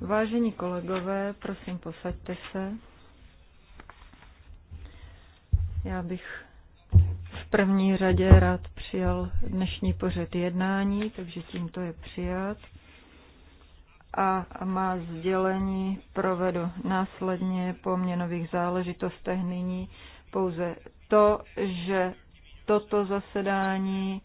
Vážení kolegové, prosím, posaďte se. Já bych v první řadě rád přijal dnešní pořad jednání, takže tímto je přijat. A má sdělení provedu následně po měnových záležitostech nyní pouze to, že toto zasedání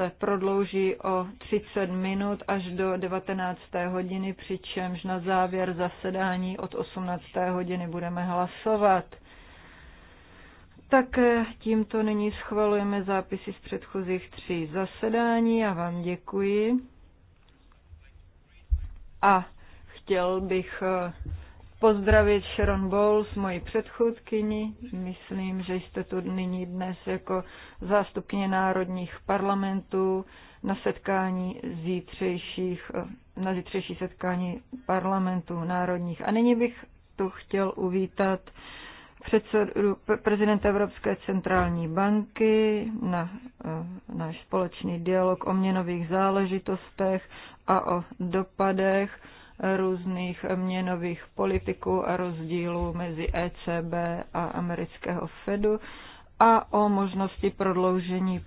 se prodlouží o 30 minut až do 19. hodiny, přičemž na závěr zasedání od 18. hodiny budeme hlasovat. Tak eh, tímto nyní schvalujeme zápisy z předchozích tří zasedání. a vám děkuji. A chtěl bych eh, pozdravit Sharon Bowles, moji předchůdkyni. Myslím, že jste tu nyní dnes jako zástupkyně národních parlamentů na setkání zítřejších, na zítřejší setkání parlamentů národních. A nyní bych tu chtěl uvítat předsedu, prezidenta Evropské centrální banky na eh, náš společný dialog o měnových záležitostech a o dopadech různých měnových politiků a rozdílů mezi ECB a amerického Fedu a o možnosti prodloužení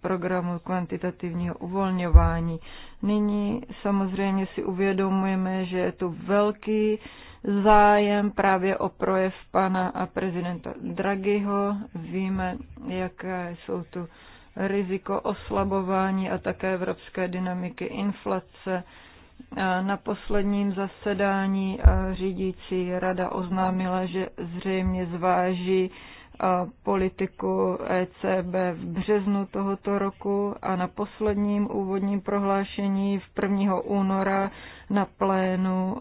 programu kvantitativního uvolňování. Nyní samozřejmě si uvědomujeme, že je tu velký zájem právě o projev pana a prezidenta Draghiho. Víme, jaké jsou tu riziko oslabování a také evropské dynamiky inflace na posledním zasedání řídící rada oznámila, že zřejmě zváží politiku ECB v březnu tohoto roku a na posledním úvodním prohlášení v 1. února na plénu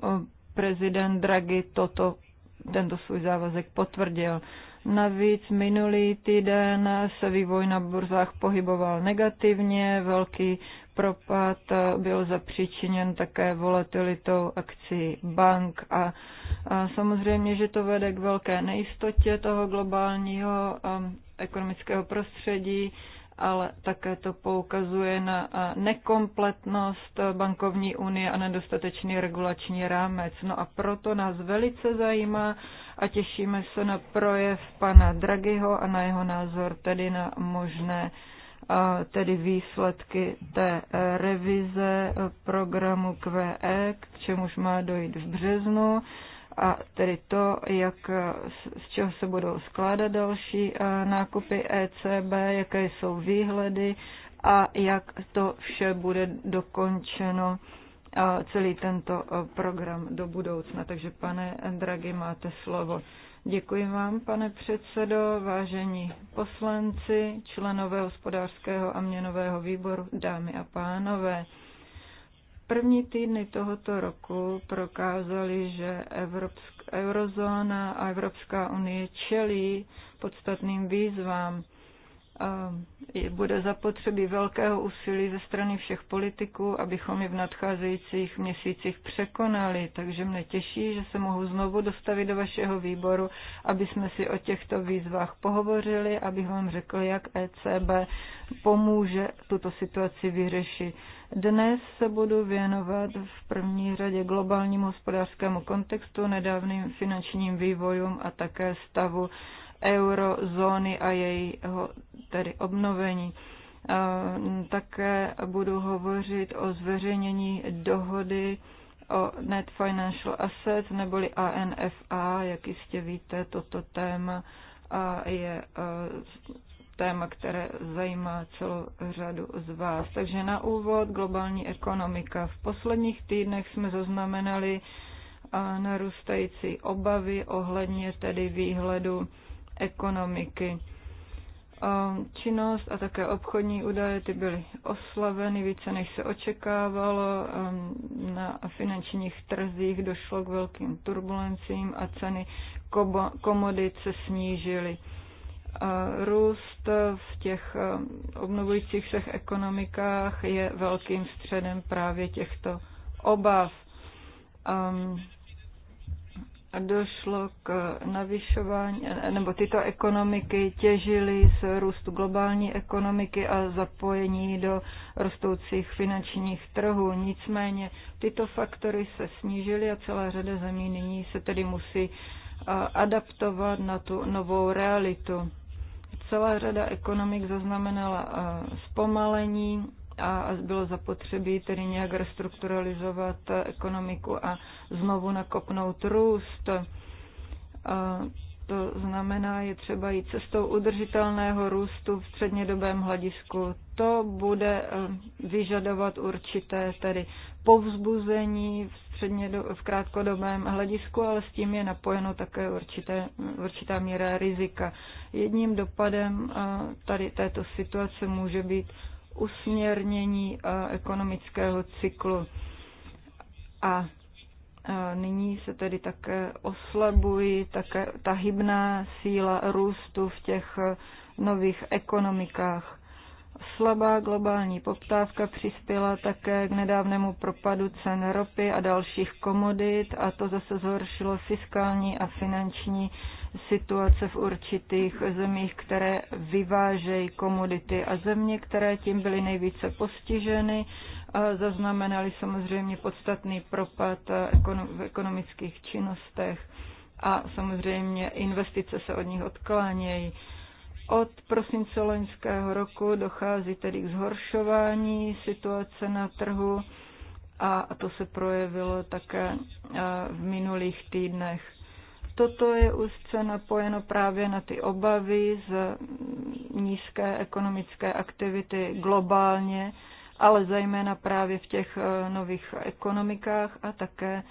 prezident Draghi toto, tento svůj závazek potvrdil. Navíc minulý týden se vývoj na burzách pohyboval negativně, velký propad eh, byl zapříčiněn také volatilitou akcí bank a, a samozřejmě, že to vede k velké nejistotě toho globálního ekonomického prostředí, ale také to poukazuje na eh, nekompletnost bankovní unie a nedostatečný regulační rámec. No a proto nás velice zajímá a těšíme se na projev pana Draghiho a na jeho názor tedy na možné a tedy výsledky té eh, revize eh, programu QE, k čemuž má dojít v březnu a tedy to, jak, eh, z čeho se budou skládat další nákupy ECB, jaké jsou výhledy a jak to vše bude dokončeno celý tento program do budoucna. Takže pane Dragi, máte slovo. Děkuji vám, pane předsedo, vážení poslanci, členové hospodářského a měnového výboru, dámy a pánové. První týdny tohoto roku prokázaly, že Evropsk, eurozóna a Evropská unie čelí podstatným výzvám bude zapotřebí velkého úsilí ze strany všech politiků, abychom je v nadcházejících měsících překonali. Takže mne těší, že se mohu znovu dostavit do vašeho výboru, aby jsme si o těchto výzvách pohovořili, abych vám řekl, jak ECB pomůže tuto situaci vyřešit. Dnes se budu věnovat v první řadě globálnímu hospodářskému kontextu, nedávným finančním vývojům a také stavu eurozóny a jejího tedy obnovení. Také budu hovořit o zveřejnění dohody o Net Financial Assets neboli ANFA, jak jistě víte, toto téma je téma, které zajímá celou řadu z vás. Takže na úvod globální ekonomika. V posledních týdnech jsme zaznamenali narůstající obavy ohledně tedy výhledu ekonomiky. Činnost a také obchodní údaje ty byly oslaveny více, než se očekávalo. Na finančních trzích došlo k velkým turbulencím a ceny komodit se snížily růst v těch obnovujících se ekonomikách je velkým středem právě těchto obav. Um, došlo k navyšování, nebo tyto ekonomiky těžily z růstu globální ekonomiky a zapojení do rostoucích finančních trhů. Nicméně tyto faktory se snížily a celá řada zemí nyní se tedy musí eh, adaptovat na tu novou realitu. Celá řada ekonomik zaznamenala eh, zpomalení a bylo zapotřebí tedy nějak restrukturalizovat ekonomiku a znovu nakopnout růst. To znamená, je třeba jít cestou udržitelného růstu v střednědobém hledisku. To bude eh, vyžadovat určité tedy povzbuzení v, střednědo, v krátkodobém hledisku, ale s tím je napojeno také určité, určitá míra rizika. Jedním dopadem eh, tady této situace může být usměrnění eh, ekonomického cyklu. A eh, nyní se tedy také oslabují také ta hybná síla růstu v těch eh, nových ekonomikách. Slabá globální poptávka přispěla také k nedávnému propadu cen ropy a dalších komodit a to zase zhoršilo fiskální a finanční situace v určitých zemích, které vyvážejí komodity a země, které tím byly nejvíce postiženy, zaznamenaly samozřejmě podstatný propad eh, v ekonomických činnostech a samozřejmě investice se od nich odklánějí. Od prosince loňského roku dochází tedy k zhoršování situace na trhu a to se projevilo také eh, v minulých týdnech toto je úzce napojeno právě na ty obavy z nízké ekonomické aktivity globálně, ale zejména právě v těch eh, nových ekonomikách a také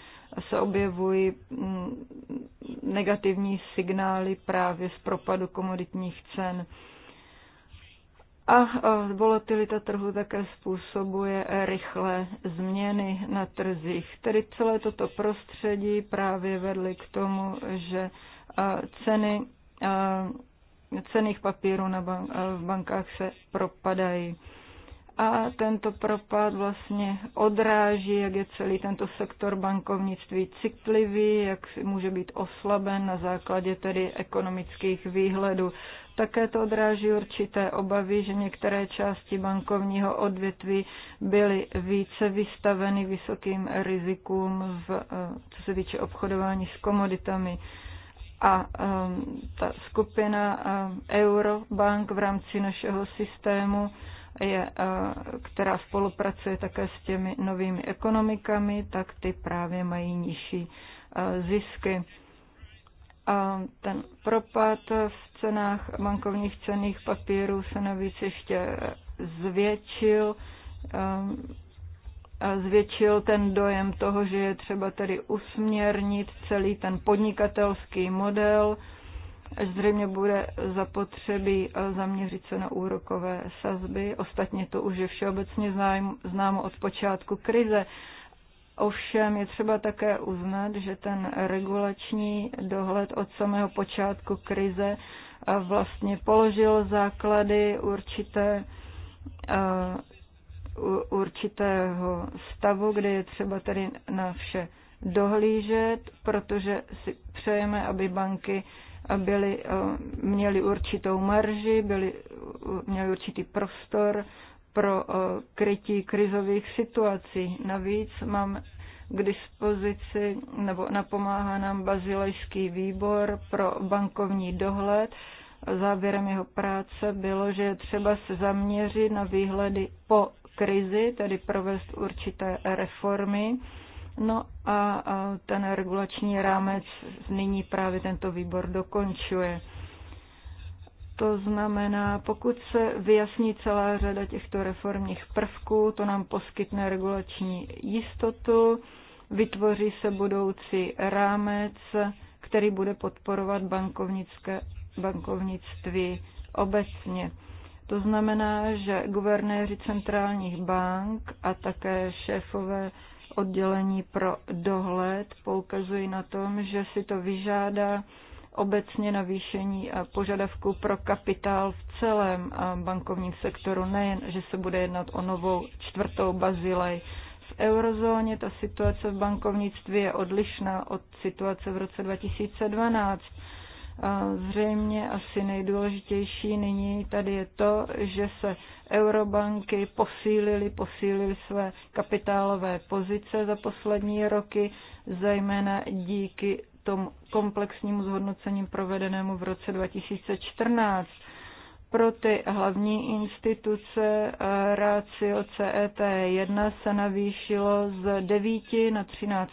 se objevují mm, negativní signály právě z propadu komoditních cen. A volatilita trhu také způsobuje rychlé změny na trzích. Tedy celé toto prostředí právě vedly k tomu, že ceny cených papírů v bankách se propadají a tento propad vlastně odráží, jak je celý tento sektor bankovnictví citlivý, jak může být oslaben na základě tedy ekonomických výhledů. Také to odráží určité obavy, že některé části bankovního odvětví byly více vystaveny vysokým rizikům, v, eh, co se týče obchodování s komoditami a um, ta skupina um, Eurobank v rámci našeho systému je, eh, která spolupracuje také s těmi novými ekonomikami, tak ty právě mají nižší eh, zisky. A ten propad v cenách bankovních cených papírů se navíc ještě zvětšil eh, zvětšil ten dojem toho, že je třeba tady usměrnit celý ten podnikatelský model, Zřejmě bude zapotřebí eh, zaměřit se na úrokové sazby. Ostatně to už je všeobecně známo od počátku krize. Ovšem je třeba také uznat, že ten regulační dohled od samého počátku krize eh, vlastně položil základy určité, eh, určitého stavu, kde je třeba tedy na vše dohlížet, protože si přejeme, aby banky byli, eh, měli určitou marži, byli, eh, měli určitý prostor pro eh, krytí krizových situací. Navíc mám k dispozici, nebo napomáhá nám bazilejský výbor pro bankovní dohled. Závěrem jeho práce bylo, že je třeba se zaměřit na výhledy po krizi, tedy provést určité reformy No a ten regulační rámec nyní právě tento výbor dokončuje. To znamená, pokud se vyjasní celá řada těchto reformních prvků, to nám poskytne regulační jistotu, vytvoří se budoucí rámec, který bude podporovat bankovnické, bankovnictví obecně. To znamená, že guvernéři centrálních bank a také šéfové oddělení pro dohled poukazují na tom, že si to vyžádá obecně navýšení požadavků pro kapitál v celém bankovním sektoru, nejen, že se bude jednat o novou čtvrtou bazilej. V eurozóně ta situace v bankovnictví je odlišná od situace v roce 2012 Zřejmě asi nejdůležitější nyní tady je to, že se eurobanky posílily, posílily své kapitálové pozice za poslední roky, zejména díky tomu komplexnímu zhodnocení provedenému v roce 2014. Pro ty hlavní instituce eh, rácio CET1 se navýšilo z 9 na 13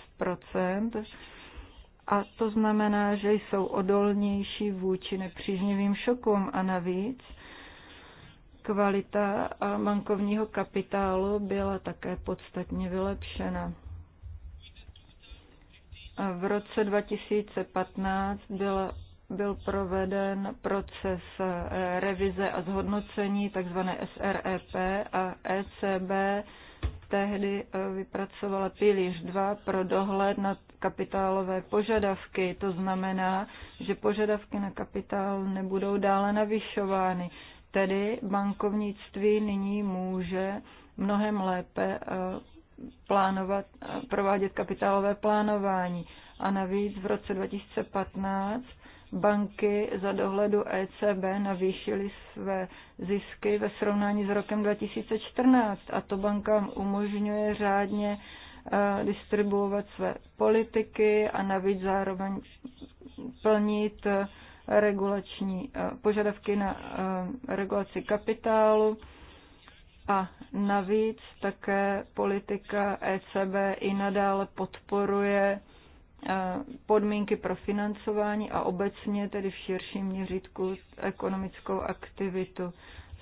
a to znamená, že jsou odolnější vůči nepříznivým šokům a navíc kvalita bankovního kapitálu byla také podstatně vylepšena. A v roce 2015 byl, byl proveden proces e, revize a zhodnocení tzv. SREP a ECB tehdy eh, vypracovala pilíř 2 pro dohled nad kapitálové požadavky. To znamená, že požadavky na kapitál nebudou dále navyšovány. Tedy bankovnictví nyní může mnohem lépe eh, plánovat, eh, provádět kapitálové plánování. A navíc v roce 2015 banky za dohledu ECB navýšily své zisky ve srovnání s rokem 2014 a to bankám umožňuje řádně eh, distribuovat své politiky a navíc zároveň plnit eh, regulační eh, požadavky na regulaci kapitálu a navíc také politika ECB i nadále podporuje podmínky pro financování a obecně tedy v širším měřítku ekonomickou aktivitu.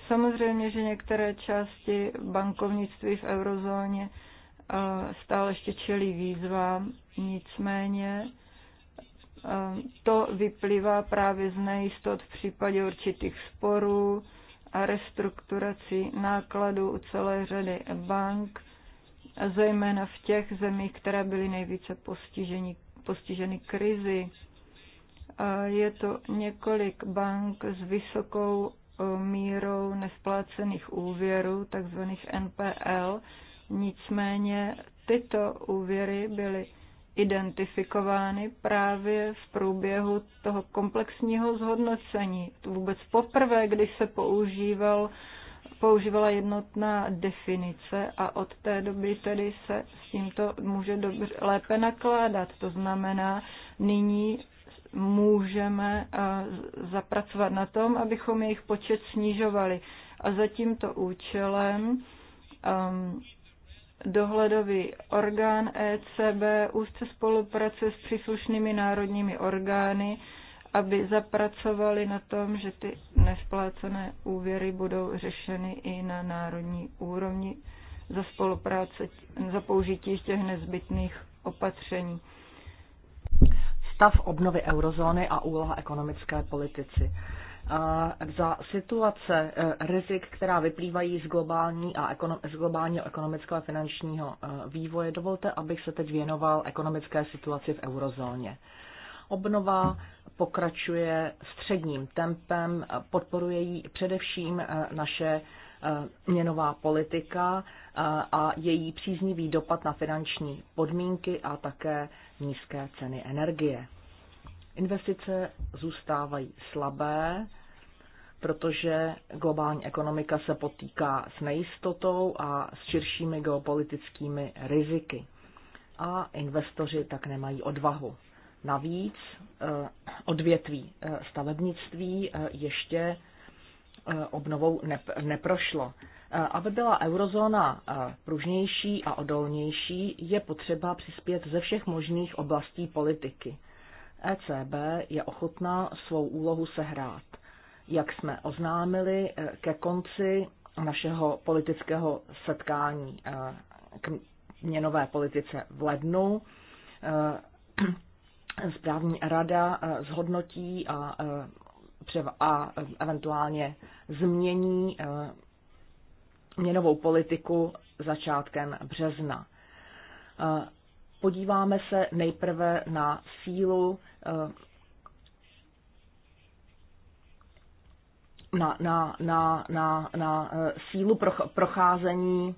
Samozřejmě, že některé části bankovnictví v eurozóně stále ještě čelí výzvám, nicméně to vyplývá právě z nejistot v případě určitých sporů a restrukturací nákladů u celé řady bank, zejména v těch zemích, které byly nejvíce postiženy postiženy krizi. Je to několik bank s vysokou e, mírou nesplácených úvěrů, takzvaných NPL. Nicméně tyto úvěry byly identifikovány právě v průběhu toho komplexního zhodnocení. Vůbec poprvé, když se používal používala jednotná definice a od té doby tedy se s tímto může dobře, lépe nakládat. To znamená, nyní můžeme eh, zapracovat na tom, abychom jejich počet snižovali. A za tímto účelem um, dohledový orgán ECB úzce spolupracuje s příslušnými národními orgány, aby zapracovali na tom, že ty nesplácené úvěry budou řešeny i na národní úrovni za spolupráce, za použití těch nezbytných opatření. Stav obnovy eurozóny a úloha ekonomické politici za situace e, rizik, která vyplývají z, globální a ekonom, z globálního ekonomického a finančního e, vývoje, dovolte, abych se teď věnoval ekonomické situaci v eurozóně. Obnova pokračuje středním tempem, podporuje ji především eh, naše eh, měnová politika eh, a její příznivý dopad na finanční podmínky a také nízké ceny energie. Investice zůstávají slabé, protože globální ekonomika se potýká s nejistotou a s širšími geopolitickými riziky. A investoři tak nemají odvahu. Navíc eh, odvětví eh, stavebnictví eh, ještě obnovou neprošlo. Aby byla eurozóna pružnější a odolnější, je potřeba přispět ze všech možných oblastí politiky. ECB je ochotná svou úlohu sehrát. Jak jsme oznámili ke konci našeho politického setkání k měnové politice v lednu, správní rada eh, zhodnotí a, eh, a eh, eventuálně změní měnovou politiku začátkem března. Podíváme se nejprve na sílu na, na, na, na, na sílu procházení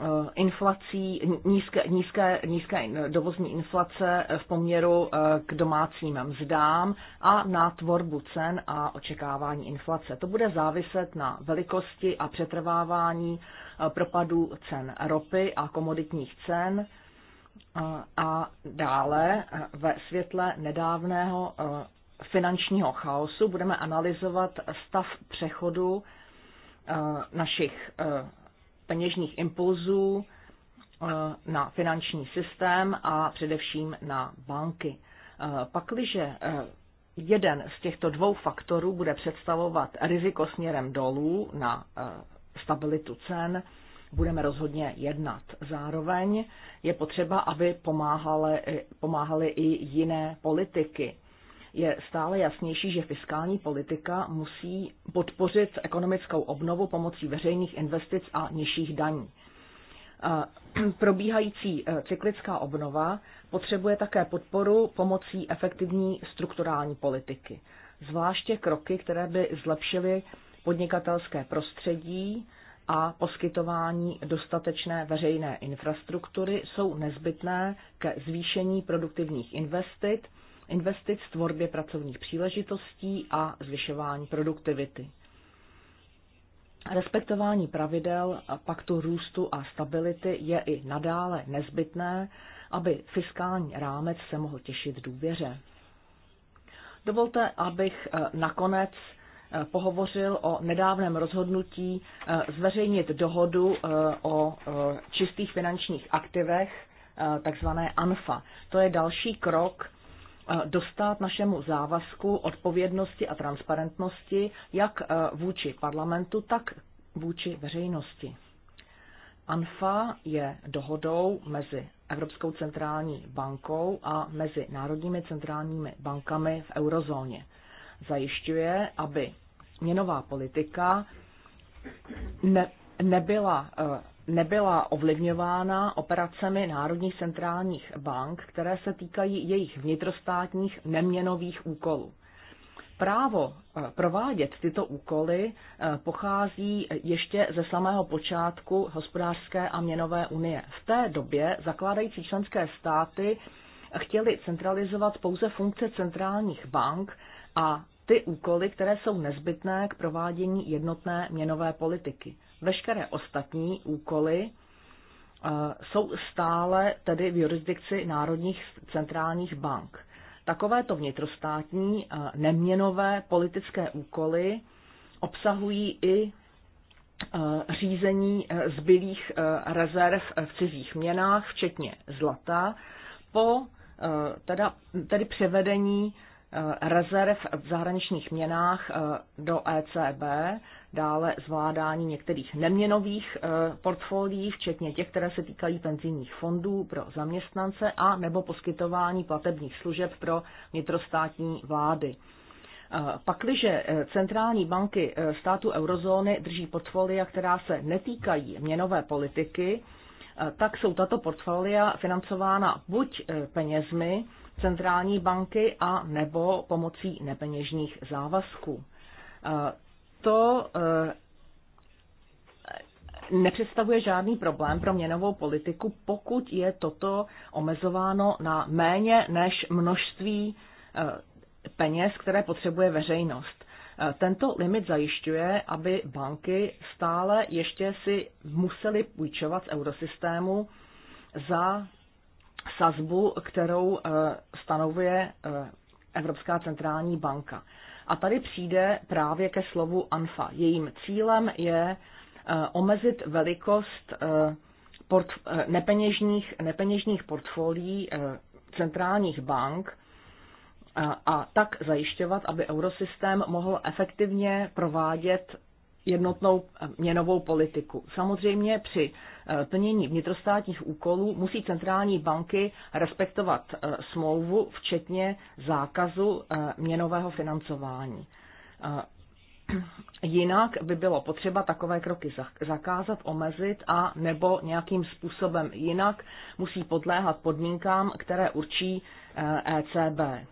Eh, inflací, nízké, nízké, nízké dovozní inflace v poměru eh, k domácím mzdám a na tvorbu cen a očekávání inflace. To bude záviset na velikosti a přetrvávání eh, propadu cen ropy a komoditních cen a dále ve světle nedávného finančního chaosu budeme analyzovat stav přechodu našich peněžních impulzů eh, na finanční systém a především na banky. Eh, pakliže eh, jeden z těchto dvou faktorů bude představovat riziko směrem dolů na stabilitu cen, budeme rozhodně jednat. Zároveň je potřeba, aby pomáhaly, pomáhaly i jiné politiky je stále jasnější, že fiskální politika musí podpořit ekonomickou obnovu pomocí veřejných investic a nižších daní. Probíhající e, cyklická obnova potřebuje také podporu pomocí efektivní strukturální politiky, zvláště kroky, které by zlepšily podnikatelské prostředí a poskytování dostatečné veřejné infrastruktury jsou nezbytné ke zvýšení produktivních investic investic, tvorbě pracovních příležitostí a zvyšování produktivity. Respektování pravidel paktu růstu a stability je i nadále nezbytné, aby fiskální rámec se mohl těšit důvěře. Dovolte, abych eh, nakonec eh, pohovořil o nedávném rozhodnutí eh, zveřejnit dohodu o čistých finančních aktivech, takzvané ANFA. To je další krok dostat našemu závazku odpovědnosti a transparentnosti jak e, vůči parlamentu, tak vůči veřejnosti. ANFA je dohodou mezi Evropskou centrální bankou a mezi národními centrálními bankami v eurozóně. Zajišťuje, aby měnová politika ne, nebyla e, nebyla ovlivňována operacemi národních centrálních bank, které se týkají jejich vnitrostátních neměnových úkolů. Právo eh, provádět tyto úkoly eh, pochází ještě ze samého počátku hospodářské a měnové unie. V té době zakládající členské státy chtěli centralizovat pouze funkce centrálních bank a ty úkoly, které jsou nezbytné k provádění jednotné měnové politiky. Veškeré ostatní úkoly eh, jsou stále tedy v jurisdikci národních centrálních bank. Takovéto vnitrostátní eh, neměnové politické úkoly obsahují i eh, řízení zbylých rezerv v cizích měnách, včetně zlata, po teda, tedy převedení Eh, rezerv v zahraničních měnách eh, do ECB, dále zvládání některých neměnových eh, portfolií, včetně těch, které se týkají penzijních fondů pro zaměstnance a nebo poskytování platebních služeb pro vnitrostátní vlády. Pakliže centrální banky státu eurozóny drží portfolia, která se netýkají měnové politiky, tak jsou tato portfolia financována buď penězmi, centrální banky a nebo pomocí nepeněžních závazků. Eh, to eh, nepředstavuje žádný problém pro měnovou politiku, pokud je toto omezováno na méně než množství eh, peněz, které potřebuje veřejnost. Tento limit zajišťuje, aby banky stále ještě si musely půjčovat z eurosystému za sazbu, kterou eh, stanovuje eh, Evropská centrální banka. A tady přijde právě ke slovu ANFA. Jejím cílem je eh, omezit velikost nepeněžních, nepeněžních portfolií centrálních bank a tak zajišťovat, aby eurosystém mohl efektivně provádět jednotnou eh, měnovou politiku. Samozřejmě při eh, plnění vnitrostátních úkolů musí centrální banky respektovat eh, smlouvu, včetně zákazu měnového financování. Jinak by bylo potřeba takové kroky zakázat, omezit a nebo nějakým způsobem jinak musí podléhat podmínkám, které určí ECB. E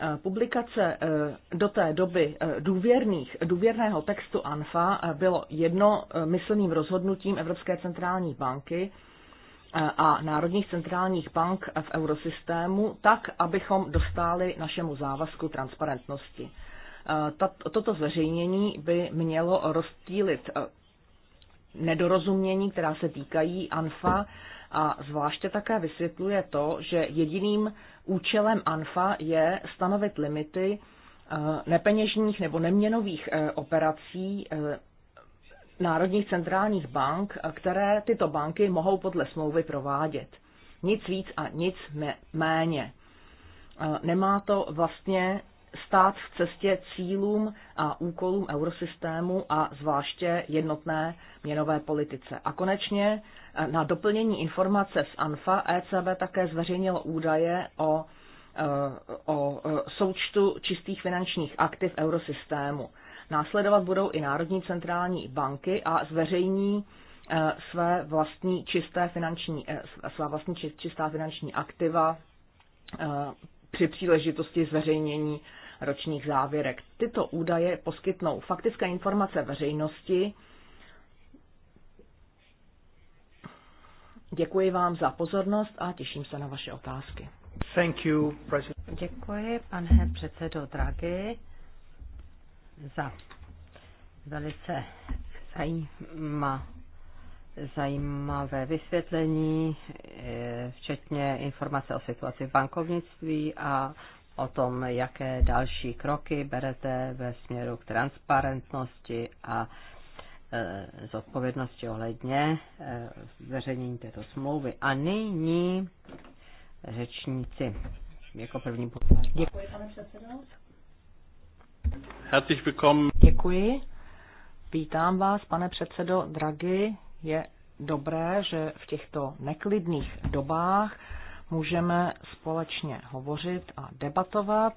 Eh, publikace eh, do té doby eh, důvěrných, důvěrného textu ANFA bylo jednomyslným rozhodnutím Evropské centrální banky a národních centrálních bank v eurosystému tak, abychom dostali našemu závazku transparentnosti. Toto zveřejnění by mělo rozptýlit nedorozumění, která se týkají ANFA a zvláště také vysvětluje to, že jediným účelem ANFA je stanovit limity eh, nepeněžních nebo neměnových eh, operací eh, národních centrálních bank, které tyto banky mohou podle smlouvy provádět. Nic víc a nic méně. Nemá to vlastně stát v cestě cílům a úkolům eurosystému a zvláště jednotné měnové politice. A konečně eh, na doplnění informace z ANFA ECB také zveřejnilo údaje o, eh, o eh, součtu čistých finančních aktiv eurosystému. Následovat budou i Národní centrální banky a zveřejní své vlastní čisté finanční, svá vlastní čistá finanční aktiva při příležitosti zveřejnění ročních závěrek. Tyto údaje poskytnou faktické informace veřejnosti. Děkuji vám za pozornost a těším se na vaše otázky. Thank you, Děkuji, pane předsedo Draghi, za velice zajímavý zajímavé vysvětlení, eh, včetně informace o situaci v bankovnictví a o tom, jaké další kroky berete ve směru k transparentnosti a e, zodpovědnosti ohledně e, zveřejnění této smlouvy. A nyní řečníci. Jako první Děkuji, pane předsedo. Herzlich willkommen. Děkuji. Vítám vás, pane předsedo Draghi. Je dobré, že v těchto neklidných dobách můžeme společně hovořit a debatovat.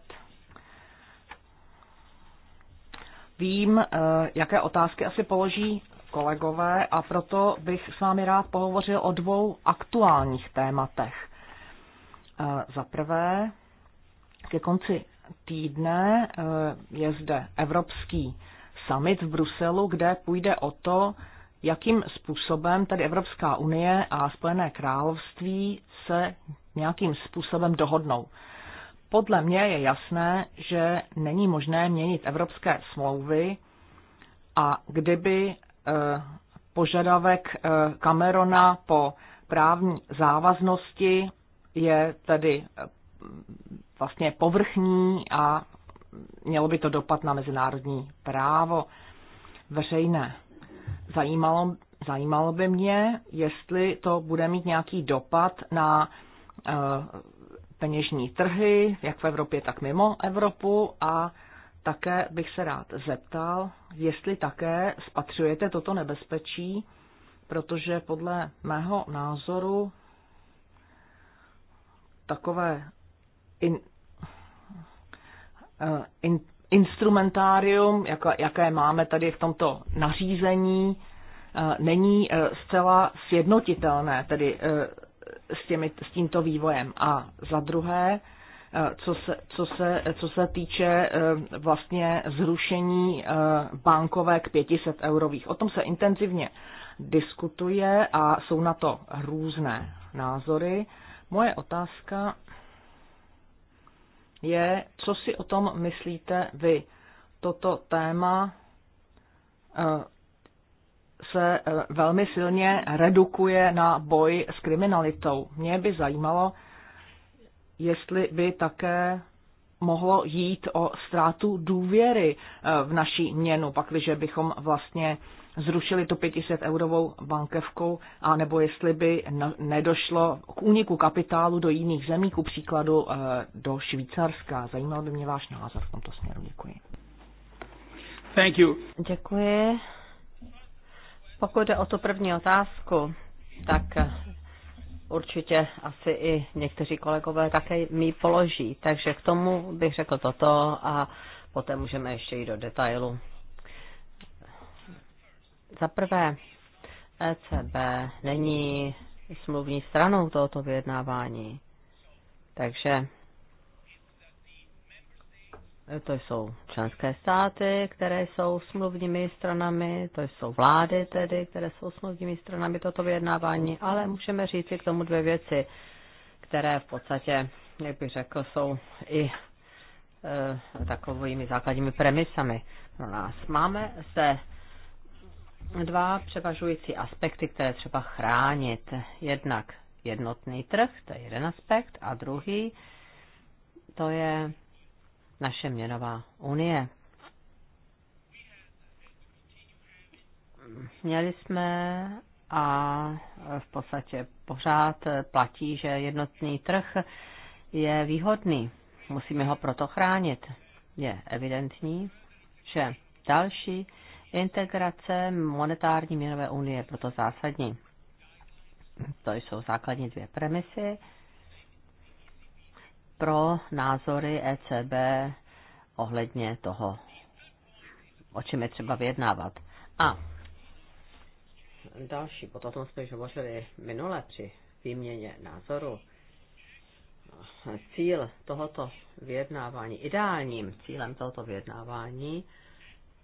Vím, eh, jaké otázky asi položí kolegové a proto bych s vámi rád pohovořil o dvou aktuálních tématech. Eh, za prvé, ke konci týdne eh, je zde Evropský summit v Bruselu, kde půjde o to, jakým způsobem tedy Evropská unie a Spojené království se nějakým způsobem dohodnou. Podle mě je jasné, že není možné měnit evropské smlouvy a kdyby eh, požadavek eh, Camerona po právní závaznosti je tedy eh, vlastně povrchní a mělo by to dopad na mezinárodní právo veřejné. Zajímalo, zajímalo by mě, jestli to bude mít nějaký dopad na Eh, peněžní trhy, jak v Evropě, tak mimo Evropu a také bych se rád zeptal, jestli také spatřujete toto nebezpečí, protože podle mého názoru takové in, eh, in, instrumentárium, jak, jaké máme tady v tomto nařízení, eh, není zcela sjednotitelné, tedy s, těmi, s tímto vývojem. A za druhé, eh, co se, co se, co se týče eh, vlastně zrušení eh, bankovek 500 eurových. O tom se intenzivně diskutuje a jsou na to různé názory. Moje otázka je, co si o tom myslíte vy. Toto téma se eh, velmi silně redukuje na boj s kriminalitou. Mě by zajímalo, jestli by také mohlo jít o ztrátu důvěry eh, v naší měnu, pakliže bychom vlastně zrušili tu 500 eurovou bankevku, a nebo jestli by nedošlo k úniku kapitálu do jiných zemí, ku příkladu eh, do Švýcarska. Zajímalo by mě váš názor v tomto směru. Děkuji. Thank you. Děkuji. Pokud jde o tu první otázku, tak určitě asi i někteří kolegové také mi položí. Takže k tomu bych řekl toto a poté můžeme ještě jít do detailu. Za prvé, ECB není smluvní stranou tohoto vyjednávání. Takže to jsou členské státy, které jsou smluvními stranami, to jsou vlády tedy, které jsou smluvními stranami toto vyjednávání, ale můžeme si k tomu dvě věci, které v podstatě, jak bych řekl, jsou i e, takovými základními premisami pro nás. Máme zde dva převažující aspekty, které třeba chránit. Jednak jednotný trh, to je jeden aspekt, a druhý, to je naše měnová unie. Měli jsme a v podstatě pořád platí, že jednotný trh je výhodný. Musíme ho proto chránit. Je evidentní, že další integrace monetární měnové unie je proto zásadní. To jsou základní dvě premisy pro názory ECB ohledně toho, o čem je třeba vyjednávat. A další, potom o tom jsme už hovořili minule při výměně názoru. Cíl tohoto vyjednávání, ideálním cílem tohoto vyjednávání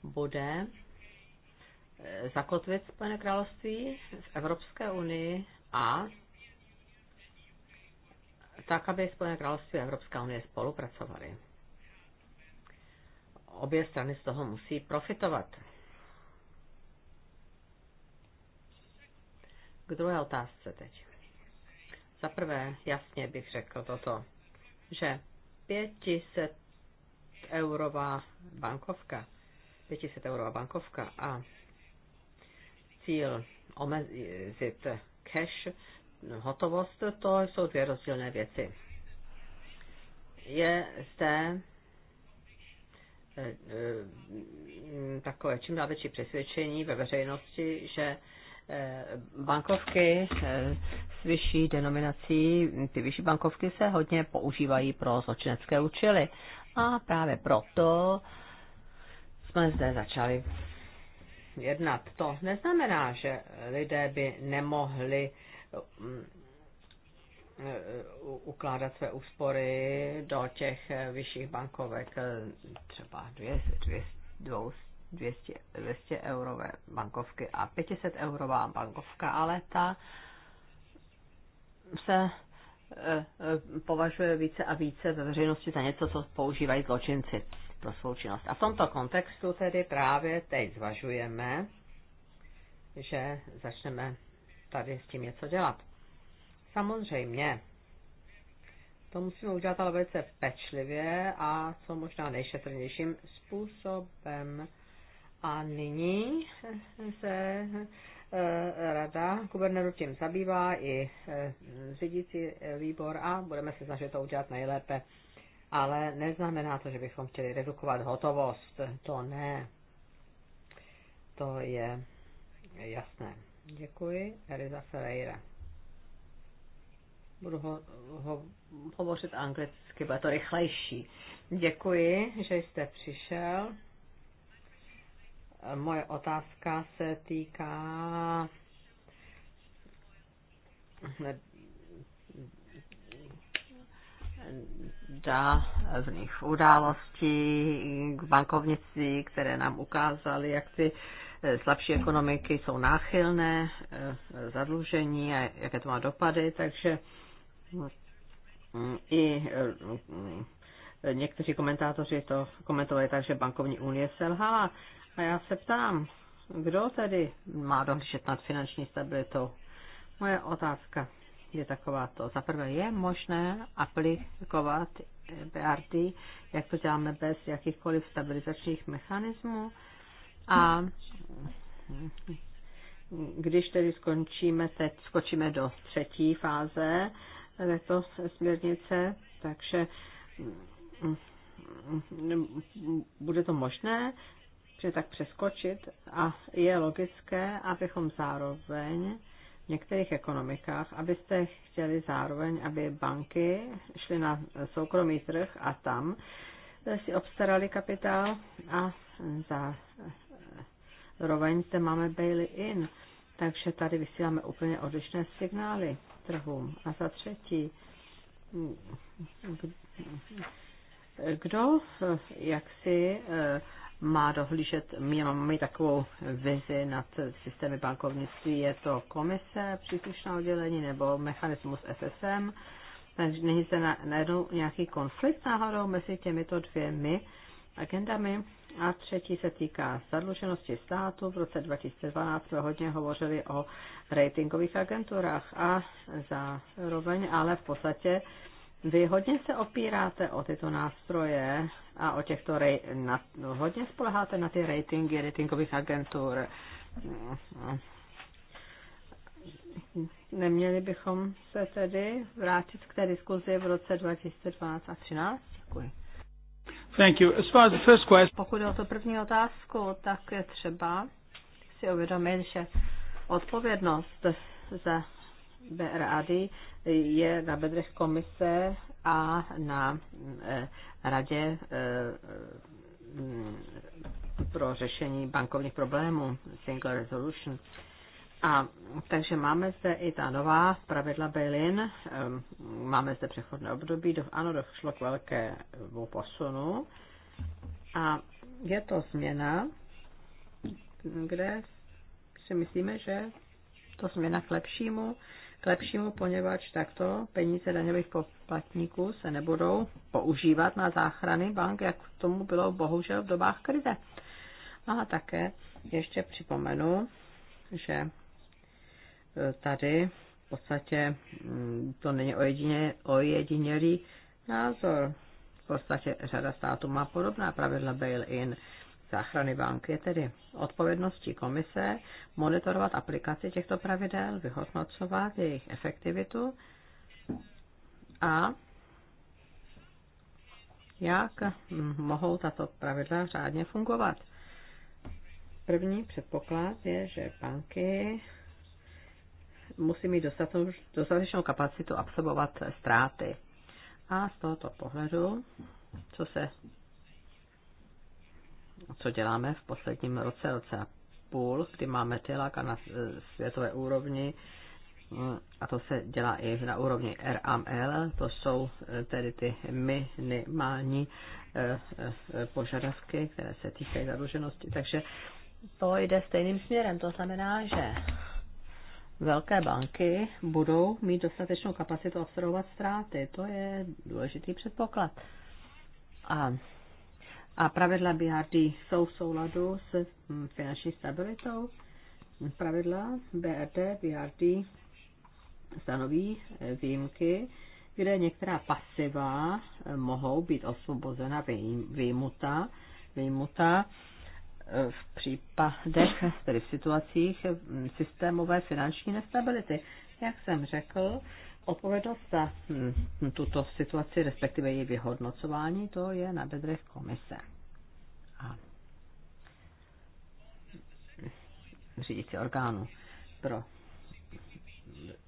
bude eh, zakotvit Spojené království v Evropské unii a tak, aby Spojené království a Evropská unie spolupracovaly. Obě strany z toho musí profitovat. K druhé otázce teď. Za prvé, jasně bych řekl toto, že 500 eurová bankovka, 500 eurová bankovka a cíl omezit cash hotovost, to jsou dvě rozdílné věci. Je zde eh, eh, takové čím dál větší přesvědčení ve veřejnosti, že eh, bankovky s vyšší denominací, ty vyšší bankovky se hodně používají pro zločinecké účely. A právě proto jsme zde začali jednat. To neznamená, že lidé by nemohli ukládat své úspory do těch vyšších bankovek, eh, třeba 200, 200, 200 eurové bankovky a 500 eurová bankovka, ale ta se eh, považuje více a více ve veřejnosti za něco, co používají zločinci pro svou činnost. A v tomto kontextu tedy právě teď zvažujeme, že začneme tady s tím něco dělat. Samozřejmě, to musíme udělat ale velice pečlivě a co možná nejšetrnějším způsobem. A nyní se eh, rada guvernéru tím zabývá i eh, řídící výbor a budeme se snažit to udělat nejlépe. Ale neznamená to, že bychom chtěli redukovat hotovost. To ne. To je jasné. Děkuji. Eliza Ferreira. Budu ho, ho, hovořit anglicky, bude to rychlejší. Děkuji, že jste přišel. Moje otázka se týká dávných událostí k bankovnictví, které nám ukázaly, jak ty Eh, slabší ekonomiky jsou náchylné, eh, zadlužení a jaké to má dopady, takže mm, i eh, mm, někteří komentátoři to komentovali tak, že bankovní unie selhala. A já se ptám, kdo tedy má dohlížet nad finanční stabilitou? Moje otázka je taková to. Za prvé, je možné aplikovat e BRD, jak to děláme bez jakýchkoliv stabilizačních mechanismů? A když tedy skončíme, teď skočíme do třetí fáze této směrnice, takže mm, mm, bude to možné, že tak přeskočit a je logické, abychom zároveň v některých ekonomikách, abyste chtěli zároveň, aby banky šly na soukromý trh a tam si obstarali kapitál a za, zároveň zde máme Bailey in takže tady vysíláme úplně odlišné signály trhům. A za třetí, kdo jak si eh, má dohlížet, my máme takovou vizi nad systémy bankovnictví, je to komise, příslušná oddělení nebo mechanismus SSM, takže není se najednou nějaký konflikt náhodou mezi těmito dvěmi agendami. A třetí se týká zadluženosti státu. V roce 2012 jsme hodně hovořili o ratingových agenturách a zároveň, ale v podstatě vy hodně se opíráte o tyto nástroje a o těchto rej- na, no, hodně spoleháte na ty ratingy ratingových agentur. Neměli bychom se tedy vrátit k té diskuzi v roce 2012 a 2013? Děkuji. Thank you. As far as the first question... Pokud je o to první otázku, tak je třeba si uvědomit, že odpovědnost za BRAD je na bedrech komise a na eh, radě eh, pro řešení bankovních problémů, Single Resolution a takže máme zde i ta nová pravidla Berlin, ehm, máme zde přechodné období, do, ano, došlo k velkému posunu a je to změna, kde si myslíme, že to změna k lepšímu, k lepšímu, poněvadž takto peníze daňových poplatníků se nebudou používat na záchrany bank, jak tomu bylo bohužel v dobách krize. A také ještě připomenu, že tady v podstatě mm, to není ojedině, ojedinělý názor. V podstatě řada států má podobná pravidla bail-in. Záchrany bank je tedy odpovědností komise monitorovat aplikaci těchto pravidel, vyhodnocovat jejich efektivitu a jak mohou tato pravidla řádně fungovat. První předpoklad je, že banky musí mít dostatečnou kapacitu absorbovat ztráty. A z tohoto pohledu, co se co děláme v posledním roce, roce a půl, kdy máme tylak a na světové úrovni, a to se dělá i na úrovni RML, to jsou eh, tedy ty minimální eh, eh, požadavky, které se týkají zadluženosti. Takže to jde stejným směrem, to znamená, že velké banky budou mít dostatečnou kapacitu absorbovat ztráty. To je důležitý předpoklad. A, a pravidla BRD jsou v souladu s mm, finanční stabilitou. Pravidla BRD, BRD stanoví eh, výjimky, kde některá pasiva eh, mohou být osvobozena, vyjmuta, vyjmuta v případech, tedy v situacích systémové finanční nestability. Jak jsem řekl, odpovědnost za hm, tuto situaci, respektive její vyhodnocování, to je na bedrech komise. A řídící orgánu pro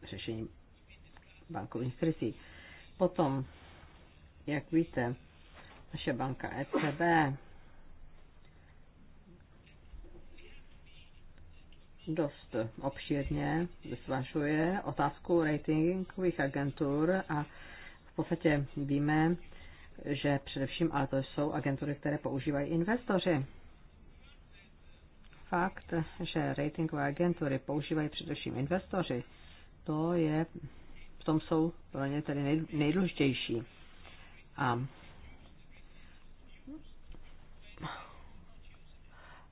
řešení bankovních krizí. Potom, jak víte, naše banka ECB dost obšírně zvažuje otázku ratingových agentur a v podstatě víme, že především, ale to jsou agentury, které používají investoři. Fakt, že ratingové agentury používají především investoři, to je, v tom jsou pro ně tedy nejdůležitější. A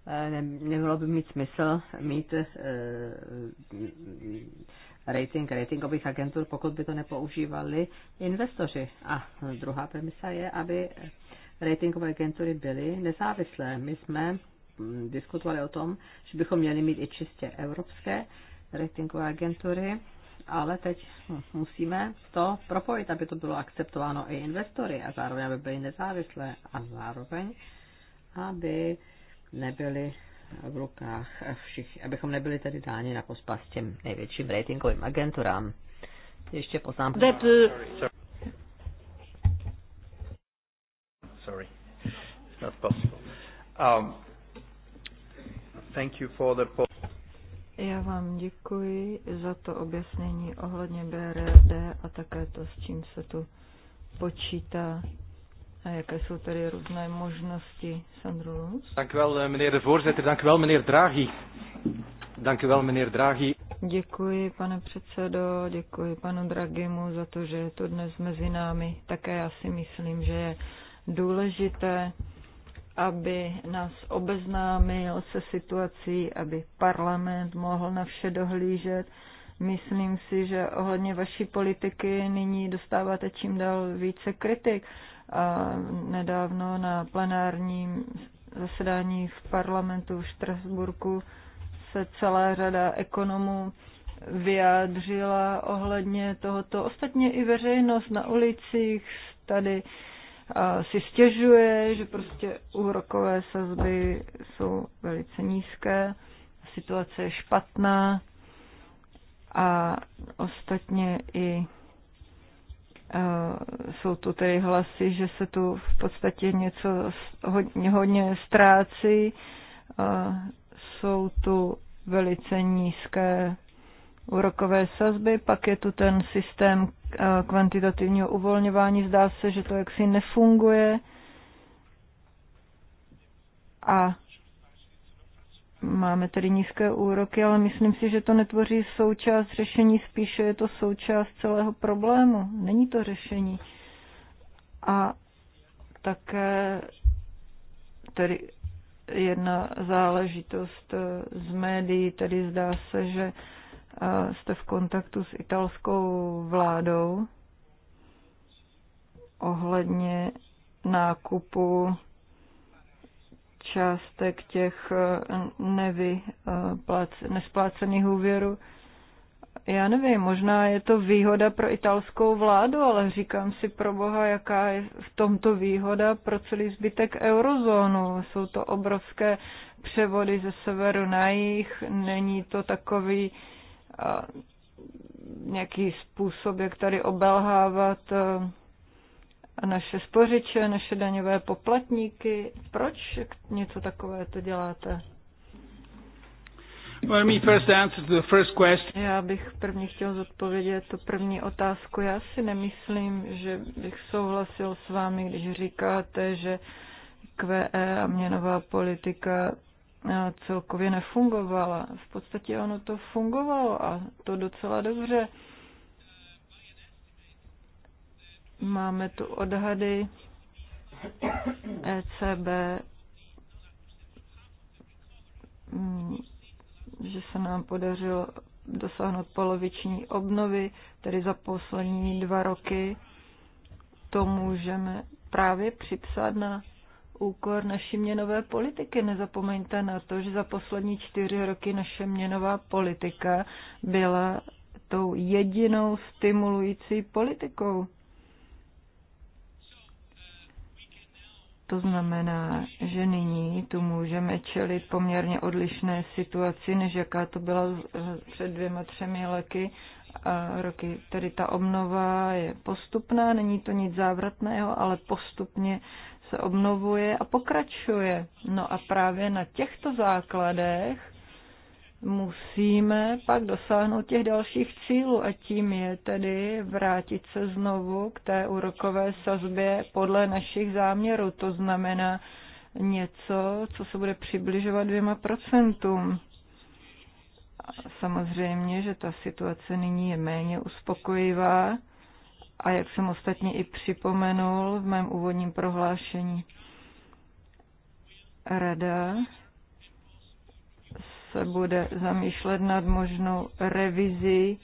Eh, nemělo by mít smysl mít eh, rating ratingových agentur, pokud by to nepoužívali investoři. A druhá premisa je, aby ratingové agentury byly nezávislé. My jsme mm, diskutovali o tom, že bychom měli mít i čistě evropské ratingové agentury, ale teď musíme to propojit, aby to bylo akceptováno i investory a zároveň, aby byly nezávislé a zároveň, aby nebyli v rukách všich, abychom nebyli tedy dáni na pospas těm největším ratingovým agenturám. Ještě poznám... That, uh... Sorry, not possible. Um, thank you for the... Já vám děkuji za to objasnění ohledně BRD a také to, s čím se tu počítá. A jaké jsou tady různé možnosti, Sandro Luz? Dank u wel, eh, meneer de voorzitter. Dank u wel, meneer Draghi. Dank u wel, meneer Draghi. Děkuji, pane předsedo, děkuji panu Dragimu za to, že je to dnes mezi námi. Také já si myslím, že je důležité, aby nás obeznámil se situací, aby parlament mohl na vše dohlížet. Myslím si, že ohledně vaší politiky nyní dostáváte čím dál více kritik nedávno na plenárním zasedání v parlamentu v Štrasburku se celá řada ekonomů vyjádřila ohledně tohoto. Ostatně i veřejnost na ulicích tady si stěžuje, že prostě úrokové sazby jsou velice nízké, situace je špatná a ostatně i jsou tu tedy hlasy, že se tu v podstatě něco hodně, hodně ztrácí. Jsou tu velice nízké úrokové sazby, pak je tu ten systém kvantitativního uvolňování, zdá se, že to jaksi nefunguje a Máme tedy nízké úroky, ale myslím si, že to netvoří součást řešení, spíše je to součást celého problému. Není to řešení. A také tedy jedna záležitost eh, z médií, tedy zdá se, že eh, jste v kontaktu s italskou vládou ohledně nákupu částek těch eh, nevy, eh, nesplácených úvěrů. Já nevím, možná je to výhoda pro italskou vládu, ale říkám si pro boha, jaká je v tomto výhoda pro celý zbytek eurozónu. Jsou to obrovské převody ze severu na jih, není to takový eh, nějaký způsob, jak tady obelhávat naše spořiče, naše daňové poplatníky. Proč něco takové to děláte? Let me first answer the first question. Já bych první chtěl zodpovědět tu první otázku. Já si nemyslím, že bych souhlasil s vámi, když říkáte, že QE a měnová politika eh, celkově nefungovala. V podstatě ono to fungovalo a to docela dobře. Máme tu odhady ECB, mm, že se nám podařilo dosáhnout poloviční obnovy, tedy za poslední dva roky. To můžeme právě připsat na úkor naší měnové politiky. Nezapomeňte na to, že za poslední čtyři roky naše měnová politika byla tou jedinou stimulující politikou. To znamená, že nyní tu můžeme čelit poměrně odlišné situaci, než jaká to byla před dvěma, třemi lety, roky. Tedy ta obnova je postupná, není to nic závratného, ale postupně se obnovuje a pokračuje. No a právě na těchto základech musíme pak dosáhnout těch dalších cílů a tím je tedy vrátit se znovu k té úrokové sazbě podle našich záměrů. To znamená něco, co se bude přibližovat dvěma procentům. Samozřejmě, že ta situace nyní je méně uspokojivá a jak jsem ostatně i připomenul v mém úvodním prohlášení. Rada se bude zamýšlet nad možnou revizi,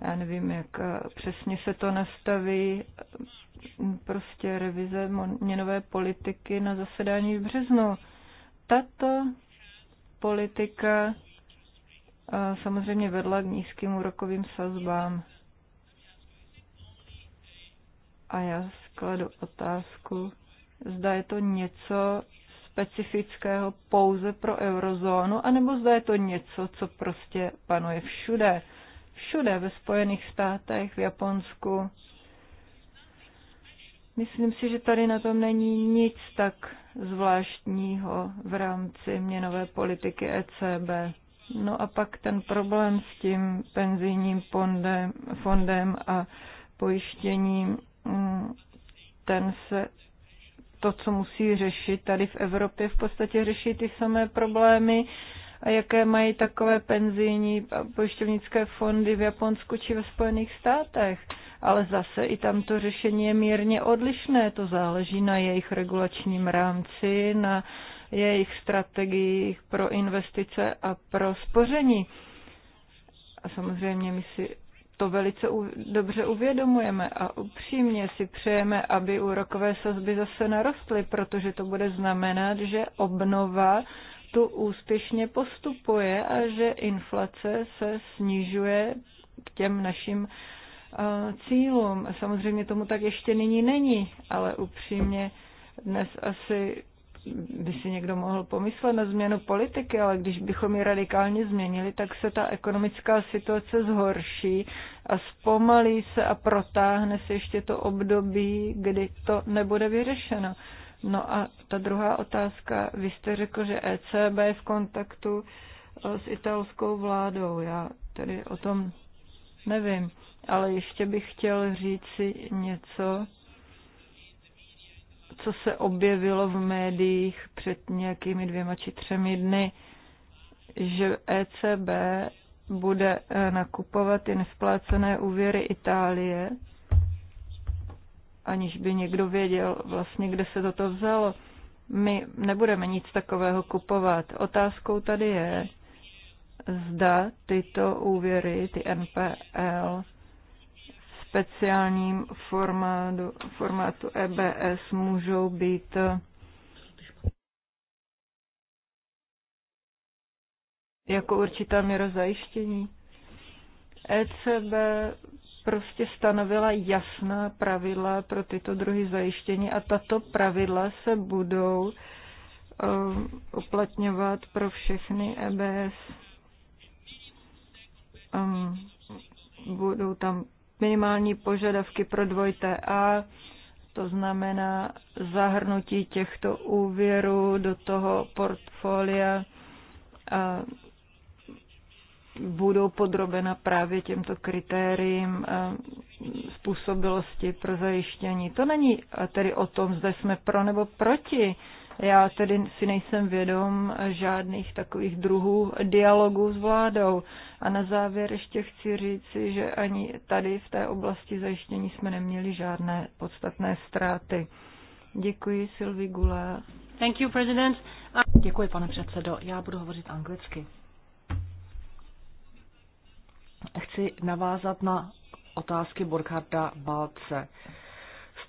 Já nevím, jak přesně se to nastaví. Prostě revize měnové politiky na zasedání v březnu. Tato politika eh, samozřejmě vedla k nízkým úrokovým sazbám. A já skladu otázku, zda je to něco, specifického pouze pro eurozónu, anebo zda je to něco, co prostě panuje všude. Všude, ve Spojených státech, v Japonsku. Myslím si, že tady na tom není nic tak zvláštního v rámci měnové politiky ECB. No a pak ten problém s tím penzijním fondem, fondem a pojištěním, mm, ten se to, co musí řešit tady v Evropě, v podstatě řeší ty samé problémy a jaké mají takové penzijní a pojišťovnické fondy v Japonsku či ve Spojených státech. Ale zase i tam to řešení je mírně odlišné, to záleží na jejich regulačním rámci, na jejich strategiích pro investice a pro spoření. A samozřejmě my si to velice u, dobře uvědomujeme a upřímně si přejeme, aby úrokové sazby zase narostly, protože to bude znamenat, že obnova tu úspěšně postupuje a že inflace se snižuje k těm našim eh, cílům. Samozřejmě tomu tak ještě nyní není, ale upřímně dnes asi by si někdo mohl pomyslet na změnu politiky, ale když bychom ji radikálně změnili, tak se ta ekonomická situace zhorší a zpomalí se a protáhne se ještě to období, kdy to nebude vyřešeno. No a ta druhá otázka, vy jste řekl, že ECB je v kontaktu e, s italskou vládou. Já tedy o tom nevím, ale ještě bych chtěl říct si něco co se objevilo v médiích před nějakými dvěma či třemi dny, že ECB bude eh, nakupovat ty nesplácené úvěry Itálie, aniž by někdo věděl vlastně, kde se toto vzalo. My nebudeme nic takového kupovat. Otázkou tady je, zda tyto úvěry, ty NPL, speciálním formátu, formátu EBS můžou být jako určitá míra zajištění. ECB prostě stanovila jasná pravidla pro tyto druhy zajištění a tato pravidla se budou um, uplatňovat pro všechny EBS. Um, budou tam minimální požadavky pro dvojité A, to znamená zahrnutí těchto úvěrů do toho portfolia a budou podrobena právě těmto kritériím způsobilosti pro zajištění. To není tedy o tom, zda jsme pro nebo proti. Já tedy si nejsem vědom žádných takových druhů dialogů s vládou. A na závěr ještě chci říci, že ani tady v té oblasti zajištění jsme neměli žádné podstatné ztráty. Děkuji, Sylvie Gula. Thank you, President. Děkuji, pane předsedo. Já budu hovořit anglicky. Chci navázat na otázky Burkharda Balce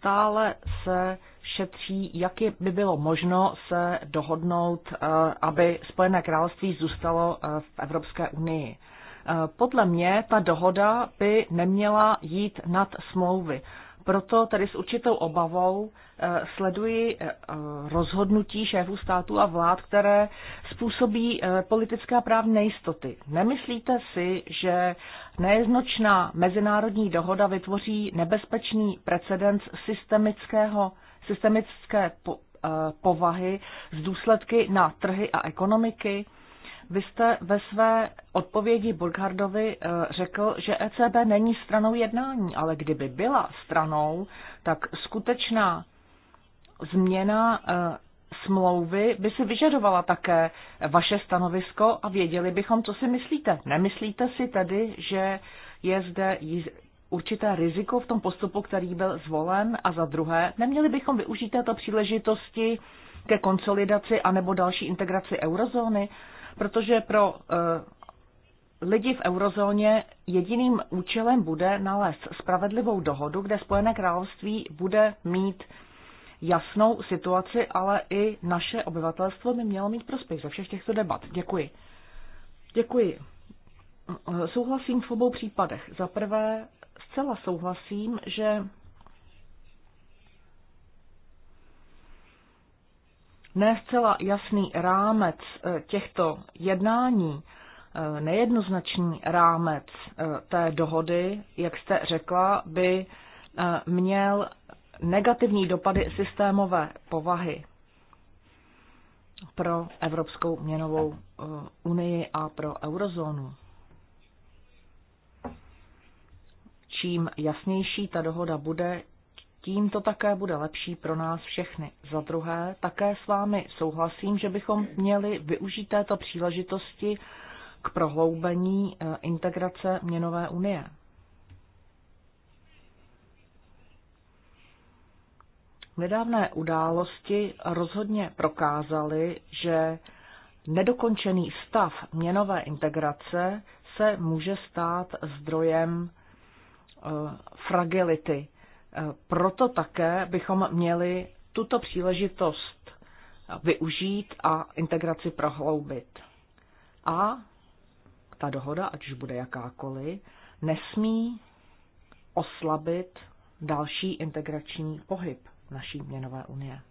stále se šetří, jak je, by bylo možno se dohodnout, eh, aby Spojené království zůstalo eh, v Evropské unii. Eh, podle mě ta dohoda by neměla jít nad smlouvy. Proto tedy s určitou obavou eh, sleduji eh, rozhodnutí šéfů států a vlád, které způsobí eh, politické a právní nejistoty. Nemyslíte si, že nejednočná mezinárodní dohoda vytvoří nebezpečný precedens systemického, systemické povahy z důsledky na trhy a ekonomiky? Vy jste ve své odpovědi Burkhardovi eh, řekl, že ECB není stranou jednání, ale kdyby byla stranou, tak skutečná změna eh, smlouvy by si vyžadovala také vaše stanovisko a věděli bychom, co si myslíte. Nemyslíte si tedy, že je zde určité riziko v tom postupu, který byl zvolen a za druhé, neměli bychom využít této příležitosti ke konsolidaci anebo další integraci eurozóny? protože pro eh, lidi v eurozóně jediným účelem bude nalézt spravedlivou dohodu, kde Spojené království bude mít jasnou situaci, ale i naše obyvatelstvo by mělo mít prospěch ze všech těchto debat. Děkuji. Děkuji. Souhlasím v obou případech. Za prvé, zcela souhlasím, že ne zcela jasný rámec eh, těchto jednání, eh, nejednoznačný rámec eh, té dohody, jak jste řekla, by měl negativní dopady systémové povahy pro Evropskou měnovou unii a pro eurozónu. Čím jasnější ta dohoda bude, tím to také bude lepší pro nás všechny. Za druhé, také s vámi souhlasím, že bychom měli využít této příležitosti k prohloubení eh, integrace měnové unie. Nedávné události rozhodně prokázaly, že nedokončený stav měnové integrace se může stát zdrojem eh, fragility proto také bychom měli tuto příležitost využít a integraci prohloubit. A ta dohoda, ať už bude jakákoliv, nesmí oslabit další integrační pohyb naší měnové unie.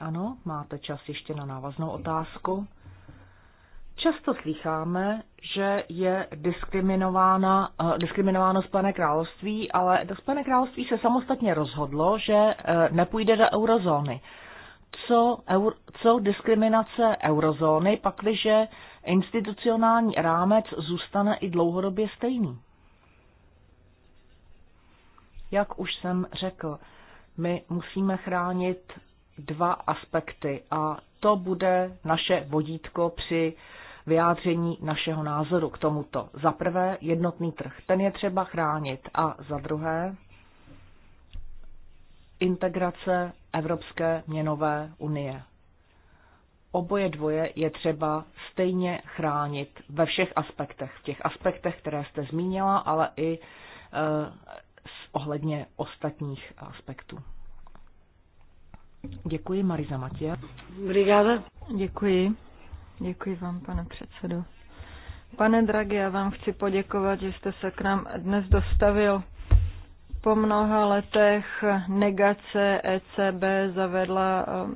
Ano, máte čas ještě na návaznou otázku. Často slycháme, že je diskriminována, eh, diskriminováno Spojené království, ale to Spojené království se samostatně rozhodlo, že eh, nepůjde do eurozóny. Co, eur, co diskriminace eurozóny, pakliže institucionální rámec zůstane i dlouhodobě stejný? Jak už jsem řekl, my musíme chránit dva aspekty a to bude naše vodítko při uh, vyjádření našeho názoru k tomuto. Za prvé, jednotný trh, ten je třeba chránit. A za druhé, integrace Evropské měnové unie. Oboje dvoje je třeba stejně chránit ve všech aspektech, v těch aspektech, které jste zmínila, ale i e, s ohledně ostatních aspektů. Děkuji, Mariza Matěj. Brigáda. Děkuji. Děkuji vám, pane předsedo. Pane Dragi, já vám chci poděkovat, že jste se k nám dnes dostavil. Po mnoha letech negace ECB zavedla um,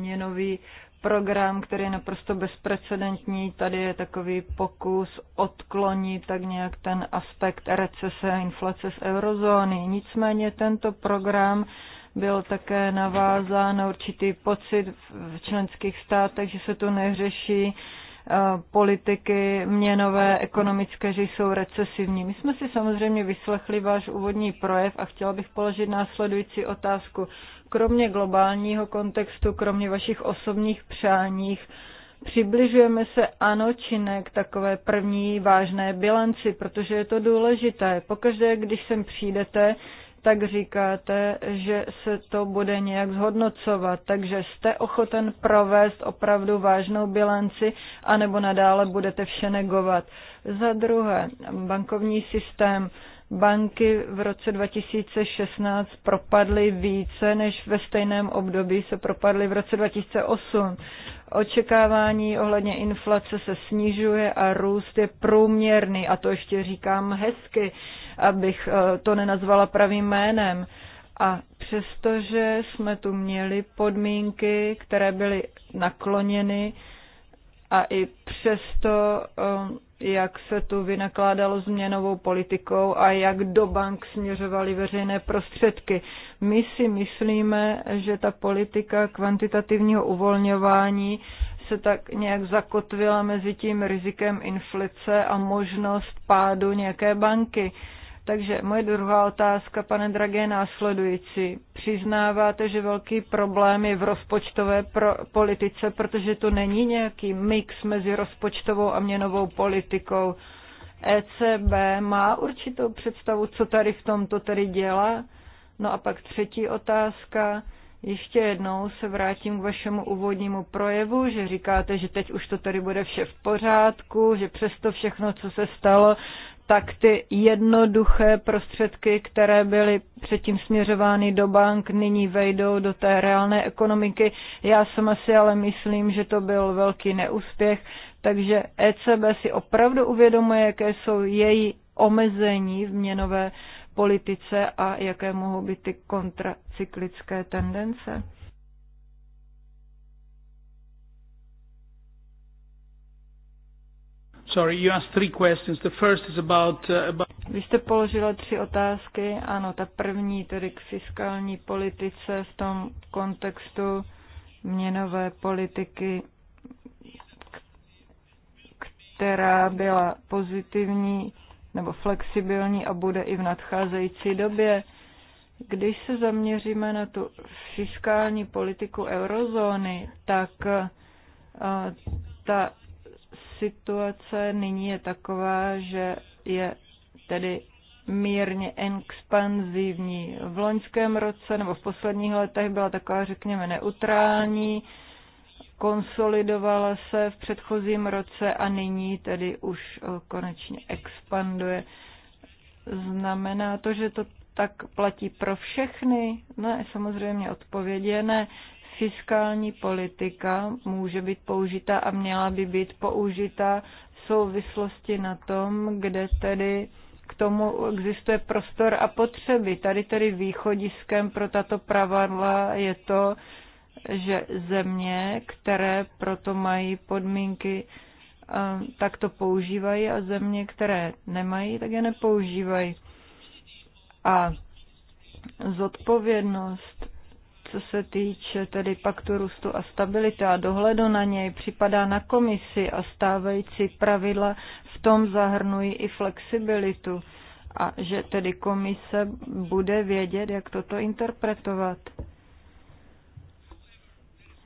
měnový program, který je naprosto bezprecedentní. Tady je takový pokus odklonit tak nějak ten aspekt recese a inflace z eurozóny. Nicméně tento program byl také navázán na určitý pocit v členských státech, že se tu neřeší eh, politiky měnové, ekonomické, že jsou recesivní. My jsme si samozřejmě vyslechli váš úvodní projev a chtěla bych položit následující otázku. Kromě globálního kontextu, kromě vašich osobních přáních, přibližujeme se ano či ne k takové první vážné bilanci, protože je to důležité. Pokaždé, když sem přijdete, tak říkáte, že se to bude nějak zhodnocovat. Takže jste ochoten provést opravdu vážnou bilanci, anebo nadále budete vše negovat. Za druhé, bankovní systém. Banky v roce 2016 propadly více, než ve stejném období se propadly v roce 2008. Očekávání ohledně inflace se snižuje a růst je průměrný, a to ještě říkám hezky, abych eh, to nenazvala pravým jménem. A přestože jsme tu měli podmínky, které byly nakloněny, a i přesto um, jak se tu vynakládalo změnovou politikou a jak do bank směřovaly veřejné prostředky. My si myslíme, že ta politika kvantitativního uvolňování se tak nějak zakotvila mezi tím rizikem inflace a možnost pádu nějaké banky. Takže moje druhá otázka, pane Dragé, je následující. Přiznáváte, že velký problém je v rozpočtové pro politice, protože to není nějaký mix mezi rozpočtovou a měnovou politikou. ECB má určitou představu, co tady v tomto tedy dělá. No a pak třetí otázka. Ještě jednou se vrátím k vašemu úvodnímu projevu, že říkáte, že teď už to tady bude vše v pořádku, že přesto všechno, co se stalo, tak ty jednoduché prostředky, které byly předtím směřovány do bank, nyní vejdou do té reálné ekonomiky. Já sama si ale myslím, že to byl velký neúspěch, takže ECB si opravdu uvědomuje, jaké jsou její omezení v měnové politice a jaké mohou být ty kontracyklické tendence. Sorry, you asked three questions. The first is about, uh, about... Vy jste položila tři otázky. Ano, ta první tedy k fiskální politice v tom kontextu měnové politiky, která byla pozitivní nebo flexibilní a bude i v nadcházející době. Když se zaměříme na tu fiskální politiku eurozóny, tak eh, ta situace nyní je taková, že je tedy mírně expanzivní. V loňském roce nebo v posledních letech byla taková, řekněme, neutrální, konsolidovala se v předchozím roce a nyní tedy už eh, konečně expanduje. Znamená to, že to tak platí pro všechny? Ne, samozřejmě odpověď je ne fiskální politika může být použita a měla by být použita v souvislosti na tom, kde tedy k tomu existuje prostor a potřeby. Tady tedy východiskem pro tato pravidla je to, že země, které proto mají podmínky, tak to používají a země, které nemají, tak je nepoužívají. A zodpovědnost co se týče tedy paktu růstu a stability a dohledu na něj, připadá na komisi a stávající pravidla v tom zahrnují i flexibilitu a že tedy komise bude vědět, jak toto interpretovat.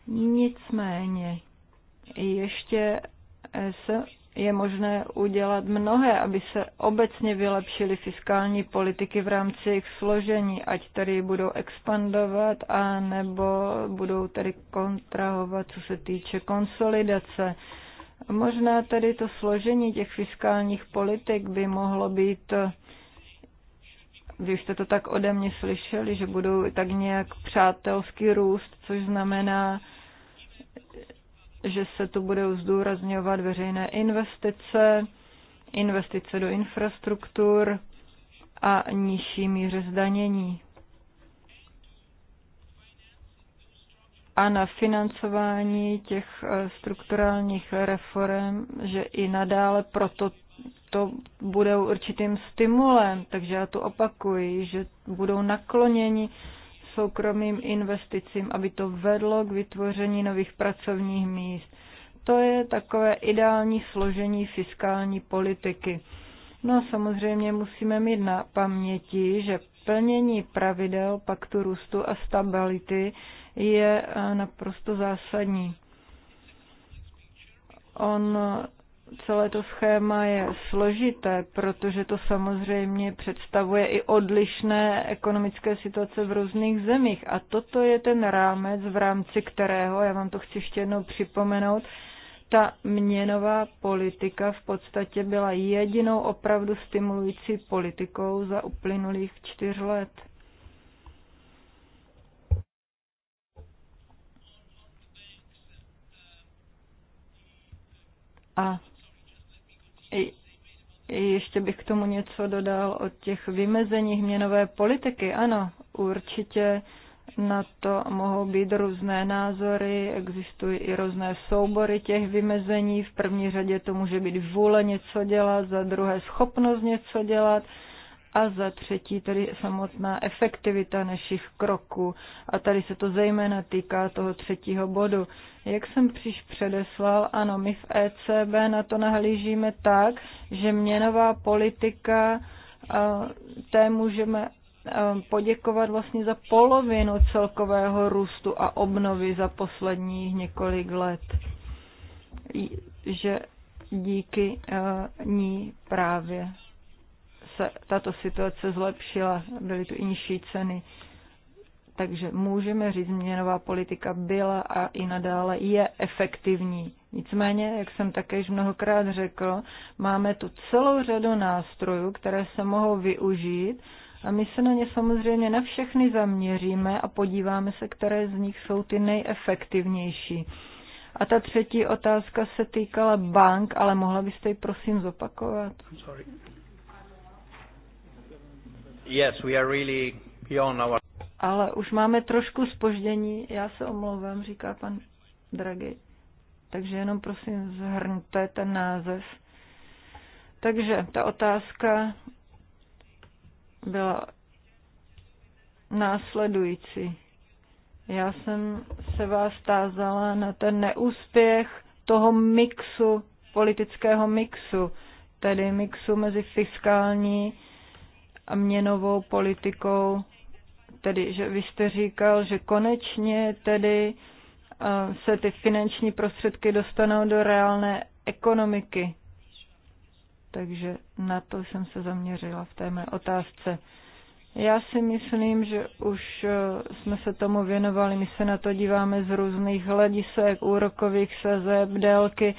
Nicméně ještě se je možné udělat mnohé, aby se obecně vylepšily fiskální politiky v rámci jejich složení, ať tady budou expandovat a nebo budou tady kontrahovat, co se týče konsolidace. Možná tady to složení těch fiskálních politik by mohlo být vy už jste to tak ode mě slyšeli, že budou tak nějak přátelský růst, což znamená, že se tu budou zdůrazňovat veřejné investice, investice do infrastruktur a nižší míře zdanění. a na financování těch eh, strukturálních reform, že i nadále proto to budou určitým stimulem. Takže já to opakuji, že budou nakloněni soukromým investicím, aby to vedlo k vytvoření nových pracovních míst. To je takové ideální složení fiskální politiky. No a samozřejmě musíme mít na paměti, že plnění pravidel paktu růstu a stability je eh, naprosto zásadní. On celé to schéma je složité, protože to samozřejmě představuje i odlišné ekonomické situace v různých zemích. A toto je ten rámec, v rámci kterého, já vám to chci ještě jednou připomenout, ta měnová politika v podstatě byla jedinou opravdu stimulující politikou za uplynulých čtyř let. A ještě bych k tomu něco dodal o těch vymezeních měnové politiky. Ano, určitě na to mohou být různé názory, existují i různé soubory těch vymezení. V první řadě to může být vůle něco dělat, za druhé schopnost něco dělat, a za třetí tedy samotná efektivita našich kroků. A tady se to zejména týká toho třetího bodu. Jak jsem příš předeslal, ano, my v ECB na to nahlížíme tak, že měnová politika, té můžeme poděkovat vlastně za polovinu celkového růstu a obnovy za posledních několik let. Že díky ní právě se tato situace zlepšila, byly tu nižší ceny. Takže můžeme říct, měnová politika byla a i nadále je efektivní. Nicméně, jak jsem také již mnohokrát řekl, máme tu celou řadu nástrojů, které se mohou využít a my se na ně samozřejmě na všechny zaměříme a podíváme se, které z nich jsou ty nejefektivnější. A ta třetí otázka se týkala bank, ale mohla byste ji prosím zopakovat? Yes, we are really beyond our... Ale už máme trošku spoždění, já se omlouvám, říká pan Draghi. Takže jenom prosím zhrňte ten název. Takže ta otázka byla následující. Já jsem se vás tázala na ten neúspěch toho mixu, politického mixu, tedy mixu mezi fiskální a měnovou politikou, tedy, že vy jste říkal, že konečně tedy eh, se ty finanční prostředky dostanou do reálné ekonomiky. Takže na to jsem se zaměřila v té mé otázce. Já si myslím, že už eh, jsme se tomu věnovali. My se na to díváme z různých hledisek, úrokových sazeb, délky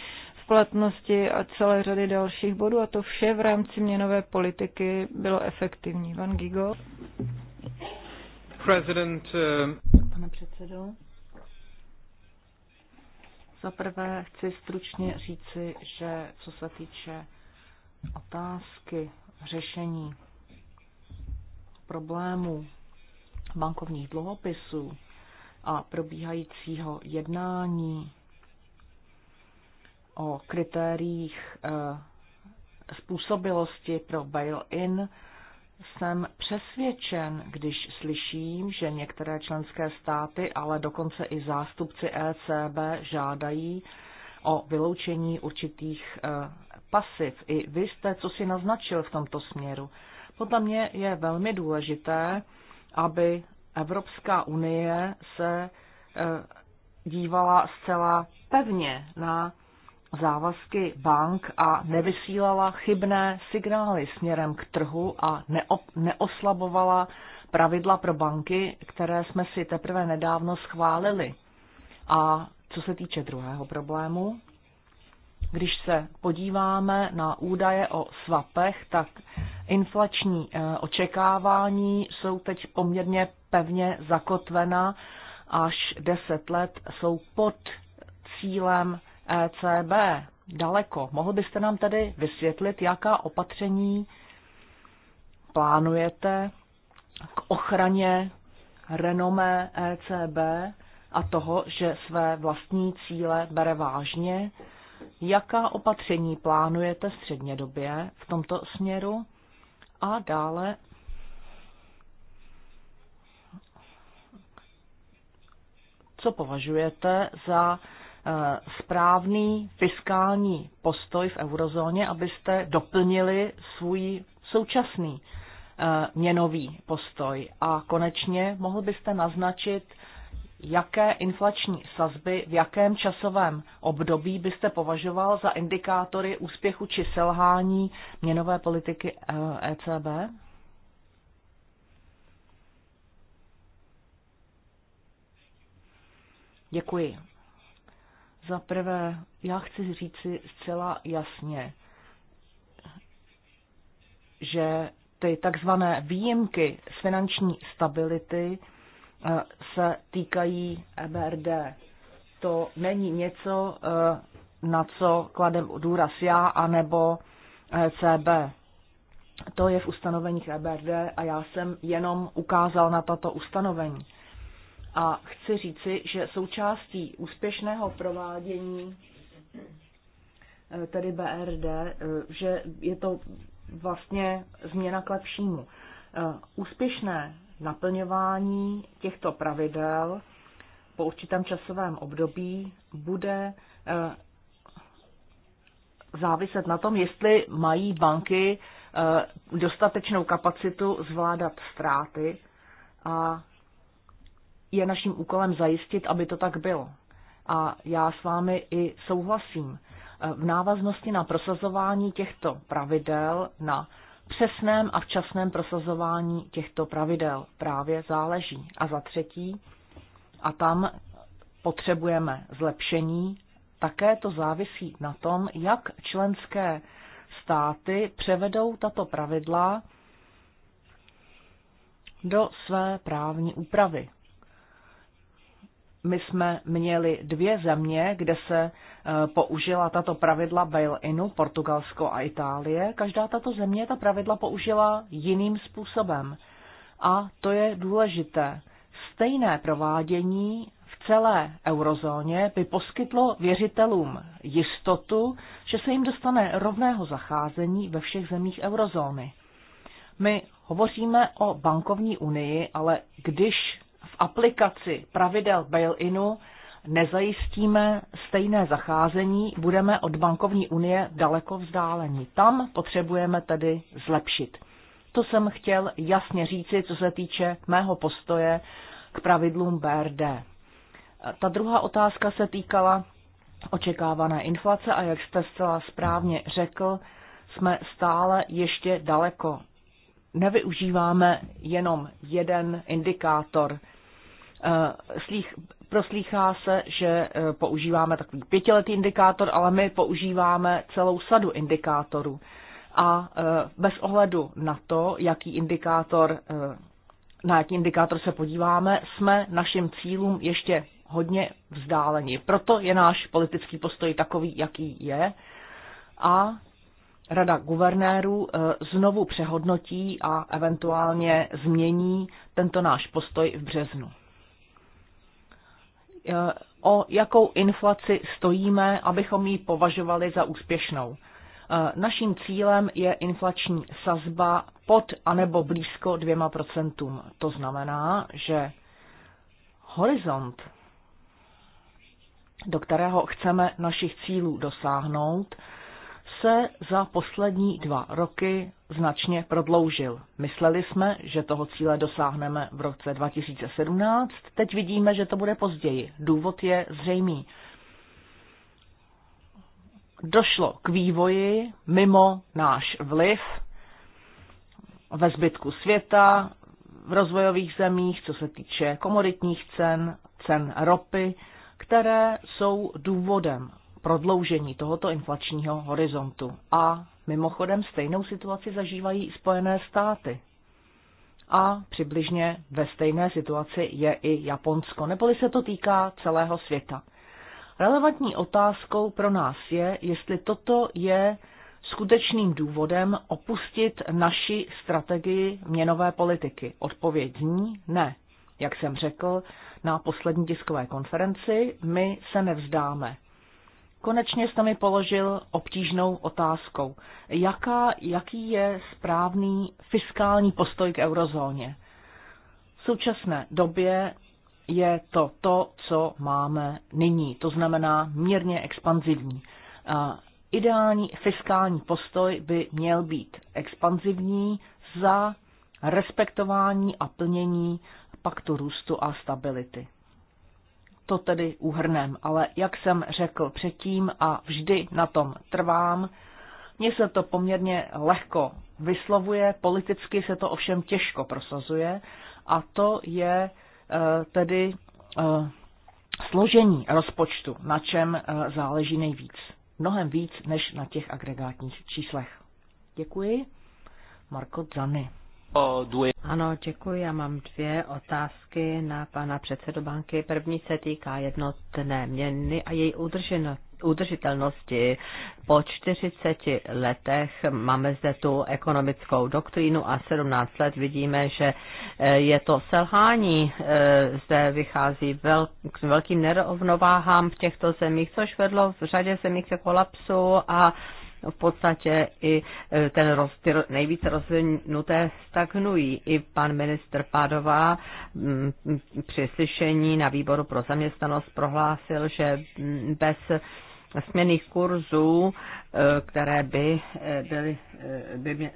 splatnosti a celé řady dalších bodů a to vše v rámci měnové politiky bylo efektivní. Van Gigo. President, uh... Pane předsedo, za prvé chci stručně říci, že co se týče otázky řešení problému bankovních dluhopisů a probíhajícího jednání o kritériích eh, způsobilosti pro bail-in, jsem přesvědčen, když slyším, že některé členské státy, ale dokonce i zástupci ECB žádají o vyloučení určitých eh, pasiv. I vy jste, co si naznačil v tomto směru. Podle mě je velmi důležité, aby Evropská unie se eh, dívala zcela pevně na závazky bank a nevysílala chybné signály směrem k trhu a neoslabovala pravidla pro banky, které jsme si teprve nedávno schválili. A co se týče druhého problému, když se podíváme na údaje o svapech, tak inflační eh, očekávání jsou teď poměrně pevně zakotvena až 10 let, jsou pod cílem ECB daleko. Mohl byste nám tedy vysvětlit, jaká opatření plánujete k ochraně renomé ECB a toho, že své vlastní cíle bere vážně? Jaká opatření plánujete střednědobě v tomto směru? A dále co považujete za Eh, správný fiskální postoj v eurozóně, abyste doplnili svůj současný eh, měnový postoj. A konečně mohl byste naznačit, jaké inflační sazby v jakém časovém období byste považoval za indikátory úspěchu či selhání měnové politiky ECB? Eh, e Děkuji. Za prvé, já chci říci zcela jasně, že ty takzvané výjimky z finanční stability eh, se týkají EBRD. To není něco, eh, na co kladem důraz já, anebo eh, CB. To je v ustanoveních EBRD a já jsem jenom ukázal na tato ustanovení. A chci říci, že součástí úspěšného provádění eh, tedy BRD, eh, že je to vlastně změna k lepšímu. Eh, úspěšné naplňování těchto pravidel po určitém časovém období bude záviset na tom, jestli mají banky dostatečnou kapacitu zvládat ztráty a je naším úkolem zajistit, aby to tak bylo. A já s vámi i souhlasím. V návaznosti na prosazování těchto pravidel, na přesném a včasném prosazování těchto pravidel právě záleží. A za třetí, a tam potřebujeme zlepšení, také to závisí na tom, jak členské státy převedou tato pravidla do své právní úpravy my jsme měli dvě země, kde se eh, použila tato pravidla bail-inu, Portugalsko a Itálie. Každá tato země ta pravidla použila jiným způsobem. A to je důležité. Stejné provádění v celé eurozóně by poskytlo věřitelům jistotu, že se jim dostane rovného zacházení ve všech zemích eurozóny. My hovoříme o bankovní unii, ale když v aplikaci pravidel bail-inu nezajistíme stejné zacházení, budeme od bankovní unie daleko vzdáleni. Tam potřebujeme tedy zlepšit. To jsem chtěl jasně říci, co se týče mého postoje k pravidlům BRD. Ta druhá otázka se týkala očekávané inflace a jak jste zcela správně řekl, jsme stále ještě daleko nevyužíváme jenom jeden indikátor. Eh, Slých, proslýchá se, že eh, používáme takový pětiletý indikátor, ale my používáme celou sadu indikátorů. A eh, bez ohledu na to, jaký indikátor, na jaký indikátor se podíváme, jsme našim cílům ještě hodně vzdáleni. Proto je náš politický postoj takový, jaký je. A Rada guvernérů eh, znovu přehodnotí a eventuálně změní tento náš postoj v březnu. Eh, o jakou inflaci stojíme, abychom ji považovali za úspěšnou? Eh, naším cílem je inflační sazba pod anebo blízko dvěma procentům. To znamená, že horizont, do kterého chceme našich cílů dosáhnout, se za poslední dva roky značně prodloužil. Mysleli jsme, že toho cíle dosáhneme v roce 2017, teď vidíme, že to bude později. Důvod je zřejmý. Došlo k vývoji mimo náš vliv ve zbytku světa, v rozvojových zemích, co se týče komoditních cen, cen ropy, které jsou důvodem prodloužení tohoto inflačního horizontu. A mimochodem stejnou situaci zažívají i Spojené státy. A přibližně ve stejné situaci je i Japonsko, neboli se to týká celého světa. Relevantní otázkou pro nás je, jestli toto je skutečným důvodem opustit naši strategii měnové politiky. Odpověď zní ne. Jak jsem řekl na poslední tiskové konferenci, my se nevzdáme. Konečně jste mi položil obtížnou otázkou. Jaká, jaký je správný fiskální postoj k eurozóně? V současné době je to to, co máme nyní, to znamená mírně expanzivní. Ideální fiskální postoj by měl být expanzivní za respektování a plnění paktu růstu a stability to tedy uhrnem, ale jak jsem řekl předtím a vždy na tom trvám, mně se to poměrně lehko vyslovuje, politicky se to ovšem těžko prosazuje a to je eh, tedy eh, složení rozpočtu, na čem eh, záleží nejvíc. Mnohem víc než na těch agregátních číslech. Děkuji. Marko Zany. Ano, děkuji. Já mám dvě otázky na pana předsedu banky. První se týká jednotné měny a její udrženosti udržitelnosti. Po 40 letech máme zde tu ekonomickou doktrínu a 17 let vidíme, že e, je to selhání. E, zde vychází k velkým nerovnováhám v těchto zemích, což vedlo v řadě zemí ke kolapsu a v podstatě i e, ten roz, ty nejvíce rozvinuté stagnují. I pan ministr Pádová mm, mm, při slyšení na výboru pro zaměstnanost prohlásil, že mm, bez směných kurzů, e, které by, e, byly, by,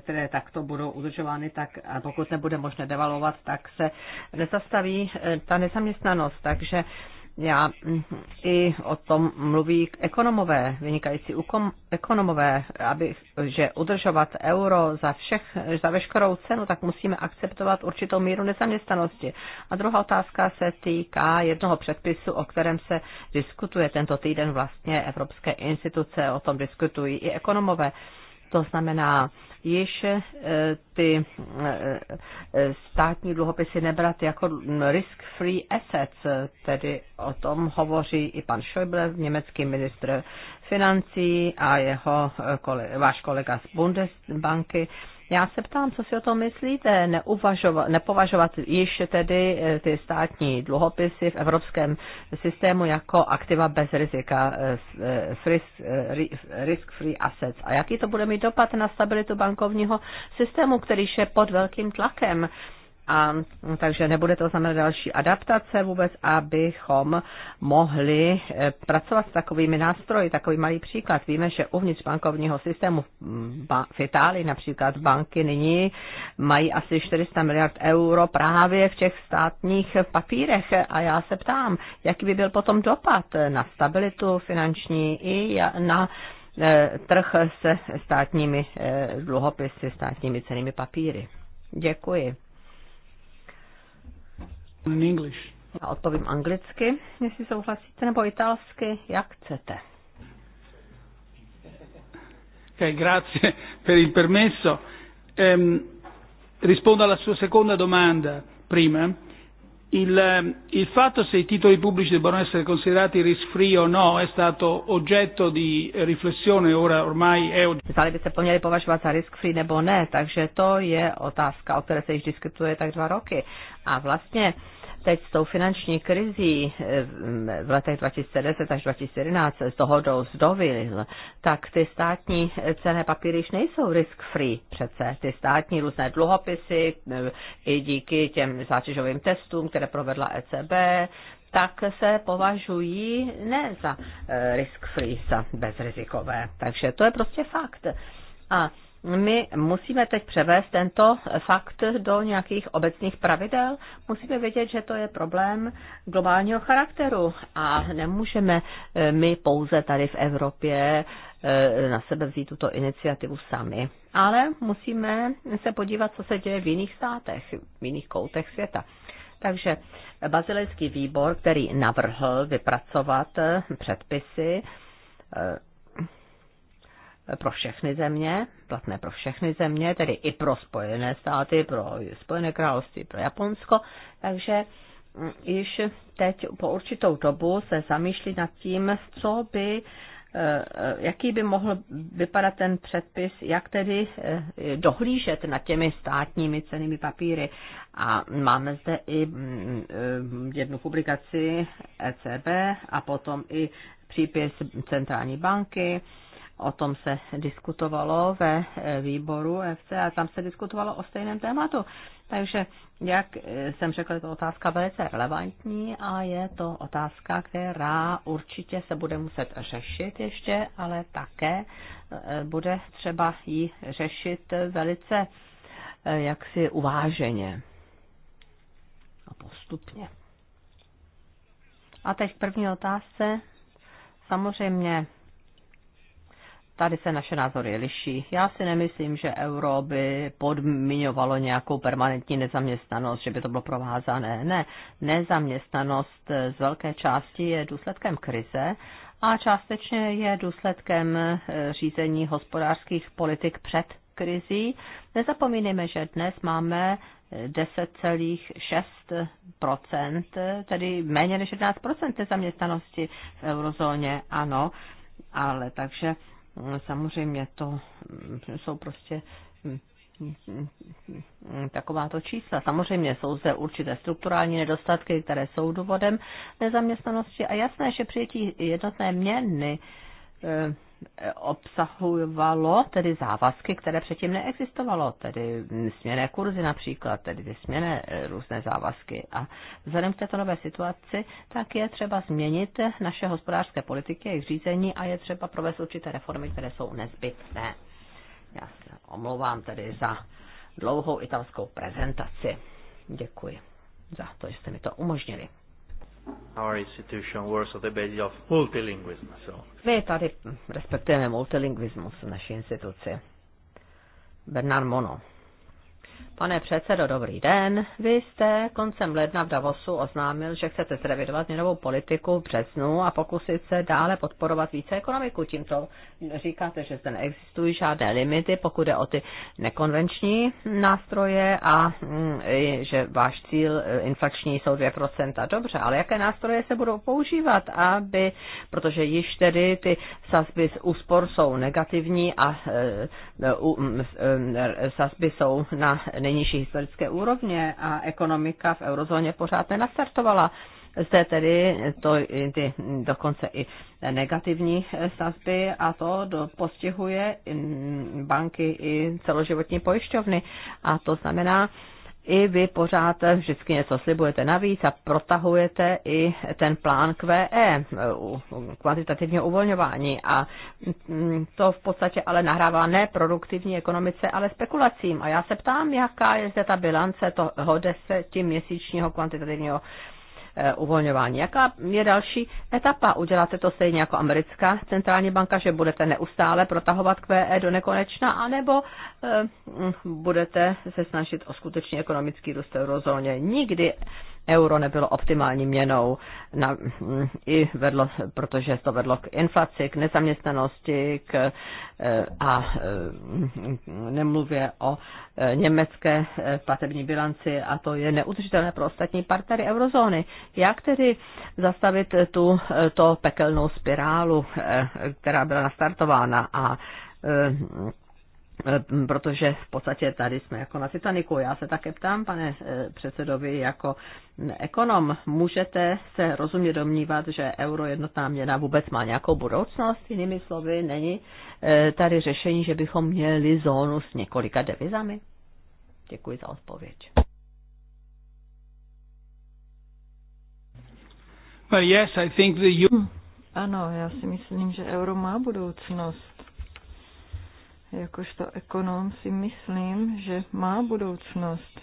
které takto budou udržovány, tak a pokud nebude možné devalovat, tak se nezastaví ta nezaměstnanost. Takže já mhm, i o tom mluví ekonomové, vynikající ukom, ekonomové, aby, že udržovat euro za, všech, za veškerou cenu, tak musíme akceptovat určitou míru nezaměstnanosti. A druhá otázka se týká jednoho předpisu, o kterém se diskutuje tento týden vlastně evropské instituce, o tom diskutují i ekonomové. Uh, to znamená, již eh, ty eh, eh, státní dluhopisy nebrat jako risk-free assets, tedy o tom hovoří i pan Schäuble, německý ministr financí a jeho váš kolega z Bundesbanky já se ptám, co si o tom myslíte, Neuvažovat, nepovažovat již tedy eh, ty státní dluhopisy v evropském systému jako aktiva bez rizika, eh, eh, risk-free assets. A jaký to bude mít dopad na stabilitu bankovního systému, který je pod velkým tlakem? A, mm, takže nebude to znamenat další adaptace vůbec, abychom mohli eh, pracovat s takovými nástroji. Takový malý příklad. Víme, že uvnitř bankovního systému v Itálii například banky nyní mají asi 400 miliard euro právě v těch státních papírech. A já se ptám, jaký by byl potom dopad na stabilitu finanční i na eh, trh se státními eh, dluhopisy, státními cenými papíry. Děkuji. In English. Já odpovím anglicky, jestli souhlasíte, nebo italsky, jak chcete. Ok, grazie per il permesso. Ehm, rispondo alla sua seconda domanda prima. Il, ehm, il fatto se i titoli pubblici debbano essere considerati risk free o no è stato oggetto di riflessione, ora ormai è Zdali by se poměli považovat za risk free nebo ne, takže to je otázka, o které se již diskutuje tak dva roky. A vlastně teď s tou finanční krizí eh, v letech 2010 až 2011 s dohodou zdovil, tak ty státní cené papíry již nejsou risk-free přece. Ty státní různé dluhopisy eh, i díky těm zátěžovým testům, které provedla ECB, tak se považují ne za eh, risk-free, za bezrizikové. Takže to je prostě fakt. A my musíme teď převést tento fakt do nějakých obecných pravidel. Musíme vědět, že to je problém globálního charakteru a nemůžeme eh, my pouze tady v Evropě eh, na sebe vzít tuto iniciativu sami. Ale musíme se podívat, co se děje v jiných státech, v jiných koutech světa. Takže bazilejský výbor, který navrhl vypracovat eh, předpisy, pro všechny země, platné pro všechny země, tedy i pro Spojené státy, pro Spojené království, pro Japonsko, takže mm, již teď po určitou dobu se zamýšlí nad tím, co by eh, eh, jaký by mohl vypadat ten předpis, jak tedy eh, dohlížet nad těmi státními cenými papíry. A máme zde i mm, jednu publikaci ECB a potom i přípis centrální banky o tom se diskutovalo ve e, výboru FC a tam se diskutovalo o stejném tématu. Takže, jak e, jsem řekl, je to otázka velice relevantní a je to otázka, která určitě se bude muset řešit ještě, ale také e, bude třeba ji řešit velice jaksi uváženě a postupně. A teď k první otázce. Samozřejmě tady se naše názory liší. Já si nemyslím, že euro by podmiňovalo nějakou permanentní nezaměstnanost, že by to bylo provázané. Ne, nezaměstnanost z velké části je důsledkem krize a částečně je důsledkem eh, řízení hospodářských politik před krizí. Nezapomínejme, že dnes máme 10,6%, eh, eh, tedy méně než 11% nezaměstnanosti v eurozóně, ano, ale takže Mm, samozřejmě to mm, jsou prostě mm, takováto čísla. Samozřejmě jsou zde určité strukturální nedostatky, které jsou důvodem nezaměstnanosti a jasné, že přijetí jednotné měny eh, obsahovalo tedy závazky, které předtím neexistovalo, tedy směné kurzy například, tedy směné eh, různé závazky. A vzhledem k této nové situaci, tak je třeba změnit naše hospodářské politiky, jejich řízení a je třeba provést určité reformy, které jsou nezbytné. Já se omlouvám tedy za dlouhou italskou prezentaci. Děkuji za to, že jste mi to umožnili. Our institution works on the basis of multilingualism. So. My tady respektujeme multilingualismus v naší instituci. Bernard Mono. Pane předsedo, dobrý den. Vy jste koncem ledna v Davosu oznámil, že chcete zrevidovat měnovou politiku v březnu a pokusit se dále podporovat více ekonomiku. Tímto říkáte, že zde neexistují žádné limity, pokud jde o ty nekonvenční nástroje a mm, že váš cíl e, inflační jsou 2%. Dobře, ale jaké nástroje se budou používat, aby, protože již tedy ty sazby z úspor jsou negativní a e, e, sazby jsou na nejnižší historické úrovně a ekonomika v eurozóně pořád nenastartovala. Zde tedy to, ty dokonce i negativní sazby a to do, postihuje banky i celoživotní pojišťovny. A to znamená, i vy pořád vždycky něco slibujete navíc a protahujete i ten plán QE, kvantitativního uvolňování. A mm, to v podstatě ale nahrává ne produktivní ekonomice, ale spekulacím. A já se ptám, jaká je zde ta bilance toho desetiměsíčního kvantitativního uvolňování Eh, uvolňování. Jaká je další etapa? Uděláte to stejně jako americká centrální banka, že budete neustále protahovat QE do nekonečna, anebo eh, budete se snažit o skutečný ekonomický růst eurozóně. Nikdy euro nebylo optimální měnou. Na, mm, i vedlo, protože to vedlo k inflaci, k nezaměstnanosti k, e, a e, nemluvě o e, německé platební bilanci a to je neudržitelné pro ostatní partnery eurozóny. Jak tedy zastavit tu to pekelnou spirálu, která byla nastartována a E, protože v podstatě tady jsme jako na Titaniku. Já se také ptám, pane e, předsedovi, jako ekonom, můžete se rozumně domnívat, že euro jednotná měna vůbec má nějakou budoucnost? Jinými slovy, není e, tady řešení, že bychom měli zónu s několika devizami? Děkuji za odpověď. Well, yes, I think the... Hm. Ano, já si myslím, že euro má budoucnost jakožto ekonom si myslím, že má budoucnost.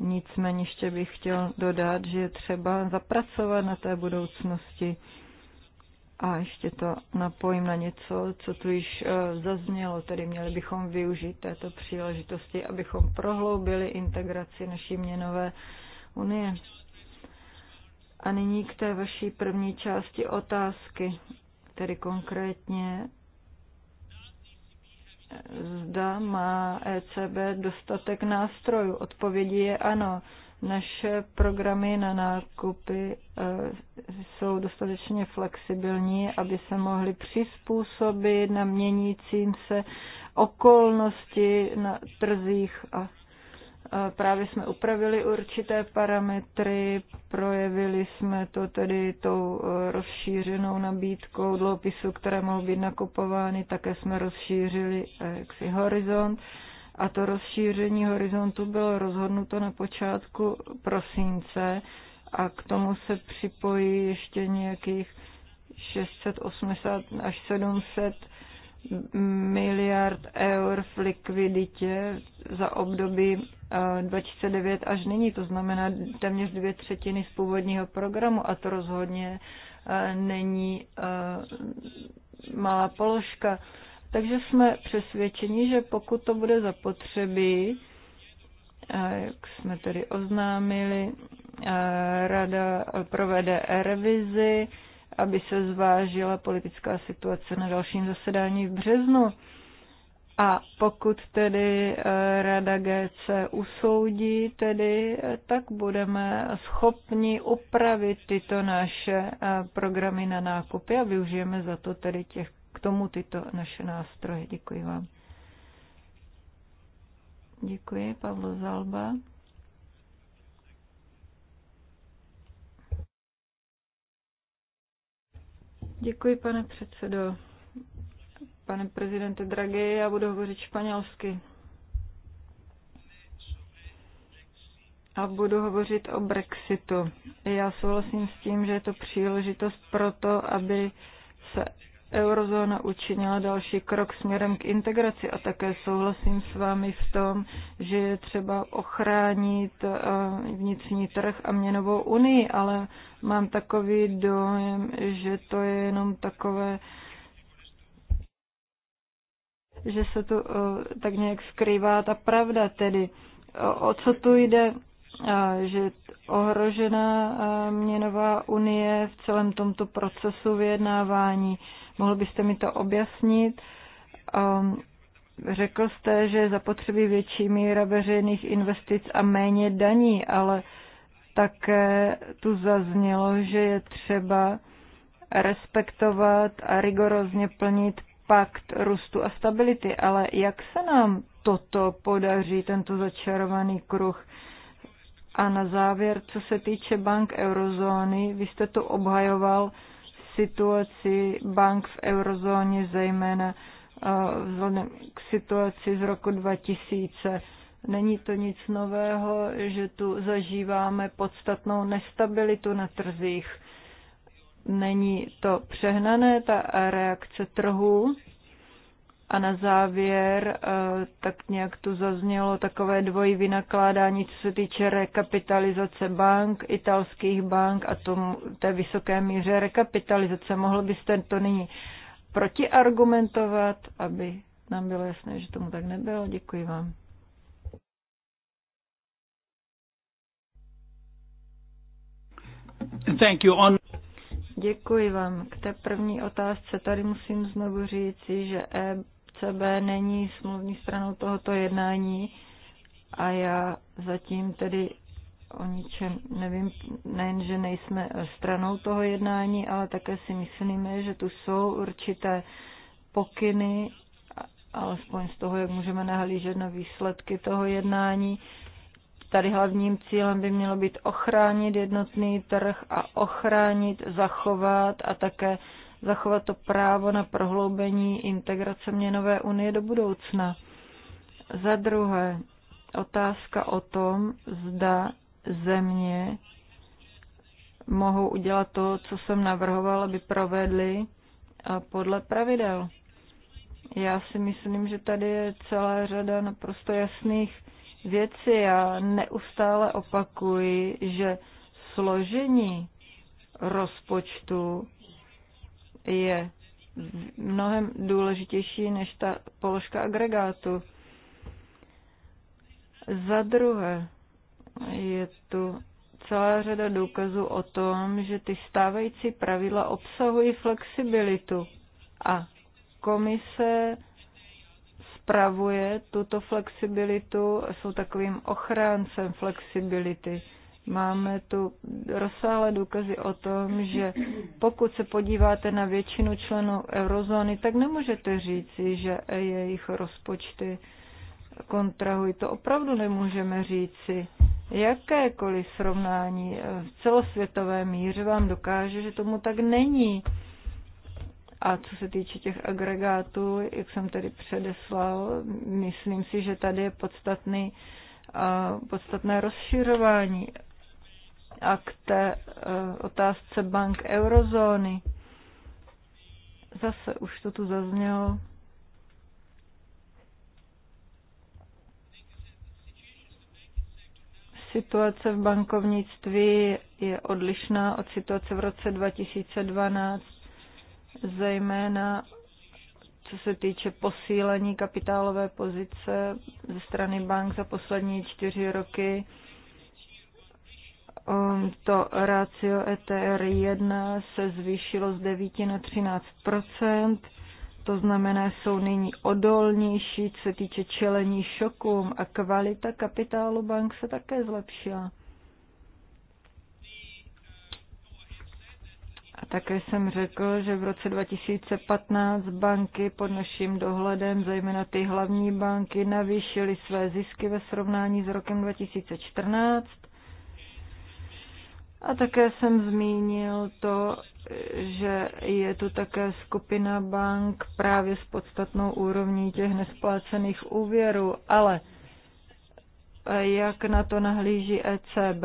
Nicméně ještě bych chtěl dodat, že je třeba zapracovat na té budoucnosti. A ještě to napojím na něco, co tu již eh, zaznělo, tedy měli bychom využít této příležitosti, abychom prohloubili integraci naší měnové unie. A nyní k té vaší první části otázky, tedy konkrétně zda má ECB dostatek nástrojů. Odpovědí je ano. Naše programy na nákupy e, jsou dostatečně flexibilní, aby se mohly přizpůsobit na měnícím se okolnosti na trzích a Právě jsme upravili určité parametry, projevili jsme to tedy tou e, rozšířenou nabídkou dluhopisů, které mohou být nakupovány, také jsme rozšířili e, jaksi horizont a to rozšíření horizontu bylo rozhodnuto na počátku prosince a k tomu se připojí ještě nějakých 680 až 700 miliard eur v likviditě za období 2009 eh, až nyní, to znamená téměř dvě třetiny z původního programu a to rozhodně eh, není eh, malá položka. Takže jsme přesvědčeni, že pokud to bude zapotřebí, jak jsme tedy oznámili, rada provede revizi, aby se zvážila politická situace na dalším zasedání v březnu. A pokud tedy eh, Rada GC usoudí, tedy, eh, tak budeme schopni upravit tyto naše eh, programy na nákupy a využijeme za to tedy těch, k tomu tyto naše nástroje. Děkuji vám. Děkuji, Pavlo Zalba. Děkuji, pane předsedo. Pane prezidente Draghi, já budu hovořit španělsky. a budu hovořit o Brexitu. Já souhlasím s tím, že je to příležitost pro to, aby se eurozóna učinila další krok směrem k integraci a také souhlasím s vámi v tom, že je třeba ochránit eh, vnitřní trh a měnovou unii, ale mám takový dojem, že to je jenom takové že se tu eh, tak nějak skrývá ta pravda tedy. Eh, o co tu jde? že ohrožená měnová unie v celém tomto procesu vyjednávání. Mohl byste mi to objasnit? Ehm, řekl jste, že je zapotřebí větší míra veřejných investic a méně daní, ale také tu zaznělo, že je třeba respektovat a rigorozně plnit pakt růstu a stability. Ale jak se nám toto podaří, tento začarovaný kruh? A na závěr, co se týče bank eurozóny, vy jste to obhajoval situaci bank v eurozóně, zejména eh, vzhledem k situaci z roku 2000. Není to nic nového, že tu zažíváme podstatnou nestabilitu na trzích. Není to přehnané, ta reakce trhů, a na závěr, eh, tak nějak tu zaznělo takové dvojí vynakládání, co se týče rekapitalizace bank, italských bank a tom té vysoké míře rekapitalizace. Mohl byste to nyní protiargumentovat, aby nám bylo jasné, že tomu tak nebylo? Děkuji vám. Thank you. On... Děkuji vám. K té první otázce tady musím znovu říci, že e sebe není smluvní stranou tohoto jednání a já zatím tedy o ničem nevím, nejen, že nejsme stranou toho jednání, ale také si myslíme, že tu jsou určité pokyny, alespoň z toho, jak můžeme nahlížet na výsledky toho jednání. Tady hlavním cílem by mělo být ochránit jednotný trh a ochránit, zachovat a také zachovat to právo na prohloubení integrace měnové unie do budoucna. Za druhé, otázka o tom, zda země mohou udělat to, co jsem navrhoval, aby provedli podle pravidel. Já si myslím, že tady je celá řada naprosto jasných věcí. Já neustále opakuji, že složení rozpočtu je mnohem důležitější než ta položka agregátu. Za druhé je tu celá řada důkazů o tom, že ty stávající pravidla obsahují flexibilitu a komise spravuje tuto flexibilitu, jsou takovým ochráncem flexibility. Máme tu rozsáhlé důkazy o tom, že pokud se podíváte na většinu členů eurozóny, tak nemůžete říci, že jejich rozpočty kontrahují. To opravdu nemůžeme říci. Jakékoliv srovnání v celosvětové míře vám dokáže, že tomu tak není. A co se týče těch agregátů, jak jsem tedy předeslal, myslím si, že tady je podstatný, podstatné rozširování a k té e, otázce bank eurozóny. Zase už to tu zaznělo. Situace v bankovnictví je odlišná od situace v roce 2012, zejména co se týče posílení kapitálové pozice ze strany bank za poslední čtyři roky um, to ratio ETR1 se zvýšilo z 9 na 13 to znamená, jsou nyní odolnější, co se týče čelení šokům a kvalita kapitálu bank se také zlepšila. A také jsem řekl, že v roce 2015 banky pod naším dohledem, zejména ty hlavní banky, navýšily své zisky ve srovnání s rokem 2014 a také jsem zmínil to, že je tu také skupina bank právě s podstatnou úrovní těch nesplácených úvěrů, ale eh, jak na to nahlíží ECB,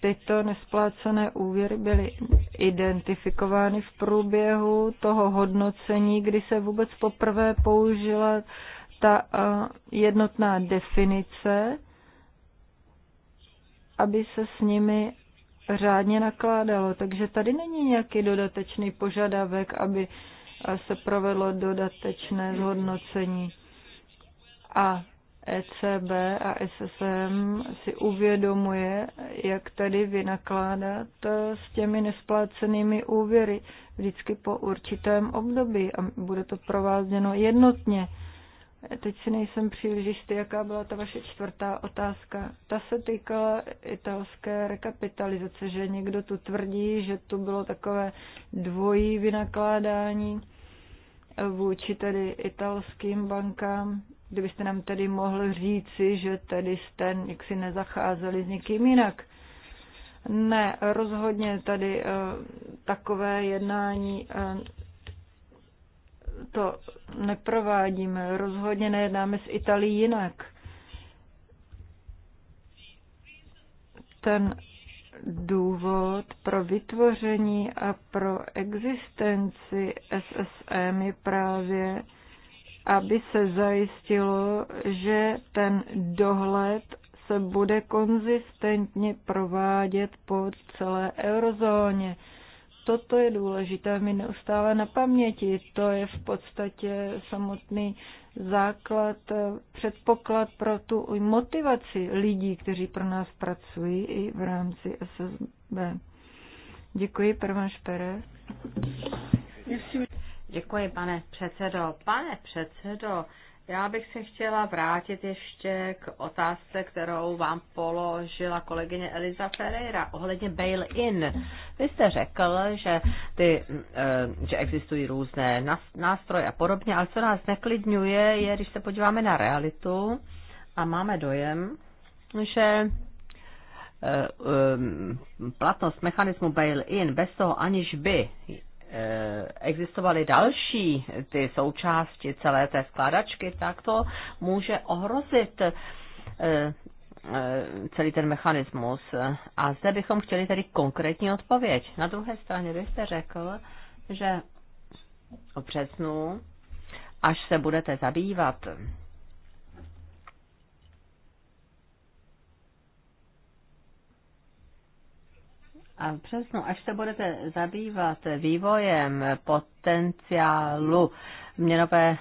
tyto nesplácené úvěry byly identifikovány v průběhu toho hodnocení, kdy se vůbec poprvé použila ta eh, jednotná definice, aby se s nimi řádně nakládalo. Takže tady není nějaký dodatečný požadavek, aby se provedlo dodatečné zhodnocení. A ECB a SSM si uvědomuje, jak tady vynakládat eh, s těmi nesplácenými úvěry vždycky po určitém období a bude to provázeno jednotně. Teď si nejsem příliš jistý, jaká byla ta vaše čtvrtá otázka. Ta se týkala italské rekapitalizace, že někdo tu tvrdí, že tu bylo takové dvojí vynakládání vůči tedy italským bankám. Kdybyste nám tedy mohl říci, že tedy jste jaksi nezacházeli s někým jinak. Ne, rozhodně tady eh, takové jednání eh, to neprovádíme. Rozhodně nejednáme s Italií jinak. Ten důvod pro vytvoření a pro existenci SSM je právě, aby se zajistilo, že ten dohled se bude konzistentně provádět po celé eurozóně toto je důležité mi neustále na paměti. To je v podstatě samotný základ, eh, předpoklad pro tu motivaci lidí, kteří pro nás pracují i v rámci SSB. Děkuji, Pervan Špere. Děkuji, pane předsedo. Pane předsedo, já bych se chtěla vrátit ještě k otázce, kterou vám položila kolegyně Eliza Ferreira ohledně bail-in. Vy jste řekl, že, ty, eh, že existují různé nástroje a podobně, ale co nás neklidňuje, je, když se podíváme na realitu a máme dojem, že eh, eh, platnost mechanismu bail-in bez toho, aniž by Eh, existovaly další ty součásti celé té skládačky, tak to může ohrozit eh, eh, celý ten mechanismus. A zde bychom chtěli tedy konkrétní odpověď. Na druhé straně byste řekl, že o přesnu, až se budete zabývat A přesno, až se budete zabývat vývojem potenciálu měnové e,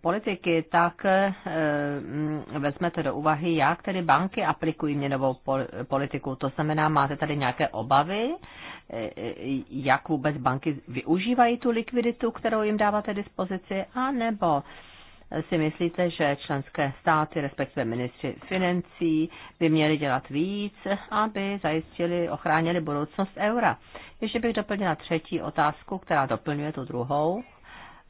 politiky, tak e, mm, vezmete do úvahy, jak tedy banky aplikují měnovou politiku. To znamená, máte tady nějaké obavy, e, jak vůbec banky využívají tu likviditu, kterou jim dáváte dispozici, anebo si myslíte, že členské státy, respektive ministři financí, by měli dělat víc, aby zajistili, ochránili budoucnost eura? Ještě bych doplnila třetí otázku, která doplňuje tu druhou.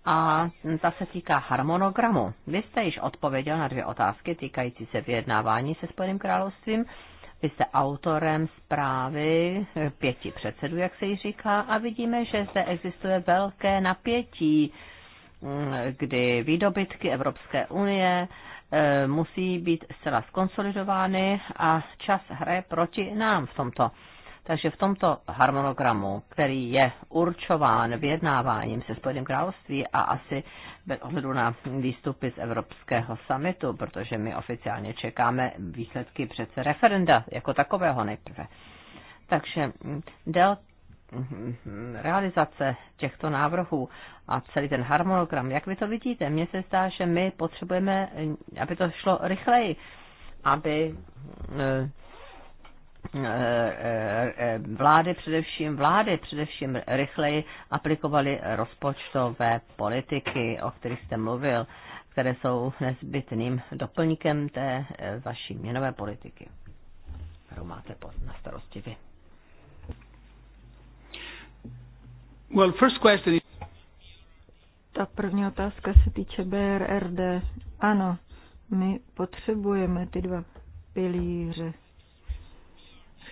A ta se týká harmonogramu. Vy jste již odpověděl na dvě otázky týkající se vyjednávání se Spojeným královstvím. Vy jste autorem zprávy pěti předsedů, jak se ji říká, a vidíme, že zde existuje velké napětí Mm, kdy výdobytky Evropské unie eh, musí být zcela skonsolidovány a čas hraje proti nám v tomto. Takže v tomto harmonogramu, který je určován vyjednáváním se Spojeným království a asi bez ohledu na výstupy z Evropského samitu, protože my oficiálně čekáme výsledky přece referenda jako takového nejprve. Takže mm, realizace těchto návrhů a celý ten harmonogram, jak vy to vidíte? Mně se zdá, že my potřebujeme, aby to šlo rychleji, aby eh, eh, eh, vlády především, vlády především rychleji aplikovaly rozpočtové politiky, o kterých jste mluvil, které jsou nezbytným doplníkem té vaší měnové politiky, kterou máte na starosti vy. Well, first question is... Ta první otázka se týče BRRD. Ano, my potřebujeme ty dva pilíře.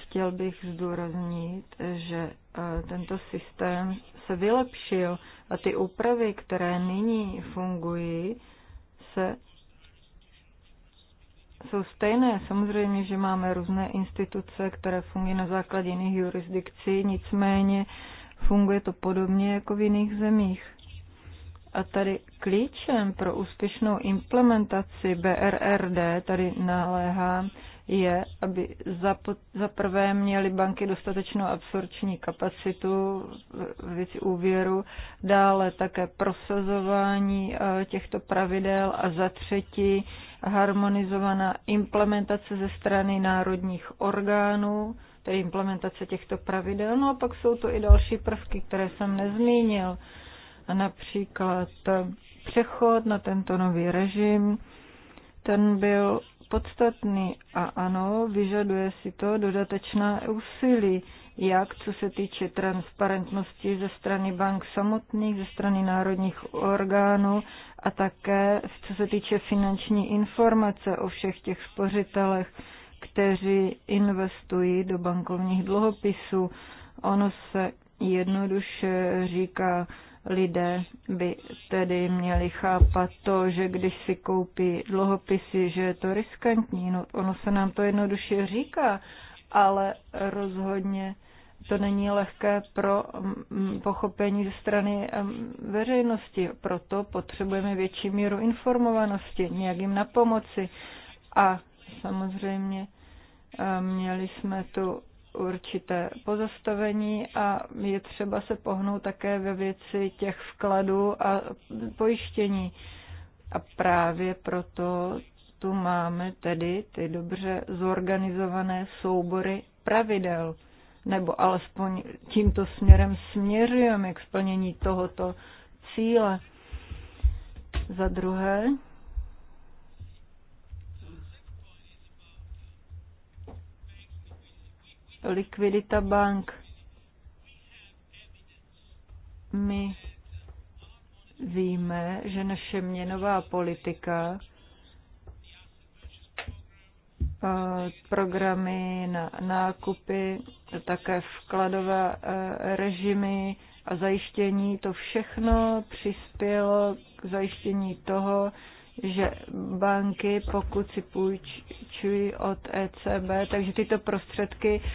Chtěl bych zdůraznit, že eh, tento systém se vylepšil a ty úpravy, které nyní fungují, se jsou stejné. Samozřejmě, že máme různé instituce, které fungují na základě jiných jurisdikcí, nicméně Funguje to podobně jako v jiných zemích. A tady klíčem pro úspěšnou implementaci BRRD, tady naléhá, je, aby za prvé měly banky dostatečnou absorční kapacitu věci úvěru, dále také prosazování eh, těchto pravidel a za třetí harmonizovaná implementace ze strany národních orgánů tedy implementace těchto pravidel. No a pak jsou to i další prvky, které jsem nezmínil, například přechod na tento nový režim, ten byl podstatný a ano, vyžaduje si to dodatečná úsilí, jak co se týče transparentnosti ze strany bank samotných, ze strany národních orgánů a také co se týče finanční informace o všech těch spořitelech kteří investují do bankovních dluhopisů. Ono se jednoduše říká, lidé by tedy měli chápat to, že když si koupí dluhopisy, že je to riskantní. No, ono se nám to jednoduše říká, ale rozhodně to není lehké pro mm, mm, pochopení ze strany mm, veřejnosti. Proto potřebujeme větší míru informovanosti, nějak jim na pomoci. A samozřejmě Měli jsme tu určité pozastavení a je třeba se pohnout také ve věci těch vkladů a pojištění. A právě proto tu máme tedy ty dobře zorganizované soubory pravidel, nebo alespoň tímto směrem směřujeme k splnění tohoto cíle. Za druhé, likvidita bank. My víme, že naše měnová politika, programy na nákupy, také vkladové e, režimy a zajištění, to všechno přispělo k zajištění toho, že banky, pokud si půjčují od ECB, takže tyto prostředky e,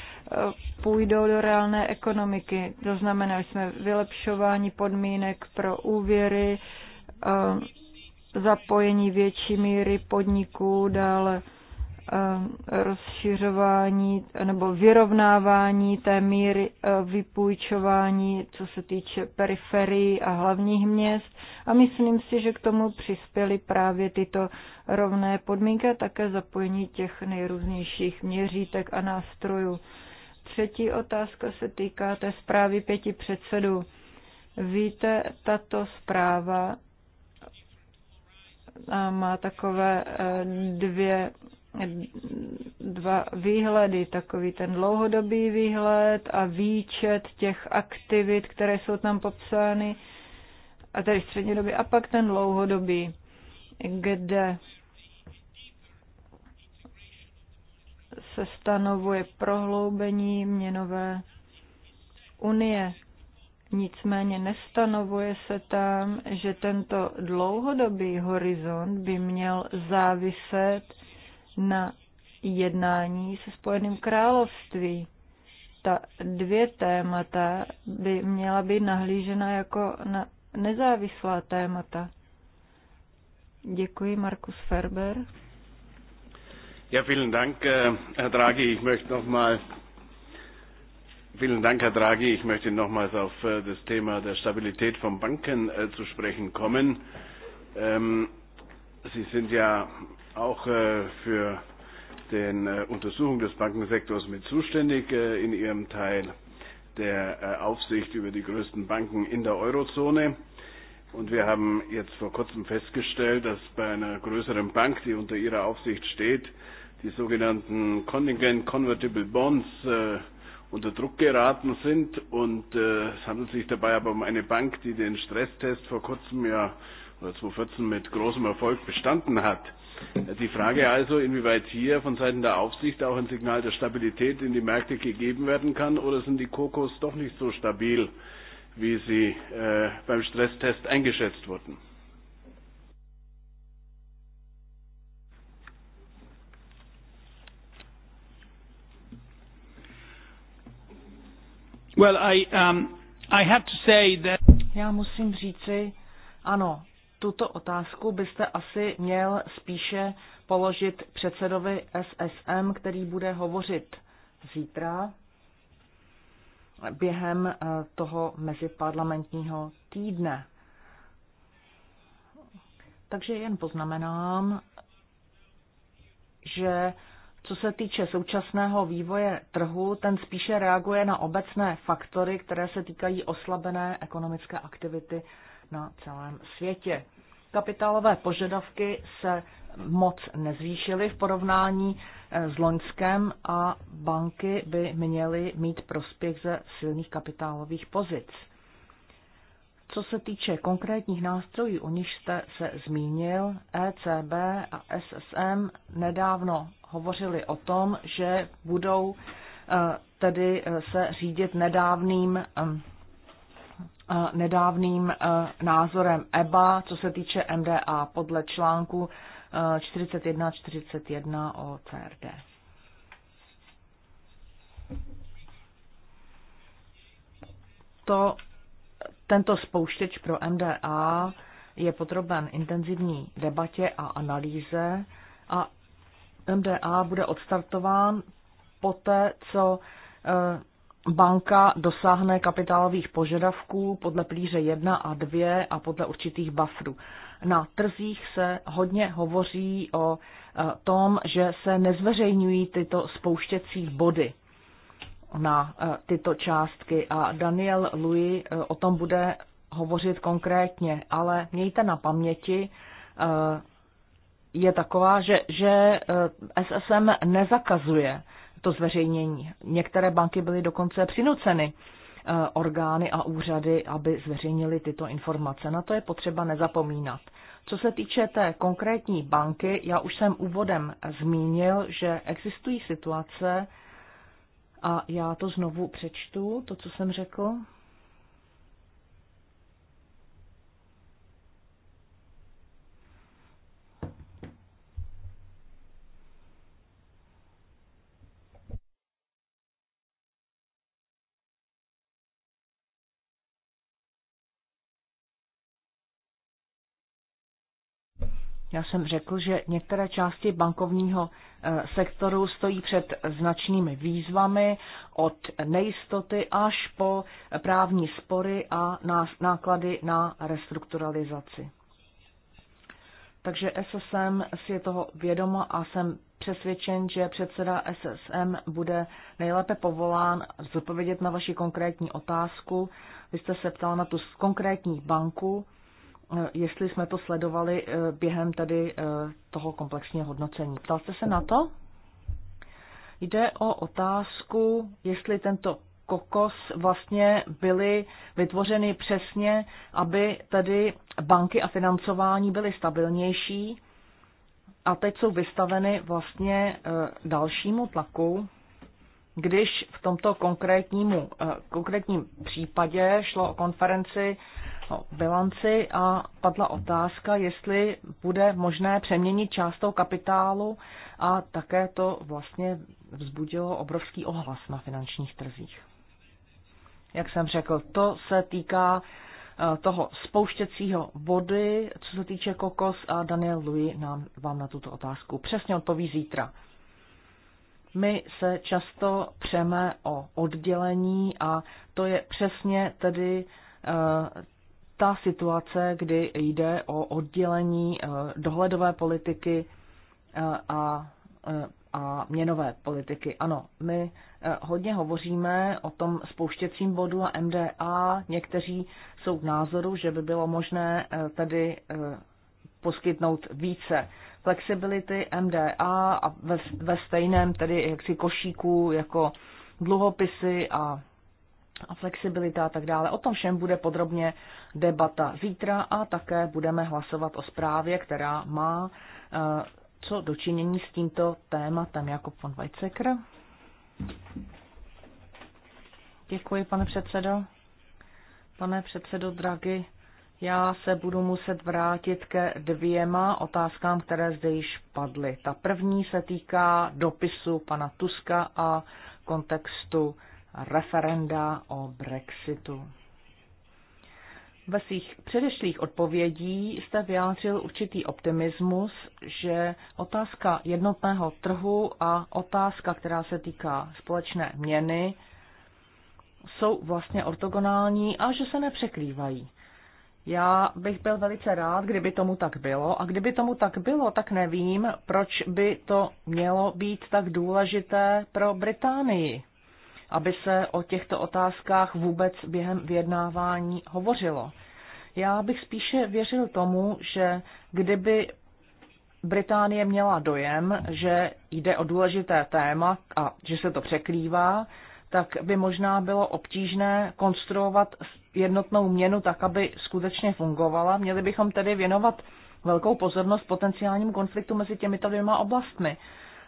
půjdou do reálné ekonomiky. To znamená, že jsme vylepšování podmínek pro úvěry, e, zapojení větší míry podniků, dále Eh, rozšiřování nebo vyrovnávání té míry eh, vypůjčování, co se týče periferií a hlavních měst. A myslím si, že k tomu přispěly právě tyto rovné podmínky a také zapojení těch nejrůznějších měřítek a nástrojů. Třetí otázka se týká té zprávy pěti předsedů. Víte, tato zpráva eh, má takové dvě dva výhledy, takový ten dlouhodobý výhled a výčet těch aktivit, které jsou tam popsány, a tedy střednědobý, a pak ten dlouhodobý, kde se stanovuje prohloubení měnové unie. Nicméně nestanovuje se tam, že tento dlouhodobý horizont by měl záviset na jednání se Spojeným království. Ta dvě témata by měla být nahlížena jako na nezávislá témata. Děkuji, Markus Ferber. Ja, vielen Dank, äh, Herr Draghi. Ich möchte noch mal Vielen Dank, Herr Draghi. Ich möchte nochmals auf äh, das Thema der Stabilität von Banken äh, zu sprechen kommen. Ähm, Sie sind ja auch äh, für den äh, Untersuchung des Bankensektors mit zuständig äh, in ihrem Teil der Aufsicht über die größten Banken in der Eurozone. Und wir haben jetzt vor kurzem festgestellt, dass bei einer größeren Bank, die unter ihrer Aufsicht steht, die sogenannten Contingent Convertible Bonds unter Druck geraten sind. Und es handelt sich dabei aber um eine Bank, die den Stresstest vor kurzem ja oder 2014 mit großem Erfolg bestanden hat. Die Frage also, inwieweit hier von Seiten der Aufsicht auch ein Signal der Stabilität in die Märkte gegeben werden kann, oder sind die Kokos doch nicht so stabil, wie sie äh, beim Stresstest eingeschätzt wurden? Well, I, um, I have to say that... Já musím říci, ano, tuto otázku byste asi měl spíše položit předsedovi SSM, který bude hovořit zítra během eh, toho meziparlamentního týdne. Takže jen poznamenám, že co se týče současného vývoje trhu, ten spíše reaguje na obecné faktory, které se týkají oslabené ekonomické aktivity na celém světě. Kapitálové požadavky se moc nezvýšily v porovnání eh, s loňskem a banky by měly mít prospěch ze silných kapitálových pozic. Co se týče konkrétních nástrojů, o nich jste se zmínil, ECB a SSM nedávno hovořili o tom, že budou eh, tedy eh, se řídit nedávným nedávným e, názorem EBA, co se týče MDA podle článku 41-41 e, o CRD. To, tento spouštěč pro MDA je podroben intenzivní debatě a analýze a MDA bude odstartován poté, co e, banka dosáhne kapitálových požadavků podle plíře 1 a 2 a podle určitých bufferů. Na trzích se hodně hovoří o e, tom, že se nezveřejňují tyto spouštěcí body na e, tyto částky a Daniel Louis e, o tom bude hovořit konkrétně, ale mějte na paměti, je taková, že, že SSM nezakazuje to zveřejnění. Některé banky byly dokonce přinuceny eh, orgány a úřady, aby zveřejnili tyto informace. Na to je potřeba nezapomínat. Co se týče té konkrétní banky, já už jsem úvodem zmínil, že existují situace, a já to znovu přečtu, to, co jsem řekl. Já jsem řekl, že některé části bankovního eh, sektoru stojí před značnými výzvami od nejistoty až po právní spory a náklady na restrukturalizaci. Takže SSM si je toho vědoma a jsem přesvědčen, že předseda SSM bude nejlépe povolán zodpovědět na vaši konkrétní otázku. Vy jste se ptal na tu konkrétní banku. Eh, jestli jsme to sledovali eh, během tedy eh, toho komplexního hodnocení. Ptal jste se na to? Jde o otázku, jestli tento kokos vlastně byly vytvořeny přesně, aby tedy banky a financování byly stabilnější a teď jsou vystaveny vlastně dalšímu tlaku, když v tomto konkrétnímu, konkrétním případě šlo o konferenci o bilanci a padla otázka, jestli bude možné přeměnit část toho kapitálu a také to vlastně vzbudilo obrovský ohlas na finančních trzích. Jak jsem řekl, to se týká eh, toho spouštěcího body, co se týče kokos a Daniel Louis nám, vám na tuto otázku přesně odpoví zítra. My se často přeme o oddělení a to je přesně tedy eh, ta situace, kdy jde o oddělení eh, dohledové politiky eh, a, eh, a měnové politiky. Ano, my hodně hovoříme o tom spouštěcím bodu a MDA. Někteří jsou k názoru, že by bylo možné tedy poskytnout více flexibility MDA a ve, ve stejném tedy jaksi košíku jako dluhopisy a a flexibilita a tak dále. O tom všem bude podrobně debata zítra a také budeme hlasovat o zprávě, která má eh, co dočinění s tímto tématem. jako von Weizsäcker. Děkuji, pane předsedo. Pane předsedo Dragi, já se budu muset vrátit ke dvěma otázkám, které zde již padly. Ta první se týká dopisu pana Tuska a kontextu referenda o Brexitu. Ve svých předešlých odpovědí jste vyjádřil určitý optimismus, že otázka jednotného trhu a otázka, která se týká společné měny, jsou vlastně ortogonální a že se nepřekrývají. Já bych byl velice rád, kdyby tomu tak bylo. A kdyby tomu tak bylo, tak nevím, proč by to mělo být tak důležité pro Británii aby se o těchto otázkách vůbec během vyjednávání hovořilo. Já bych spíše věřil tomu, že kdyby Británie měla dojem, že jde o důležité téma a že se to překrývá, tak by možná bylo obtížné konstruovat jednotnou měnu tak, aby skutečně fungovala. Měli bychom tedy věnovat velkou pozornost potenciálním konfliktu mezi těmito dvěma oblastmi.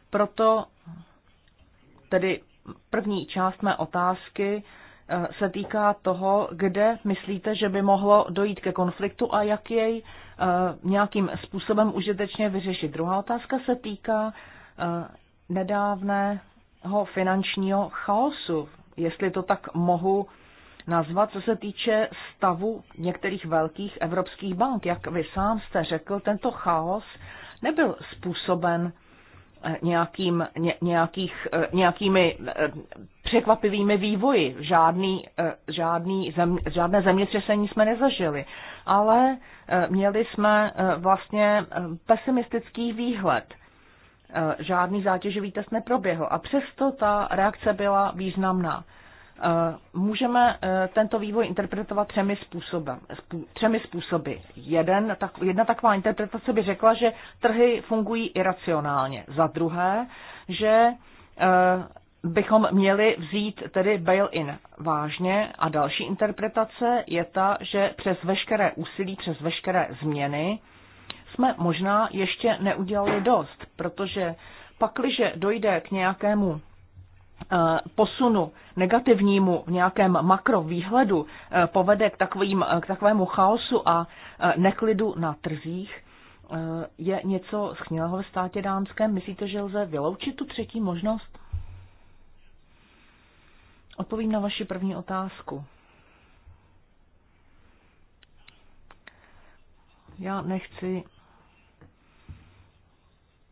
Proto tedy První část mé otázky eh, se týká toho, kde myslíte, že by mohlo dojít ke konfliktu a jak jej eh, nějakým způsobem užitečně vyřešit. Druhá otázka se týká eh, nedávného finančního chaosu, jestli to tak mohu nazvat, co se týče stavu některých velkých evropských bank. Jak vy sám jste řekl, tento chaos nebyl způsoben nějakým, ně, nějakých, eh, nějakými eh, překvapivými vývoji. Žádný, eh, žádný zem, žádné zemětřesení jsme nezažili, ale měli jsme vlastně pesimistický výhled. Žádný zátěžový test neproběhl a přesto ta reakce byla významná. Eh, můžeme eh, tento vývoj interpretovat třemi, způsobem, třemi způsoby. Jeden, tak, jedna taková interpretace by řekla, že trhy fungují iracionálně. Za druhé, že eh, bychom měli vzít tedy bail-in vážně a další interpretace je ta, že přes veškeré úsilí, přes veškeré změny jsme možná ještě neudělali dost, protože pakliže dojde k nějakému Eh, posunu negativnímu v nějakém makrovýhledu eh, povede k, takovým, eh, k takovému chaosu a neklidu na trzích, je něco schnilého ve státě dánském? Myslíte, že lze vyloučit tu třetí možnost? Odpovím na vaši první otázku. Já nechci,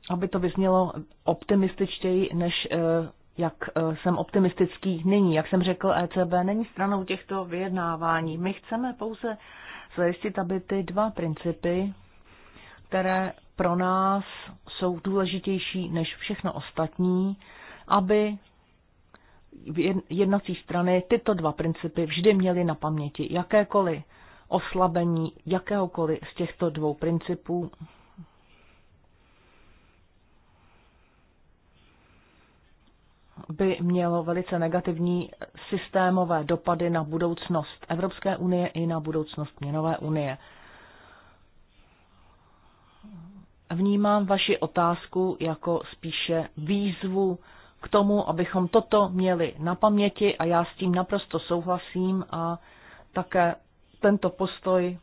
aby to vyznělo optimističtěji, než jak eh, jsem optimistický nyní. Jak jsem řekl, ECB není stranou těchto vyjednávání. My chceme pouze zajistit, aby ty dva principy, které pro nás jsou důležitější než všechno ostatní, aby jednací strany tyto dva principy vždy měly na paměti. Jakékoliv oslabení jakéhokoliv z těchto dvou principů by mělo velice negativní systémové dopady na budoucnost Evropské unie i na budoucnost měnové unie. Vnímám vaši otázku jako spíše výzvu k tomu, abychom toto měli na paměti a já s tím naprosto souhlasím a také tento postoj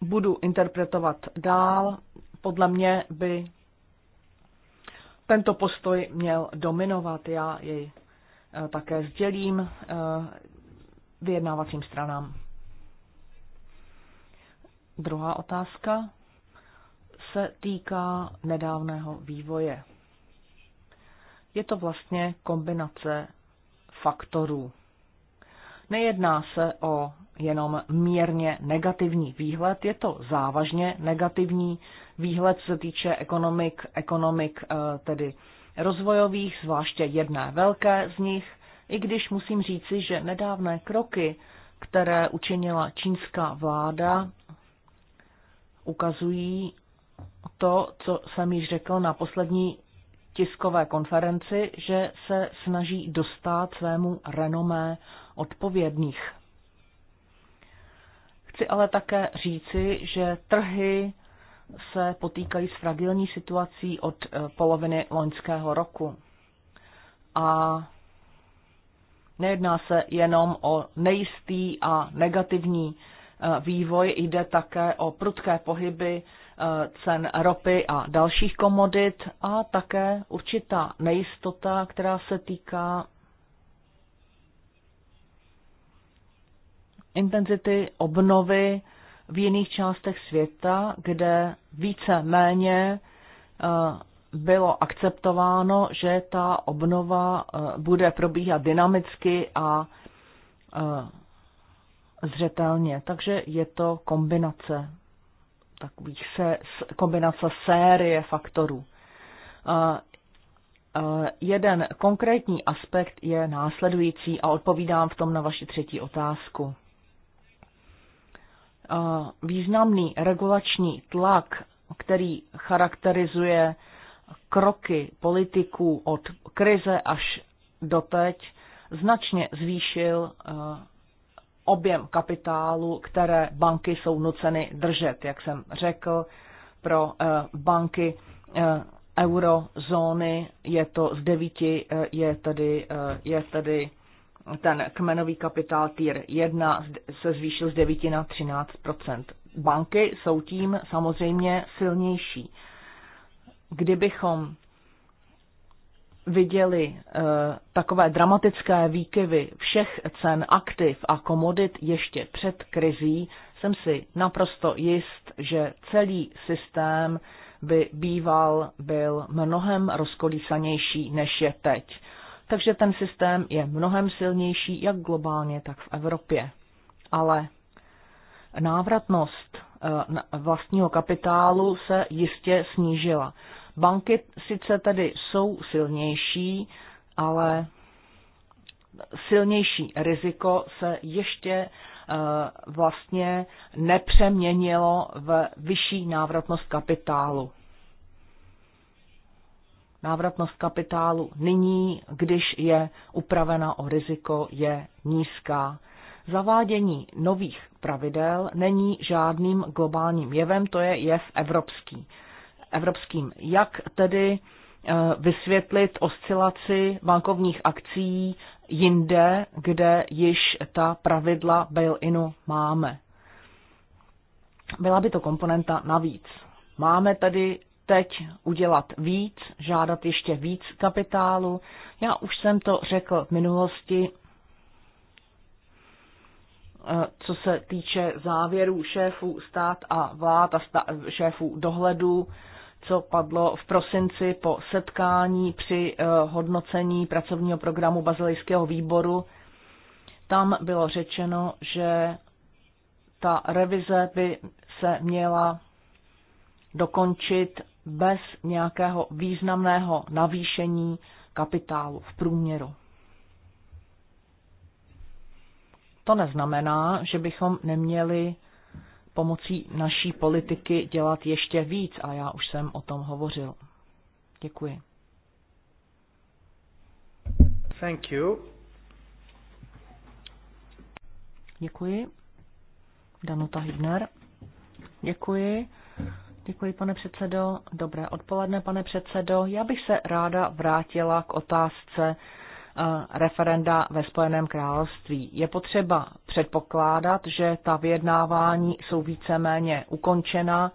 budu interpretovat dál. Podle mě by tento postoj měl dominovat. Já jej eh, také sdělím eh, vyjednávacím stranám. Druhá otázka se týká nedávného vývoje. Je to vlastně kombinace faktorů. Nejedná se o jenom mírně negativní výhled, je to závažně negativní výhled, co se týče ekonomik, ekonomik eh, tedy rozvojových, zvláště jedné velké z nich, i když musím říci, že nedávné kroky, které učinila čínská vláda, ukazují to, co jsem již řekl na poslední tiskové konferenci, že se snaží dostat svému renomé odpovědných. Chci ale také říci, že trhy se potýkají s fragilní situací od eh, poloviny loňského roku. A nejedná se jenom o nejistý a negativní eh, vývoj, jde také o prudké pohyby eh, cen ropy a dalších komodit a také určitá nejistota, která se týká intenzity obnovy v jiných částech světa, kde více méně eh, bylo akceptováno, že ta obnova eh, bude probíhat dynamicky a eh, zřetelně. Takže je to kombinace takových se, kombinace série faktorů. Jeden konkrétní aspekt je následující a odpovídám v tom na vaši třetí otázku. Eh, významný regulační tlak, který charakterizuje kroky politiků od krize až doteď, značně zvýšil eh, objem kapitálu, které banky jsou nuceny držet. Jak jsem řekl, pro eh, banky eurozóny je to z devíti, je tedy, je tedy ten kmenový kapitál TIR 1 se zvýšil z 9 na 13 Banky jsou tím samozřejmě silnější. Kdybychom viděli e, takové dramatické výkyvy všech cen aktiv a komodit ještě před krizí, jsem si naprosto jist, že celý systém by býval byl mnohem rozkolísanější, než je teď. Takže ten systém je mnohem silnější jak globálně, tak v Evropě. Ale návratnost eh, vlastního kapitálu se jistě snížila. Banky sice tedy jsou silnější, ale silnější riziko se ještě eh, vlastně nepřeměnilo v vyšší návratnost kapitálu návratnost kapitálu nyní, když je upravena o riziko, je nízká. Zavádění nových pravidel není žádným globálním jevem, to je jev evropský. Evropským. Jak tedy eh, vysvětlit oscilaci bankovních akcí jinde, kde již ta pravidla bail-inu máme. Byla by to komponenta navíc. Máme tady teď udělat víc, žádat ještě víc kapitálu. Já už jsem to řekl v minulosti, eh, co se týče závěrů šéfů stát a vlád a stá- šéfů dohledu, co padlo v prosinci po setkání při eh, hodnocení pracovního programu Bazilejského výboru. Tam bylo řečeno, že ta revize by se měla dokončit bez nějakého významného navýšení kapitálu v průměru. To neznamená, že bychom neměli pomocí naší politiky dělat ještě víc a já už jsem o tom hovořil. Děkuji. Thank you. Děkuji. Danuta Hibner. Děkuji. Děkuji, pane předsedo. Dobré odpoledne, pane předsedo. Já bych se ráda vrátila k otázce eh, referenda ve Spojeném království. Je potřeba předpokládat, že ta vyjednávání jsou víceméně ukončena.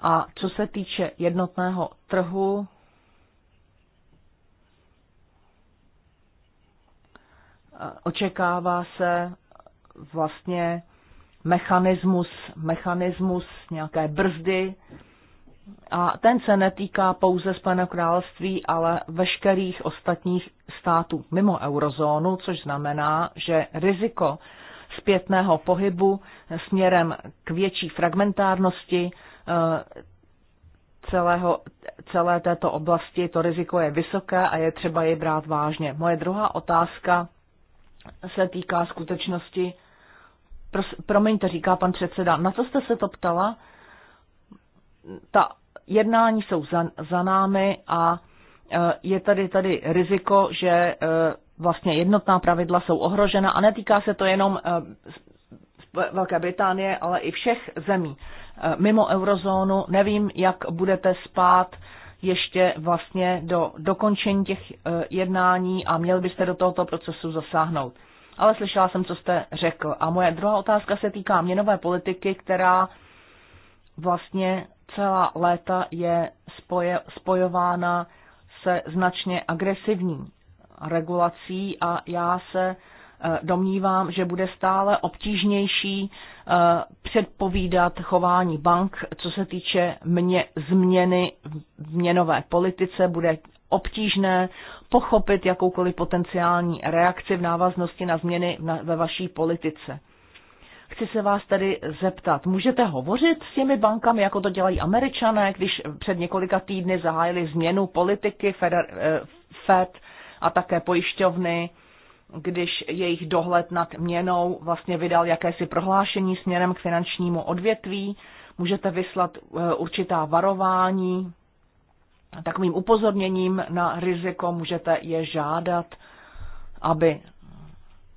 A co se týče jednotného trhu, eh, očekává se vlastně mechanismus, mechanismus nějaké brzdy. A ten se netýká pouze Spojeného království, ale veškerých ostatních států mimo eurozónu, což znamená, že riziko zpětného pohybu směrem k větší fragmentárnosti eh, celého, celé této oblasti, to riziko je vysoké a je třeba je brát vážně. Moje druhá otázka se týká skutečnosti, Pros, promiňte, říká pan předseda, na co jste se to ptala? Ta jednání jsou za, za námi a e, je tady tady riziko, že e, vlastně jednotná pravidla jsou ohrožena a netýká se to jenom e, Velké Británie, ale i všech zemí mimo eurozónu. Nevím, jak budete spát ještě vlastně do dokončení těch jednání a měli byste do tohoto procesu zasáhnout ale slyšela jsem, co jste řekl. A moje druhá otázka se týká měnové politiky, která vlastně celá léta je spoje, spojována se značně agresivní regulací a já se eh, domnívám, že bude stále obtížnější eh, předpovídat chování bank, co se týče mě, změny v měnové politice, bude obtížné pochopit jakoukoliv potenciální reakci v návaznosti na změny ve vaší politice. Chci se vás tedy zeptat, můžete hovořit s těmi bankami, jako to dělají američané, když před několika týdny zahájili změnu politiky eh, FED a také pojišťovny, když jejich dohled nad měnou vlastně vydal jakési prohlášení směrem k finančnímu odvětví, můžete vyslat eh, určitá varování takovým upozorněním na riziko můžete je žádat, aby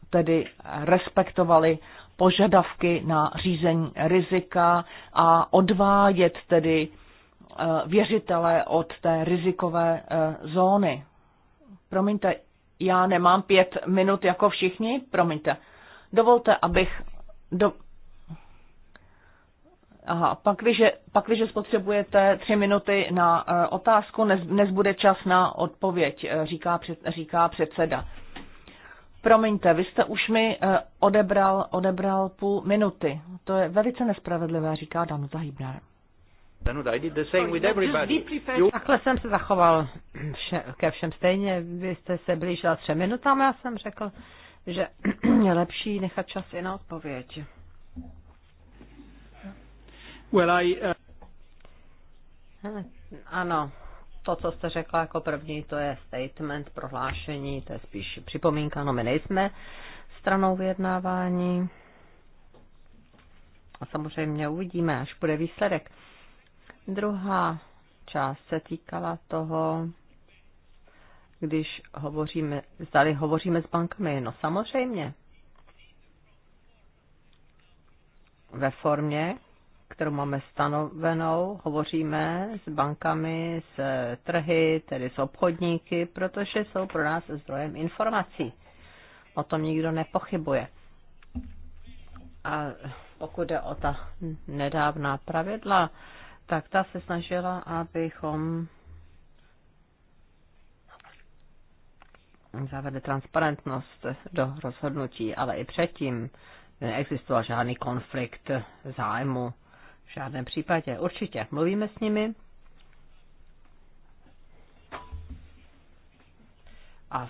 tedy respektovali požadavky na řízení rizika a odvádět tedy eh, věřitele od té rizikové eh, zóny. Promiňte, já nemám pět minut jako všichni, promiňte. Dovolte, abych, do, Aha, pak, když, pak, že spotřebujete tři minuty na eh, otázku, nez, nezbude čas na odpověď, eh, říká, před, říká předseda. Promiňte, vy jste už mi eh, odebral, odebral půl minuty. To je velice nespravedlivé, říká Danuta Hybner. Danuta, I did the same with everybody. Takhle jsem se zachoval vše, ke všem stejně. Vy jste se blížila třem minutám, já jsem řekl, že je lepší nechat čas i na odpověď. Well, I, uh... Hm, ano, to, co jste řekla jako první, to je statement, prohlášení, to je spíš připomínka, no my nejsme stranou vyjednávání. A samozřejmě uvidíme, až bude výsledek. Druhá část se týkala toho, když hovoříme, zdali hovoříme s bankami. No samozřejmě. Ve formě, kterou máme stanovenou, hovoříme s bankami, s trhy, tedy s obchodníky, protože jsou pro nás zdrojem informací. O tom nikdo nepochybuje. A pokud jde o ta nedávná pravidla, tak ta se snažila, abychom zavede transparentnost do rozhodnutí, ale i předtím neexistoval žádný konflikt zájmu v žádném případě. Určitě. Mluvíme s nimi. A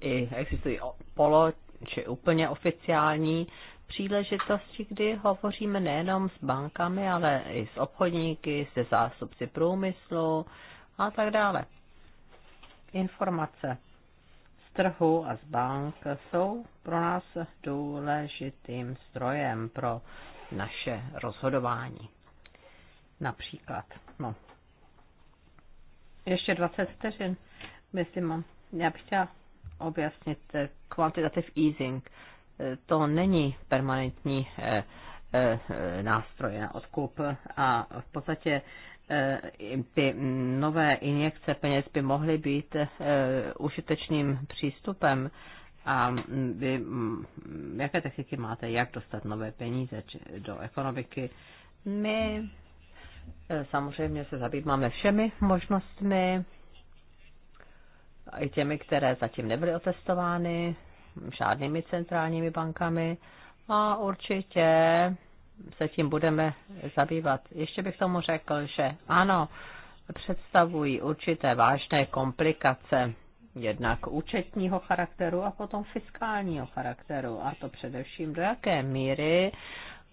i existují polo či úplně oficiální příležitosti, kdy hovoříme nejenom s bankami, ale i s obchodníky, se zástupci průmyslu a tak dále. Informace z trhu a z bank jsou pro nás důležitým strojem pro naše rozhodování. Například. No. Ještě 20 vteřin, myslím, mám. Já bych chtěla objasnit eh, quantitative easing. Eh, to není permanentní eh, nástroje na odkup a v podstatě ty nové injekce peněz by mohly být užitečným přístupem a vy, mm, jaké techniky máte, jak dostat nové peníze do ekonomiky. My e, samozřejmě se zabýváme všemi možnostmi, i těmi, které zatím nebyly otestovány, žádnými centrálními bankami a určitě se tím budeme zabývat. Ještě bych tomu řekl, že ano, představují určité vážné komplikace jednak účetního charakteru a potom fiskálního charakteru. A to především do jaké míry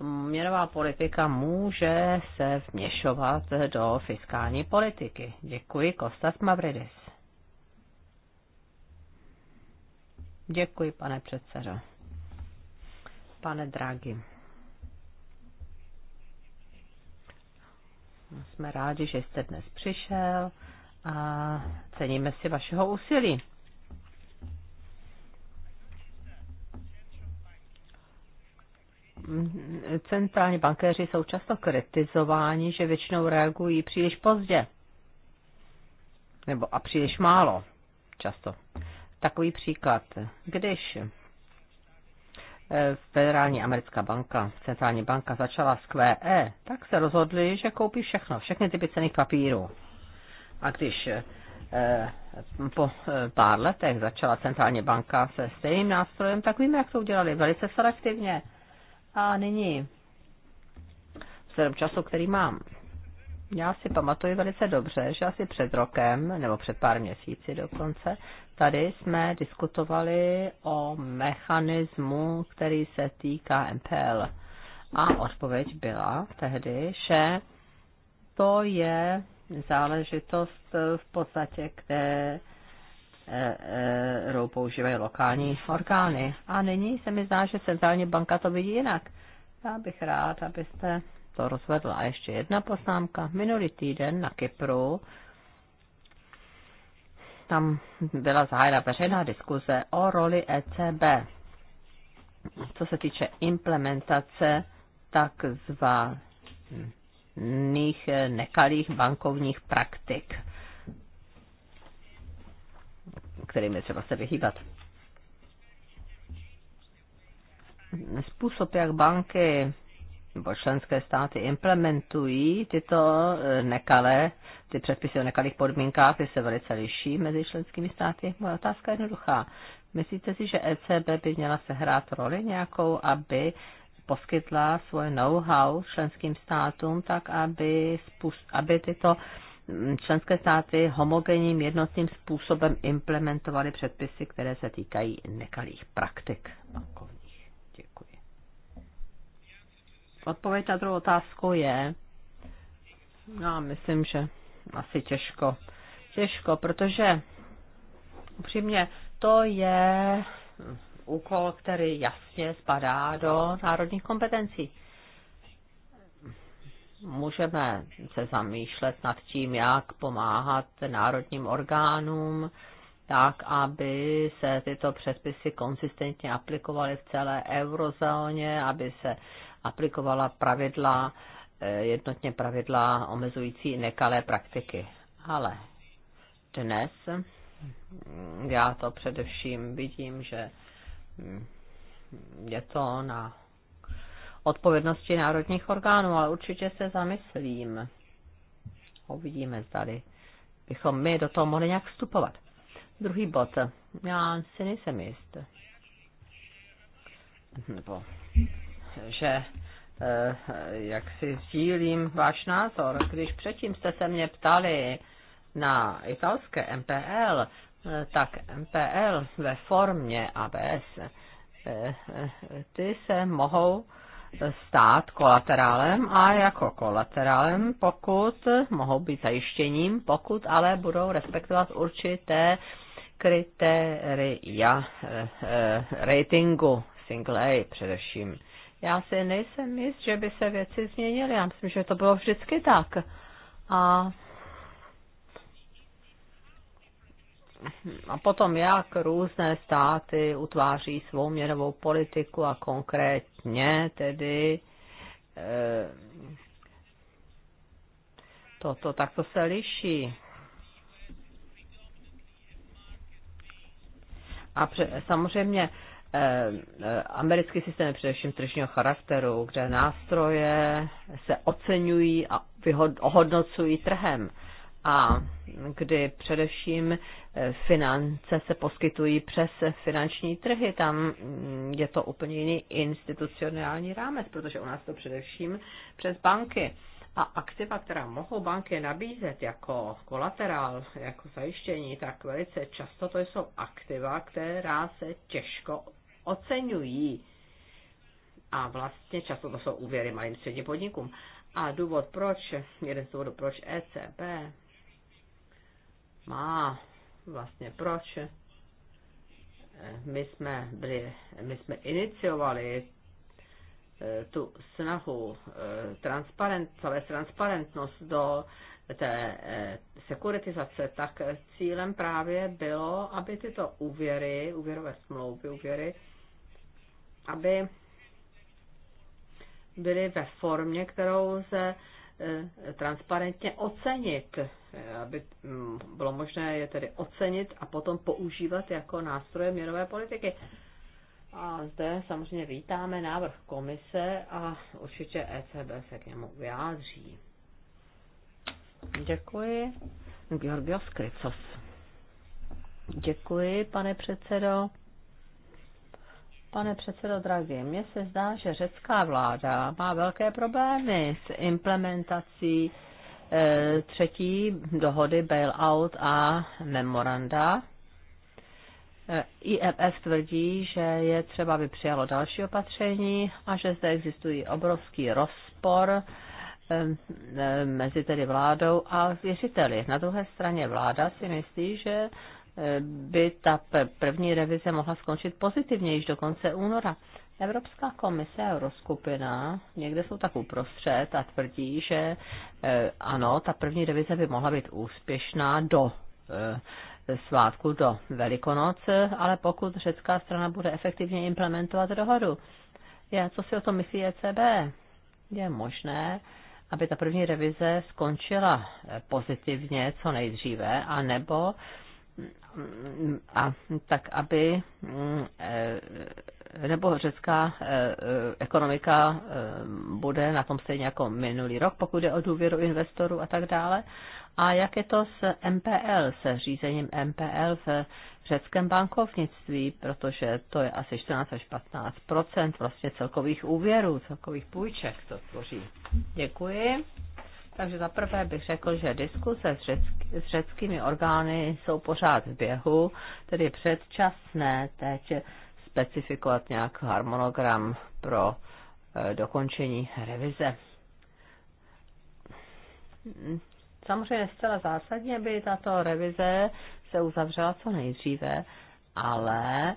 měnová politika může se vměšovat do fiskální politiky. Děkuji, Kostas Mavridis. Děkuji, pane předsedo. Pane Draghi. Jsme rádi, že jste dnes přišel a ceníme si vašeho úsilí. Centrální bankéři jsou často kritizováni, že většinou reagují příliš pozdě. Nebo a příliš málo. Často. Takový příklad. Když eh, Federální americká banka, centrální banka začala s QE, tak se rozhodli, že koupí všechno, všechny typy cených papírů. A když eh, eh, po eh, pár letech začala centrální banka se stejným nástrojem, tak víme, jak to udělali velice selektivně. A nyní, vzhledem času, který mám, já si pamatuju velice dobře, že asi před rokem, nebo před pár měsíci dokonce, tady jsme diskutovali o mechanismu, který se týká MPL. A odpověď byla tehdy, že to je záležitost eh, v podstatě, které kterou eh, eh, používají lokální orgány. A nyní se mi zdá, že centrální banka to vidí jinak. Já bych rád, abyste to rozvedla. A ještě jedna poznámka. Minulý týden na Kypru tam byla zahájena veřejná diskuze o roli ECB. Co se týče implementace takzvané žádných eh, nekalých bankovních praktik, kterým je třeba se vyhýbat. Způsob, jak banky nebo členské státy implementují tyto eh, nekalé, ty předpisy o nekalých podmínkách, ty se velice liší mezi členskými státy. Moje otázka je jednoduchá. Myslíte si, že ECB by měla sehrát roli nějakou, aby poskytla svoje know-how členským státům, tak aby, spust, aby tyto mm, členské státy homogenním jednotným způsobem implementovaly předpisy, které se týkají nekalých praktik bankovních. Děkuji. Odpověď na druhou otázku je, já no, myslím, že asi těžko. Těžko, protože upřímně to je úkol, který jasně spadá do národních kompetencí. Můžeme se zamýšlet nad tím, jak pomáhat národním orgánům, tak, aby se tyto předpisy konsistentně aplikovaly v celé eurozóně, aby se aplikovala pravidla, eh, jednotně pravidla omezující nekalé praktiky. Ale dnes já to především vidím, že je to na odpovědnosti národních orgánů, ale určitě se zamyslím. Uvidíme, tady, bychom my do toho mohli nějak vstupovat. Druhý bod. Já si nejsem jist. Nebo že eh, jak si sdílím váš názor. Když předtím jste se mě ptali na italské MPL, tak MPL ve formě ABS, eh, eh, ty se mohou stát kolaterálem a jako kolaterálem, pokud mohou být zajištěním, pokud ale budou respektovat určité kritéria eh, ratingu single A především. Já si nejsem jist, že by se věci změnily. Já myslím, že to bylo vždycky tak. A a potom, jak různé státy utváří svou měnovou politiku a konkrétně tedy eh, toto takto se liší. A pře- samozřejmě eh, americký systém je především tržního charakteru, kde nástroje se oceňují a vyhod- ohodnocují trhem a kdy především eh, finance se poskytují přes finanční trhy. Tam mm, je to úplně jiný institucionální rámec, protože u nás to především přes banky. A aktiva, která mohou banky nabízet jako kolaterál, jako zajištění, tak velice často to jsou aktiva, která se těžko oceňují. A vlastně často to jsou úvěry malým středním podnikům. A důvod proč, jeden z důvodů proč ECB má vlastně proč. Eh, my jsme, byli, my jsme iniciovali eh, tu snahu eh, transparent, celé transparentnost do té sekuritizace, tak cílem právě bylo, aby tyto úvěry, úvěrové smlouvy, úvěry, aby byly ve formě, kterou se Eh, transparentně ocenit, eh, aby mm, bylo možné je tedy ocenit a potom používat jako nástroje měnové politiky. A zde samozřejmě vítáme návrh komise a určitě ECB se k němu vyjádří. Děkuji. Georgios Krycos. Děkuji, pane předsedo. Pane předsedo Draghi, mně se zdá, že řecká vláda má velké problémy s implementací eh, třetí dohody bailout a memoranda. E, eh, IMF tvrdí, že je třeba, aby přijalo další opatření a že zde existují obrovský rozpor eh, mezi tedy vládou a věřiteli. Na druhé straně vláda si myslí, že by ta první revize mohla skončit pozitivně již do konce února. Evropská komise a Euroskupina někde jsou tak uprostřed a tvrdí, že eh, ano, ta první revize by mohla být úspěšná do eh, svátku do Velikonoc, ale pokud řecká strana bude efektivně implementovat dohodu. Já, co si o tom myslí ECB? Je možné, aby ta první revize skončila eh, pozitivně co nejdříve, anebo nebo a tak aby eh, nebo řecká eh, ekonomika eh, bude na tom stejně jako minulý rok, pokud je o důvěru investorů a tak dále. A jak je to s MPL, se řízením MPL v řeckém bankovnictví, protože to je asi 14 až 15 vlastně celkových úvěrů, celkových půjček to tvoří. Děkuji. Takže za prvé bych řekl, že diskuse s, řecky, s řeckými orgány jsou pořád v běhu, tedy předčasné teď specifikovat nějak harmonogram pro e, dokončení revize. Samozřejmě zcela zásadně by tato revize se uzavřela co nejdříve, ale e,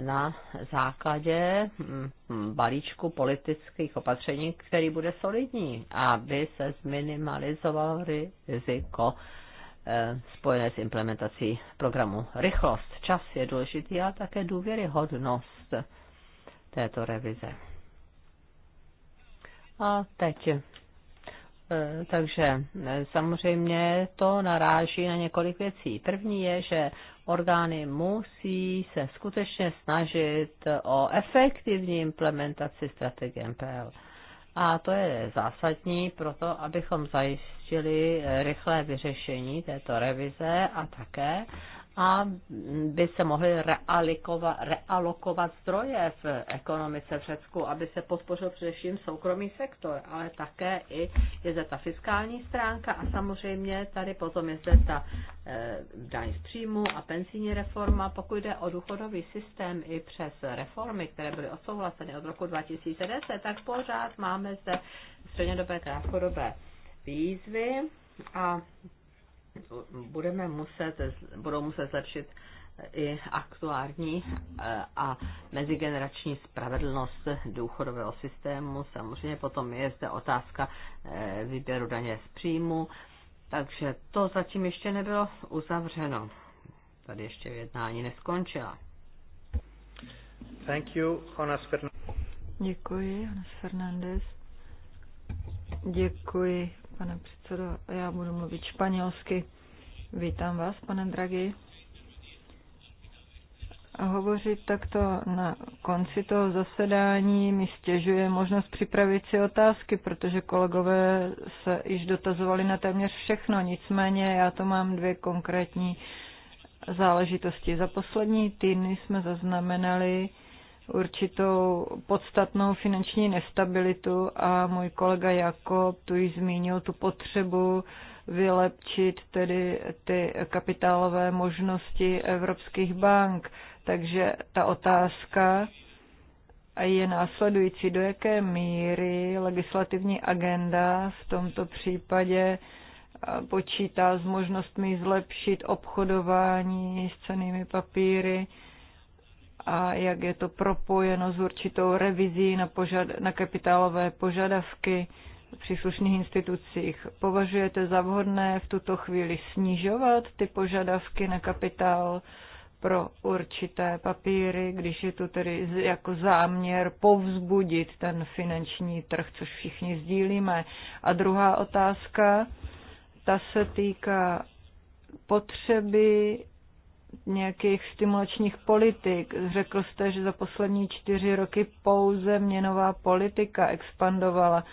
na základě hm, balíčku politických opatření, který bude solidní, aby se zminimalizovalo riziko eh, spojené s implementací programu. Rychlost, čas je důležitý, ale také důvěryhodnost této revize. A teď. Eh, takže eh, samozřejmě to naráží na několik věcí. První je, že orgány musí se skutečně snažit o efektivní implementaci strategie MPL. A to je zásadní pro to, abychom zajistili rychlé vyřešení této revize a také, a by se mohly realokovat zdroje v ekonomice v Řecku, aby se podpořil především soukromý sektor, ale také i je zde ta fiskální stránka a samozřejmě tady potom je zde ta e, daň z příjmu a penzijní reforma. Pokud jde o důchodový systém i přes reformy, které byly odsouhlaseny od roku 2010, tak pořád máme zde střednědobé krátkodobé výzvy a budeme muset, budou muset zlepšit i aktuální eh, a mezigenerační spravedlnost důchodového systému. Samozřejmě potom je zde otázka eh, výběru daně z příjmu, takže to zatím ještě nebylo uzavřeno. Tady ještě jednání neskončila. Thank you, Jonas Fernandez. Děkuji, Jonas Fernandez. Děkuji, pane předsedo. Já budu mluvit španělsky. Vítám vás, pane Dragi, A hovořit takto na konci toho zasedání mi stěžuje možnost připravit si otázky, protože kolegové se již dotazovali na téměř všechno. Nicméně já to mám dvě konkrétní záležitosti. Za poslední týdny jsme zaznamenali určitou podstatnou finanční nestabilitu a můj kolega Jakob tu již zmínil tu potřebu vylepčit tedy ty kapitálové možnosti evropských bank. Takže ta otázka je následující, do jaké míry legislativní agenda v tomto případě počítá s možnostmi zlepšit obchodování s cenými papíry, a jak je to propojeno s určitou revizí na, požad, na kapitálové požadavky v příslušných institucích. Považujete za vhodné v tuto chvíli snižovat ty požadavky na kapitál pro určité papíry, když je tu tedy jako záměr povzbudit ten finanční trh, což všichni sdílíme. A druhá otázka, ta se týká potřeby nějakých stimulačních politik. Řekl jste, že za poslední čtyři roky pouze měnová politika expandovala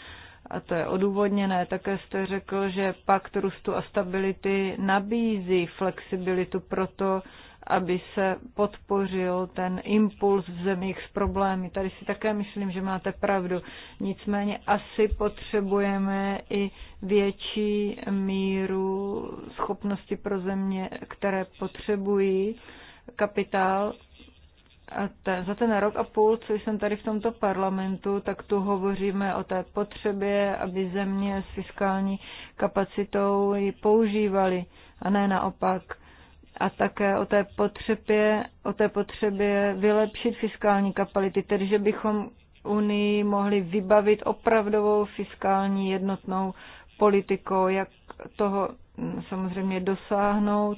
a to je odůvodněné. Také jste řekl, že pakt růstu a stability nabízí flexibilitu pro to, aby se podpořil ten impuls v zemích s problémy. Tady si také myslím, že máte pravdu. Nicméně asi potřebujeme i větší míru schopnosti pro země, které potřebují kapitál. A te, za ten rok a půl, co jsem tady v tomto parlamentu, tak tu hovoříme o té potřebě, aby země s fiskální kapacitou ji používaly a ne naopak a také o té potřebě, o té potřebě vylepšit fiskální kapality, tedy že bychom Unii mohli vybavit opravdovou fiskální jednotnou politikou, jak toho mm, samozřejmě dosáhnout.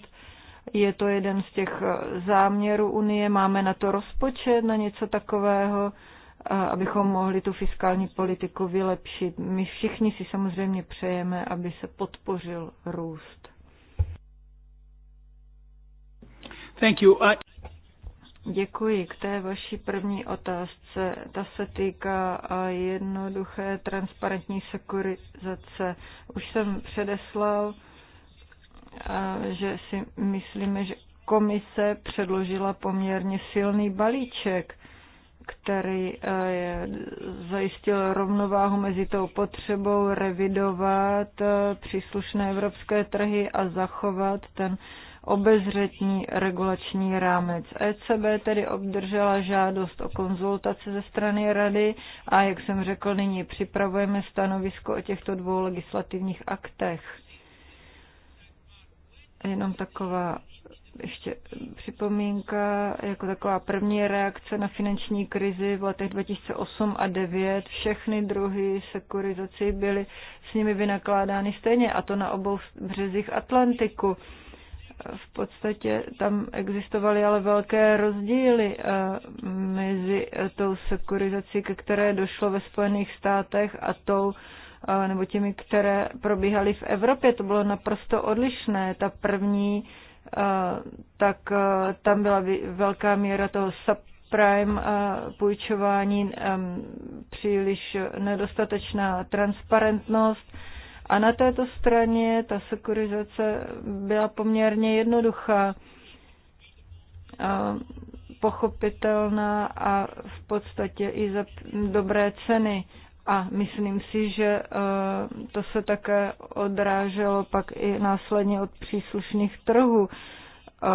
Je to jeden z těch eh, záměrů Unie, máme na to rozpočet, na něco takového, abychom mohli tu fiskální politiku vylepšit. My všichni si samozřejmě přejeme, aby se podpořil růst. Thank you. I... Děkuji. K té vaší první otázce, ta se týká jednoduché transparentní sekurizace. Už jsem předeslal, že si myslíme, že komise předložila poměrně silný balíček, který zajistil rovnováhu mezi tou potřebou revidovat příslušné evropské trhy a zachovat ten obezřetní regulační rámec. ECB tedy obdržela žádost o konzultaci ze strany Rady a, jak jsem řekl, nyní připravujeme stanovisko o těchto dvou legislativních aktech. Jenom taková ještě připomínka, jako taková první reakce na finanční krizi v letech 2008 a 2009. Všechny druhy sekurizací byly s nimi vynakládány stejně, a to na obou březích Atlantiku. V podstatě tam existovaly ale velké rozdíly eh, mezi eh, tou sekurizací, ke které došlo ve Spojených státech a tou, eh, nebo těmi, které probíhaly v Evropě. To bylo naprosto odlišné. Ta první, tak tam byla velká míra toho subprime půjčování, příliš nedostatečná transparentnost, a na této straně ta sekurizace byla poměrně jednoduchá, pochopitelná a v podstatě i za dobré ceny. A myslím si, že e, to se také odráželo pak i následně od příslušných trhů. E,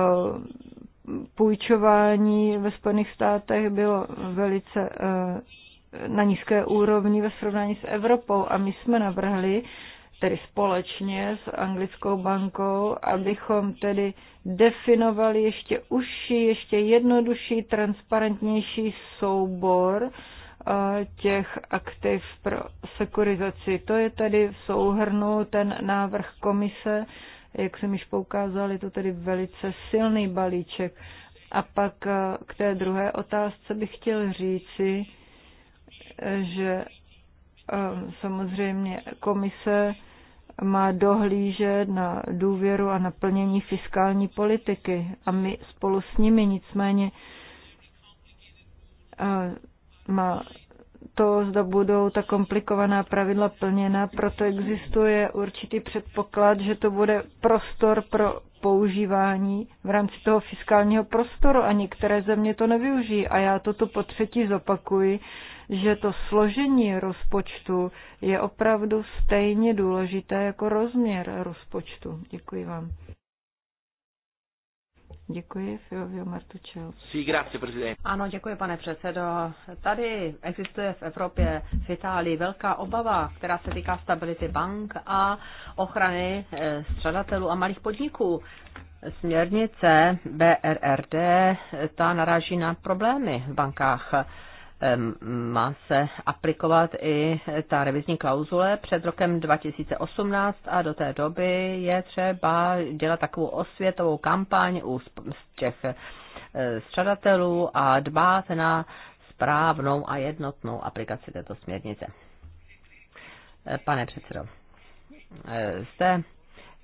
půjčování ve Spojených státech bylo velice e, na nízké úrovni ve srovnání s Evropou a my jsme navrhli, tedy společně s Anglickou bankou, abychom tedy definovali ještě užší, ještě jednodušší, transparentnější soubor eh, těch aktiv pro sekurizaci. To je tedy v souhrnu ten návrh komise, jak jsem již poukázal, je to tedy velice silný balíček. A pak eh, k té druhé otázce bych chtěl říci, eh, že samozřejmě komise má dohlížet na důvěru a naplnění fiskální politiky a my spolu s nimi nicméně eh, má to, zda budou ta komplikovaná pravidla plněna, proto existuje určitý předpoklad, že to bude prostor pro používání v rámci toho fiskálního prostoru a některé země to nevyužijí. A já tu po třetí zopakuji, že to složení rozpočtu je opravdu stejně důležité jako rozměr rozpočtu. Děkuji vám. Děkuji, Fiovio Martučel. Ano, děkuji, pane předsedo. Tady existuje v Evropě, v Itálii velká obava, která se týká stability bank a ochrany eh, střadatelů a malých podniků. Směrnice BRRD, eh, ta naráží na problémy v bankách má se aplikovat i ta revizní klauzule před rokem 2018 a do té doby je třeba dělat takovou osvětovou kampaň u těch eh, střadatelů a dbát na správnou a jednotnou aplikaci této směrnice. Eh, pane předsedo, jste eh,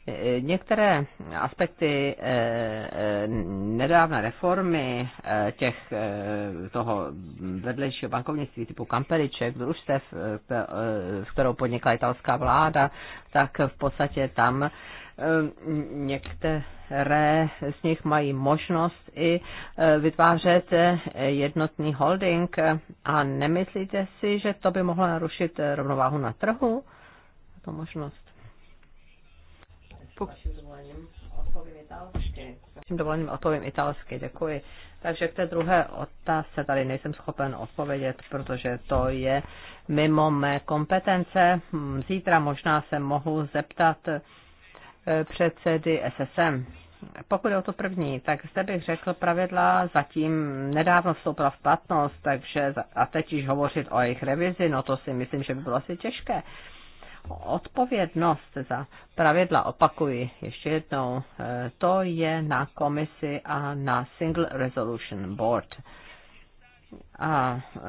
Eh, některé aspekty eh, eh, nedávné reformy těch toho vedlejšího bankovnictví typu kampeliček, družstev, kterou podnikla italská vláda, tak v podstatě tam některé z nich mají možnost i vytvářet jednotný holding a nemyslíte si, že to by mohlo narušit rovnováhu na trhu? To možnost. Vaším dovolením odpovím italsky, děkuji. Takže k té druhé otázce tady nejsem schopen odpovědět, protože to je mimo mé kompetence. Hm, Zítra možná se mohu zeptat eh, předsedy SSM. Pokud je o to první, tak zde bych řekl, pravidla zatím nedávno vstoupila v platnost, takže a teď již hovořit o jejich revizi, no to si myslím, že by bylo asi těžké. Odpovědnost za pravidla, opakuji ještě jednou, eh, to je na komisi a na Single Resolution Board. A eh,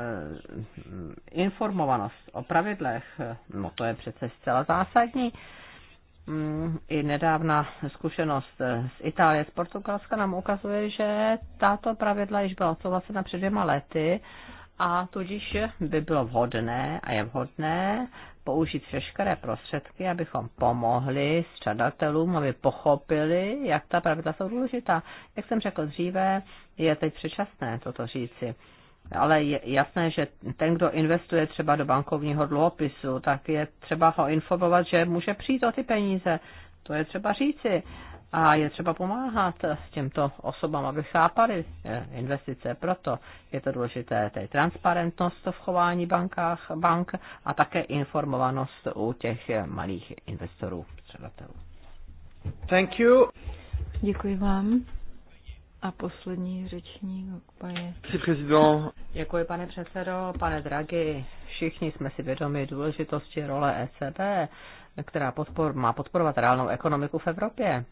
informovanost o pravidlech, eh, no to je přece zcela zásadní. Mm, I nedávná zkušenost z Itálie, z Portugalska nám ukazuje, že tato pravidla již byla odsouhlasena před dvěma lety a tudíž by bylo vhodné a je vhodné použít všechny prostředky, abychom pomohli střadatelům, aby pochopili, jak ta pravidla jsou důležitá. Jak jsem řekl dříve, je teď předčasné toto říci. Ale je jasné, že ten, kdo investuje třeba do bankovního dluhopisu, tak je třeba ho informovat, že může přijít o ty peníze. To je třeba říci. A je třeba pomáhat těmto osobám, aby chápali investice. Proto je to důležité tady transparentnost v chování bankách, bank a také informovanost u těch malých investorů, Thank you. Děkuji vám. A poslední řečník, pane... Děkuji, pane předsedo, pane Dragi. Všichni jsme si vědomi důležitosti role ECB, která podpor, má podporovat reálnou ekonomiku v Evropě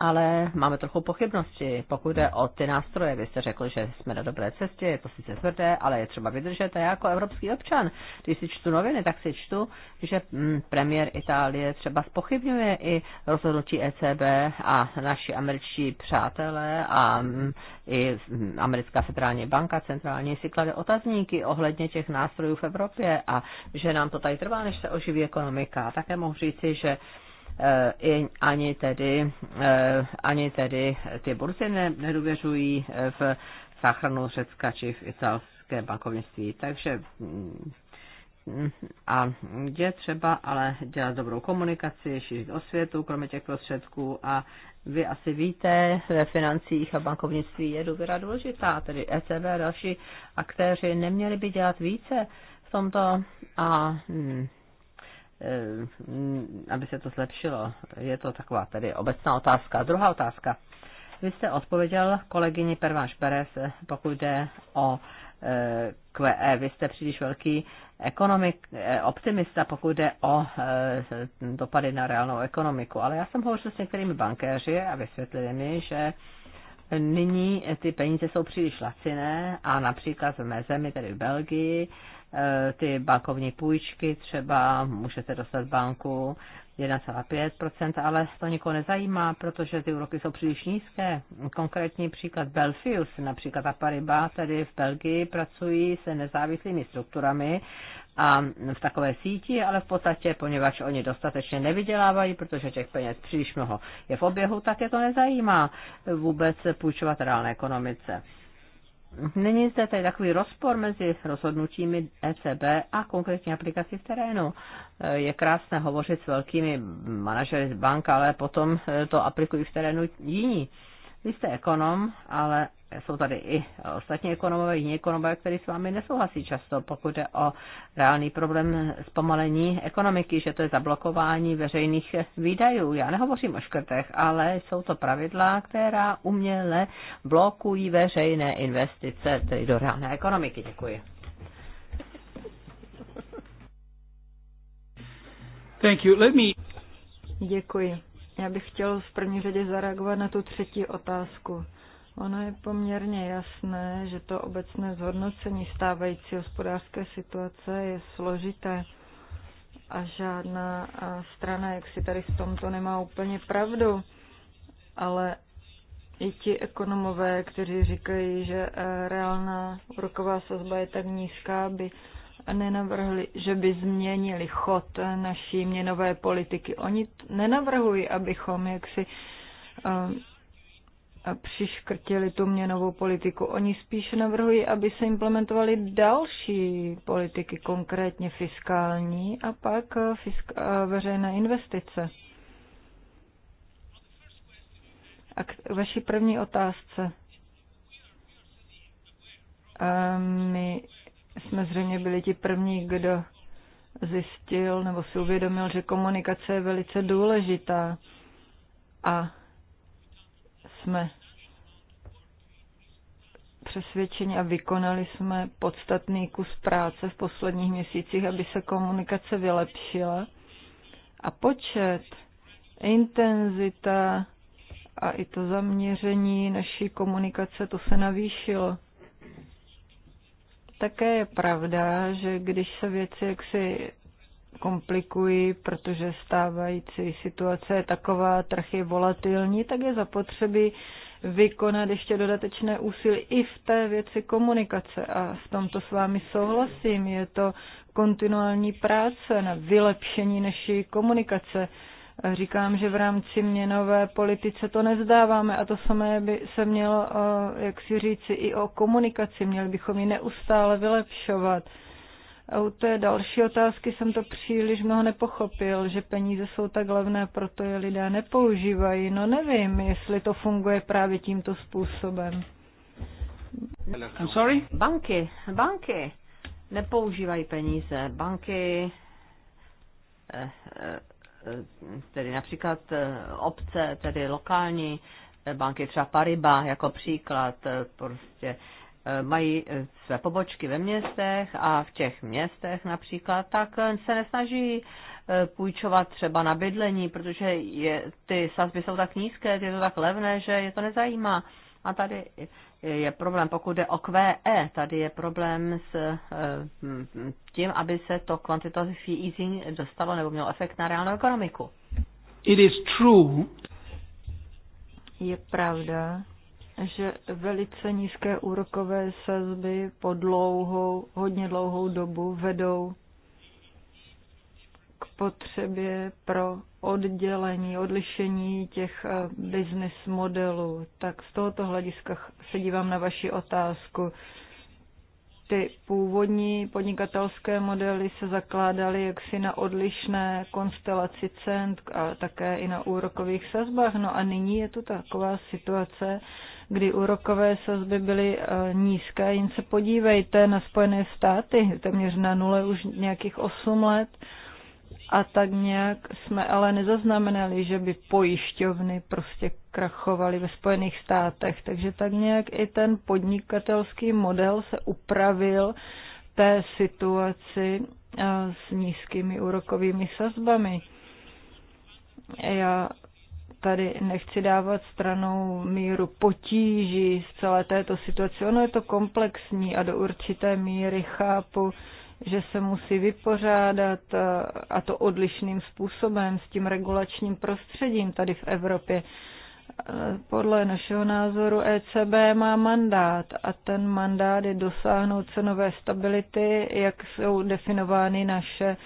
ale máme trochu pochybnosti, pokud jde o ty nástroje. Vy jste řekl, že jsme na dobré cestě, je to sice tvrdé, ale je třeba vydržet. A já jako evropský občan, když si čtu noviny, tak si čtu, že mm, premiér Itálie třeba spochybňuje i rozhodnutí ECB a naši američtí přátelé a mm, i mm, americká centrální banka centrální si klade otazníky ohledně těch nástrojů v Evropě a že nám to tady trvá, než se oživí ekonomika. Také mohu říci, že Eh, ani tedy, eh, ani tedy ty burzy nedůvěřují eh, v záchranu Řecka či v italské bankovnictví. Takže mm, mm, a je třeba ale dělat dobrou komunikaci, šířit osvětu, kromě těch prostředků a vy asi víte, ve financích a bankovnictví je důvěra důležitá, tedy ECB a další aktéři neměli by dělat více v tomto a mm, Eh, aby se to zlepšilo. Je to taková tedy obecná otázka. Druhá otázka. Vy jste odpověděl kolegyni Perváš Perez, pokud jde o eh, QE. Vy jste příliš velký ekonomik, eh, optimista, pokud jde o dopady na reálnou ekonomiku. Ale já jsem hovořil s některými bankéři a vysvětlili mi, že nyní ty peníze jsou příliš laciné a například v mé zemi, tedy v Belgii, Eh, ty bankovní půjčky třeba, můžete dostat banku 1,5%, ale to nikoho nezajímá, protože ty úroky jsou příliš nízké. Konkrétní příklad Belfius, například Apariba, tady v Belgii pracují se nezávislými strukturami a v takové síti, ale v podstatě, poněvadž oni dostatečně nevydělávají, protože těch peněz příliš mnoho je v oběhu, tak je to nezajímá vůbec půjčovat reálné ekonomice. Není zde tady takový rozpor mezi rozhodnutími ECB a konkrétní aplikací v terénu. Je krásné hovořit s velkými manažery z bank, ale potom to aplikují v terénu jiní. Vy jste ekonom, ale jsou tady i ostatní ekonomové, jiní ekonomové, kteří s vámi nesouhlasí často, pokud je o reálný problém zpomalení ekonomiky, že to je zablokování veřejných výdajů. Já nehovořím o škrtech, ale jsou to pravidla, která uměle blokují veřejné investice, tedy do reálné ekonomiky. Děkuji. Thank you. Let me... Děkuji. Já bych chtěl v první řadě zareagovat na tu třetí otázku. Ono je poměrně jasné, že to obecné zhodnocení stávající hospodářské situace je složité a žádná strana, jak si tady v tomto nemá úplně pravdu, ale i ti ekonomové, kteří říkají, že eh, reálná úroková sazba je tak nízká, by nenavrhli, že by změnili chod naší měnové politiky. Oni nenavrhují, abychom jaksi a um, přiškrtili tu měnovou politiku. Oni spíše navrhují, aby se implementovaly další politiky, konkrétně fiskální a pak uh, fisk- uh, veřejné investice. A k vaší první otázce. A um, my jsme zřejmě byli ti první, kdo zjistil nebo si uvědomil, že komunikace je velice důležitá a jsme přesvědčeni a vykonali jsme podstatný kus práce v posledních měsících, aby se komunikace vylepšila a počet, intenzita a i to zaměření naší komunikace, to se navýšilo. Také je pravda, že když se věci jaksi komplikují, protože stávající situace je taková, trh je volatilní, tak je zapotřebí vykonat ještě dodatečné úsilí i v té věci komunikace. A v tomto s vámi souhlasím. Je to kontinuální práce na vylepšení naší komunikace. Říkám, že v rámci měnové politice to nezdáváme a to samé by se mělo, eh, jak si říci, i o komunikaci. Měli bychom ji neustále vylepšovat. A u té další otázky jsem to příliš mnoho nepochopil, že peníze jsou tak levné, proto je lidé nepoužívají. No nevím, jestli to funguje právě tímto způsobem. I'm sorry? Banky, banky nepoužívají peníze. Banky eh, eh Eh, tedy například eh, obce, tedy lokální eh, banky, třeba Pariba jako příklad, prostě mají své pobočky ve městech a v těch městech například, tak se nesnaží půjčovat třeba na bydlení, protože je, ty sazby jsou tak nízké, ty jsou tak levné, že je to nezajímá. A tady je problém. Pokud jde o QE, tady je problém s eh, hm, tím, aby se to quantitative easing dostalo nebo mělo efekt na reálnou ekonomiku. It is true. Je pravda, že velice nízké úrokové sazby po dlouhou, hodně dlouhou dobu vedou k potřebě pro oddělení, odlišení těch eh, business modelů. Tak z tohoto hlediska se dívám na vaši otázku. Ty původní podnikatelské modely se zakládaly jaksi na odlišné konstelaci cent a také i na úrokových sazbách. No a nyní je tu taková situace, kdy úrokové sazby byly eh, nízké. Jen se podívejte na Spojené státy, téměř na nule už nějakých 8 let a tak nějak jsme ale nezaznamenali, že by pojišťovny prostě krachovaly ve Spojených státech. Takže tak nějak i ten podnikatelský model se upravil té situaci eh, s nízkými úrokovými sazbami. Já tady nechci dávat stranou míru potíží z celé této situace. Ono je to komplexní a do určité míry chápu, že se musí vypořádat eh, a to odlišným způsobem s tím regulačním prostředím tady v Evropě. Eh, podle našeho názoru ECB má mandát a ten mandát je dosáhnout cenové stability, jak jsou definovány naše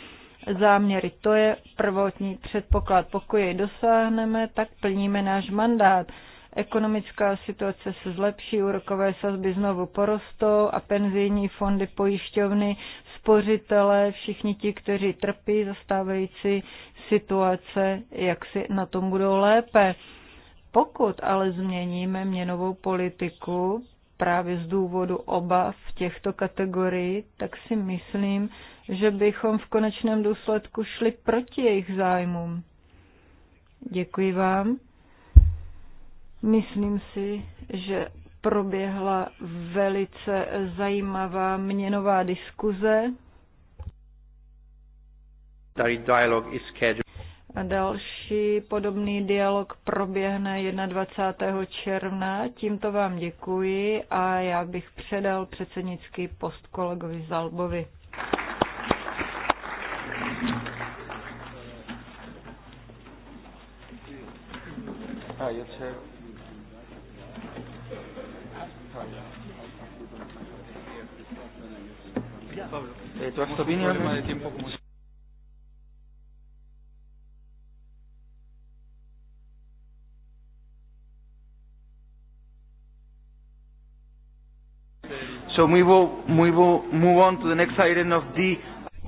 záměry. To je prvotní předpoklad. Pokud jej dosáhneme, tak plníme náš mandát. Ekonomická situace se zlepší, úrokové sazby znovu porostou a penzijní fondy pojišťovny podpořitelé, všichni ti, kteří trpí zastávající situace, jak si na tom budou lépe. Pokud ale změníme měnovou politiku právě z důvodu obav těchto kategorií, tak si myslím, že bychom v konečném důsledku šli proti jejich zájmům. Děkuji vám. Myslím si, že proběhla velice zajímavá měnová diskuze. A další podobný dialog proběhne 21. června. Tímto vám děkuji a já bych předal předsednický post kolegovi Zalbovi. A, ah, je Pablo. Eh, opinión? de tiempo como So we will, we will move on to the next item of the...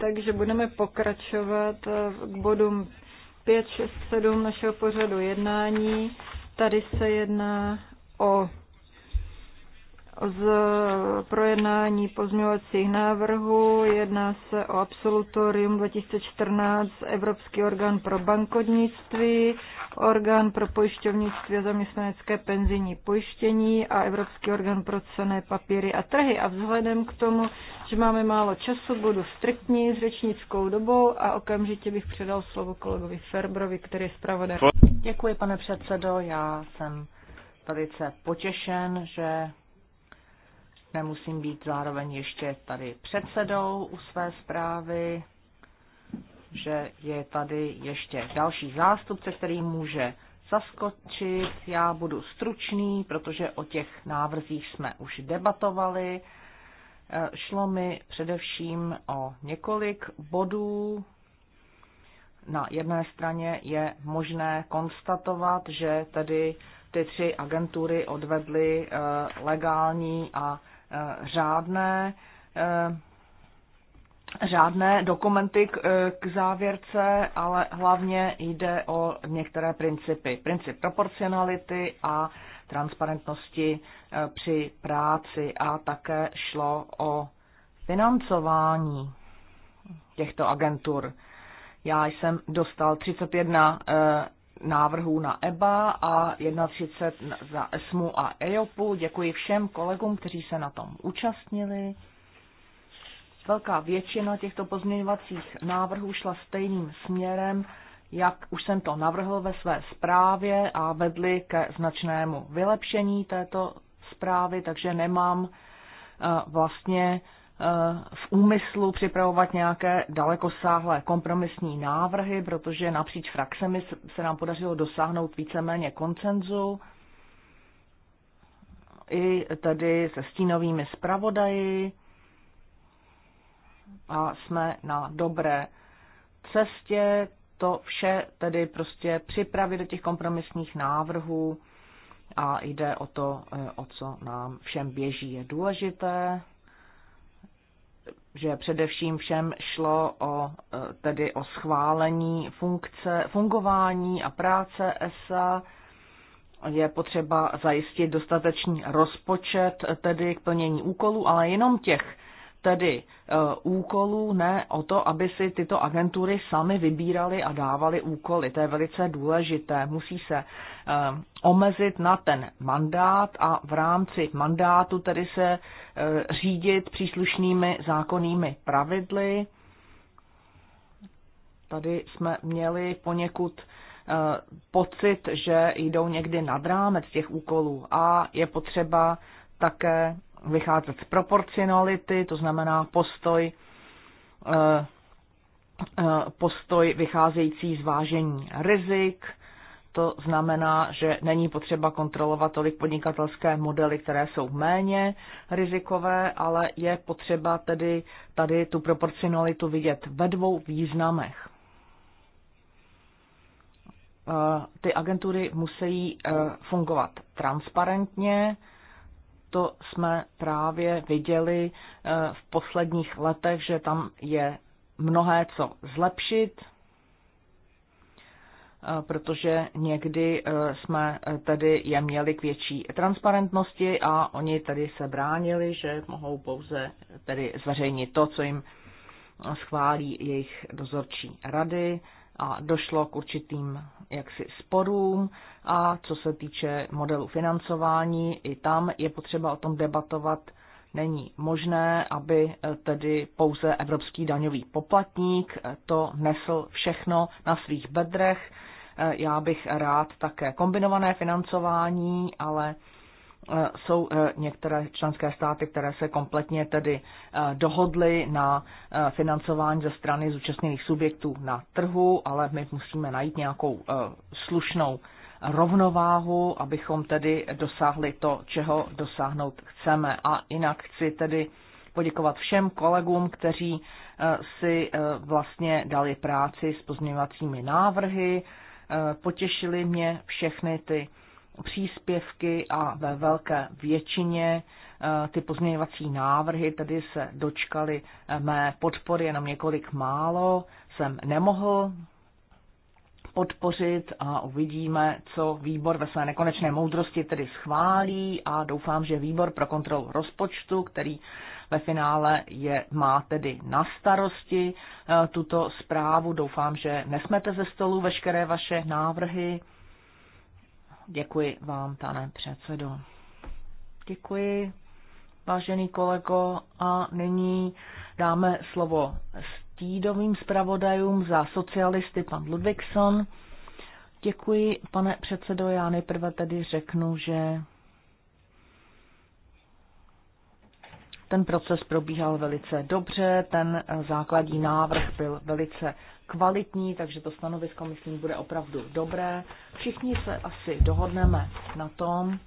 Takže budeme pokračovat eh, k bodům 5, 6, 7 našeho pořadu jednání. Tady se jedná o z projednání pozměňovacích návrhů. Jedná se o absolutorium 2014 Evropský orgán pro bankovnictví, orgán pro pojišťovnictví a zaměstnanecké penzijní pojištění a Evropský orgán pro cené papíry a trhy. A vzhledem k tomu, že máme málo času, budu striktní s řečnickou dobou a okamžitě bych předal slovo kolegovi Ferbrovi, který je zpravodaj. Děkuji, pane předsedo. Já jsem velice potěšen, že Nemusím být zároveň ještě tady předsedou u své zprávy, že je tady ještě další zástupce, který může zaskočit. Já budu stručný, protože o těch návrzích jsme už debatovali. Eh, šlo mi především o několik bodů. Na jedné straně je možné konstatovat, že tedy ty tři agentury odvedly eh, legální a Eh, řádné, eh, řádné dokumenty k, eh, k závěrce, ale hlavně jde o některé principy. Princip proporcionality a transparentnosti při práci a také šlo o financování těchto agentur. Já jsem dostal 31 návrhů na EBA a 31 za ESMU a EOPu. Děkuji všem kolegům, kteří se na tom účastnili. Velká většina těchto pozměňovacích návrhů šla stejným směrem, jak už jsem to navrhl ve své zprávě a vedli ke značnému vylepšení této zprávy, takže nemám eh, vlastně Eh, v úmyslu připravovat nějaké dalekosáhlé kompromisní návrhy, protože napříč frakcemi se nám podařilo dosáhnout víceméně koncenzu i tedy se stínovými zpravodaji a jsme na dobré cestě to vše tedy prostě připravit do těch kompromisních návrhů a jde o to, eh, o co nám všem běží. Je důležité že především všem šlo o, e, tedy o schválení funkce, fungování a práce ESA. Je potřeba zajistit dostatečný rozpočet tedy k plnění úkolů, ale jenom těch tedy e, úkolů, ne o to, aby si tyto agentury sami vybíraly a dávaly úkoly. To je velice důležité. Musí se e, omezit na ten mandát a v rámci mandátu tedy se e, řídit příslušnými zákonnými pravidly. Tady jsme měli poněkud pocit, že jdou někdy nad rámec těch úkolů a je potřeba také vycházet z proporcionality, to znamená postoj, eh, eh, postoj vycházející z vážení rizik, to znamená, že není potřeba kontrolovat tolik podnikatelské modely, které jsou méně rizikové, ale je potřeba tedy tady tu proporcionalitu vidět ve dvou významech. Eh, ty agentury musí fungovat transparentně, to jsme právě viděli eh, v posledních letech, že tam je mnohé co zlepšit, eh, protože někdy eh, jsme tedy je měli k větší transparentnosti a oni tedy se bránili, že mohou pouze tedy zveřejnit to, co jim schválí jejich dozorčí rady a došlo k určitým jaksi sporům a co se týče modelu financování, i tam je potřeba o tom debatovat. Není možné, aby eh, tedy pouze evropský daňový poplatník eh, to nesl všechno na svých bedrech. Eh, já bych rád také kombinované financování, ale Eh, jsou eh, některé členské státy, které se kompletně tedy eh, dohodly na financování ze strany zúčastněných subjektů na trhu, ale my musíme najít nějakou slušnou rovnováhu, abychom tedy dosáhli to, čeho dosáhnout chceme. A jinak chci tedy poděkovat všem kolegům, kteří si vlastně dali práci s pozměňovacími návrhy. Potěšili mě všechny ty příspěvky a ve velké většině eh, ty pozměňovací návrhy tedy se dočkaly eh, mé podpory jenom několik málo. Jsem nemohl podpořit a uvidíme, co výbor ve své nekonečné moudrosti tedy schválí a doufám, že výbor pro kontrolu rozpočtu, který ve finále je, má tedy na starosti eh, tuto zprávu. Doufám, že nesmete ze stolu veškeré vaše návrhy Děkuji vám, pane předsedo. Děkuji, vážený kolego, a nyní dáme slovo stídovým zpravodajům za socialisty pan Ludvigson. Děkuji, pane předsedo. Já nejprve tedy řeknu, že ten proces probíhal velice dobře, ten základní návrh byl velice kvalitní, takže to stanovisko, myslím, bude opravdu dobré. Všichni se asi dohodneme na tom,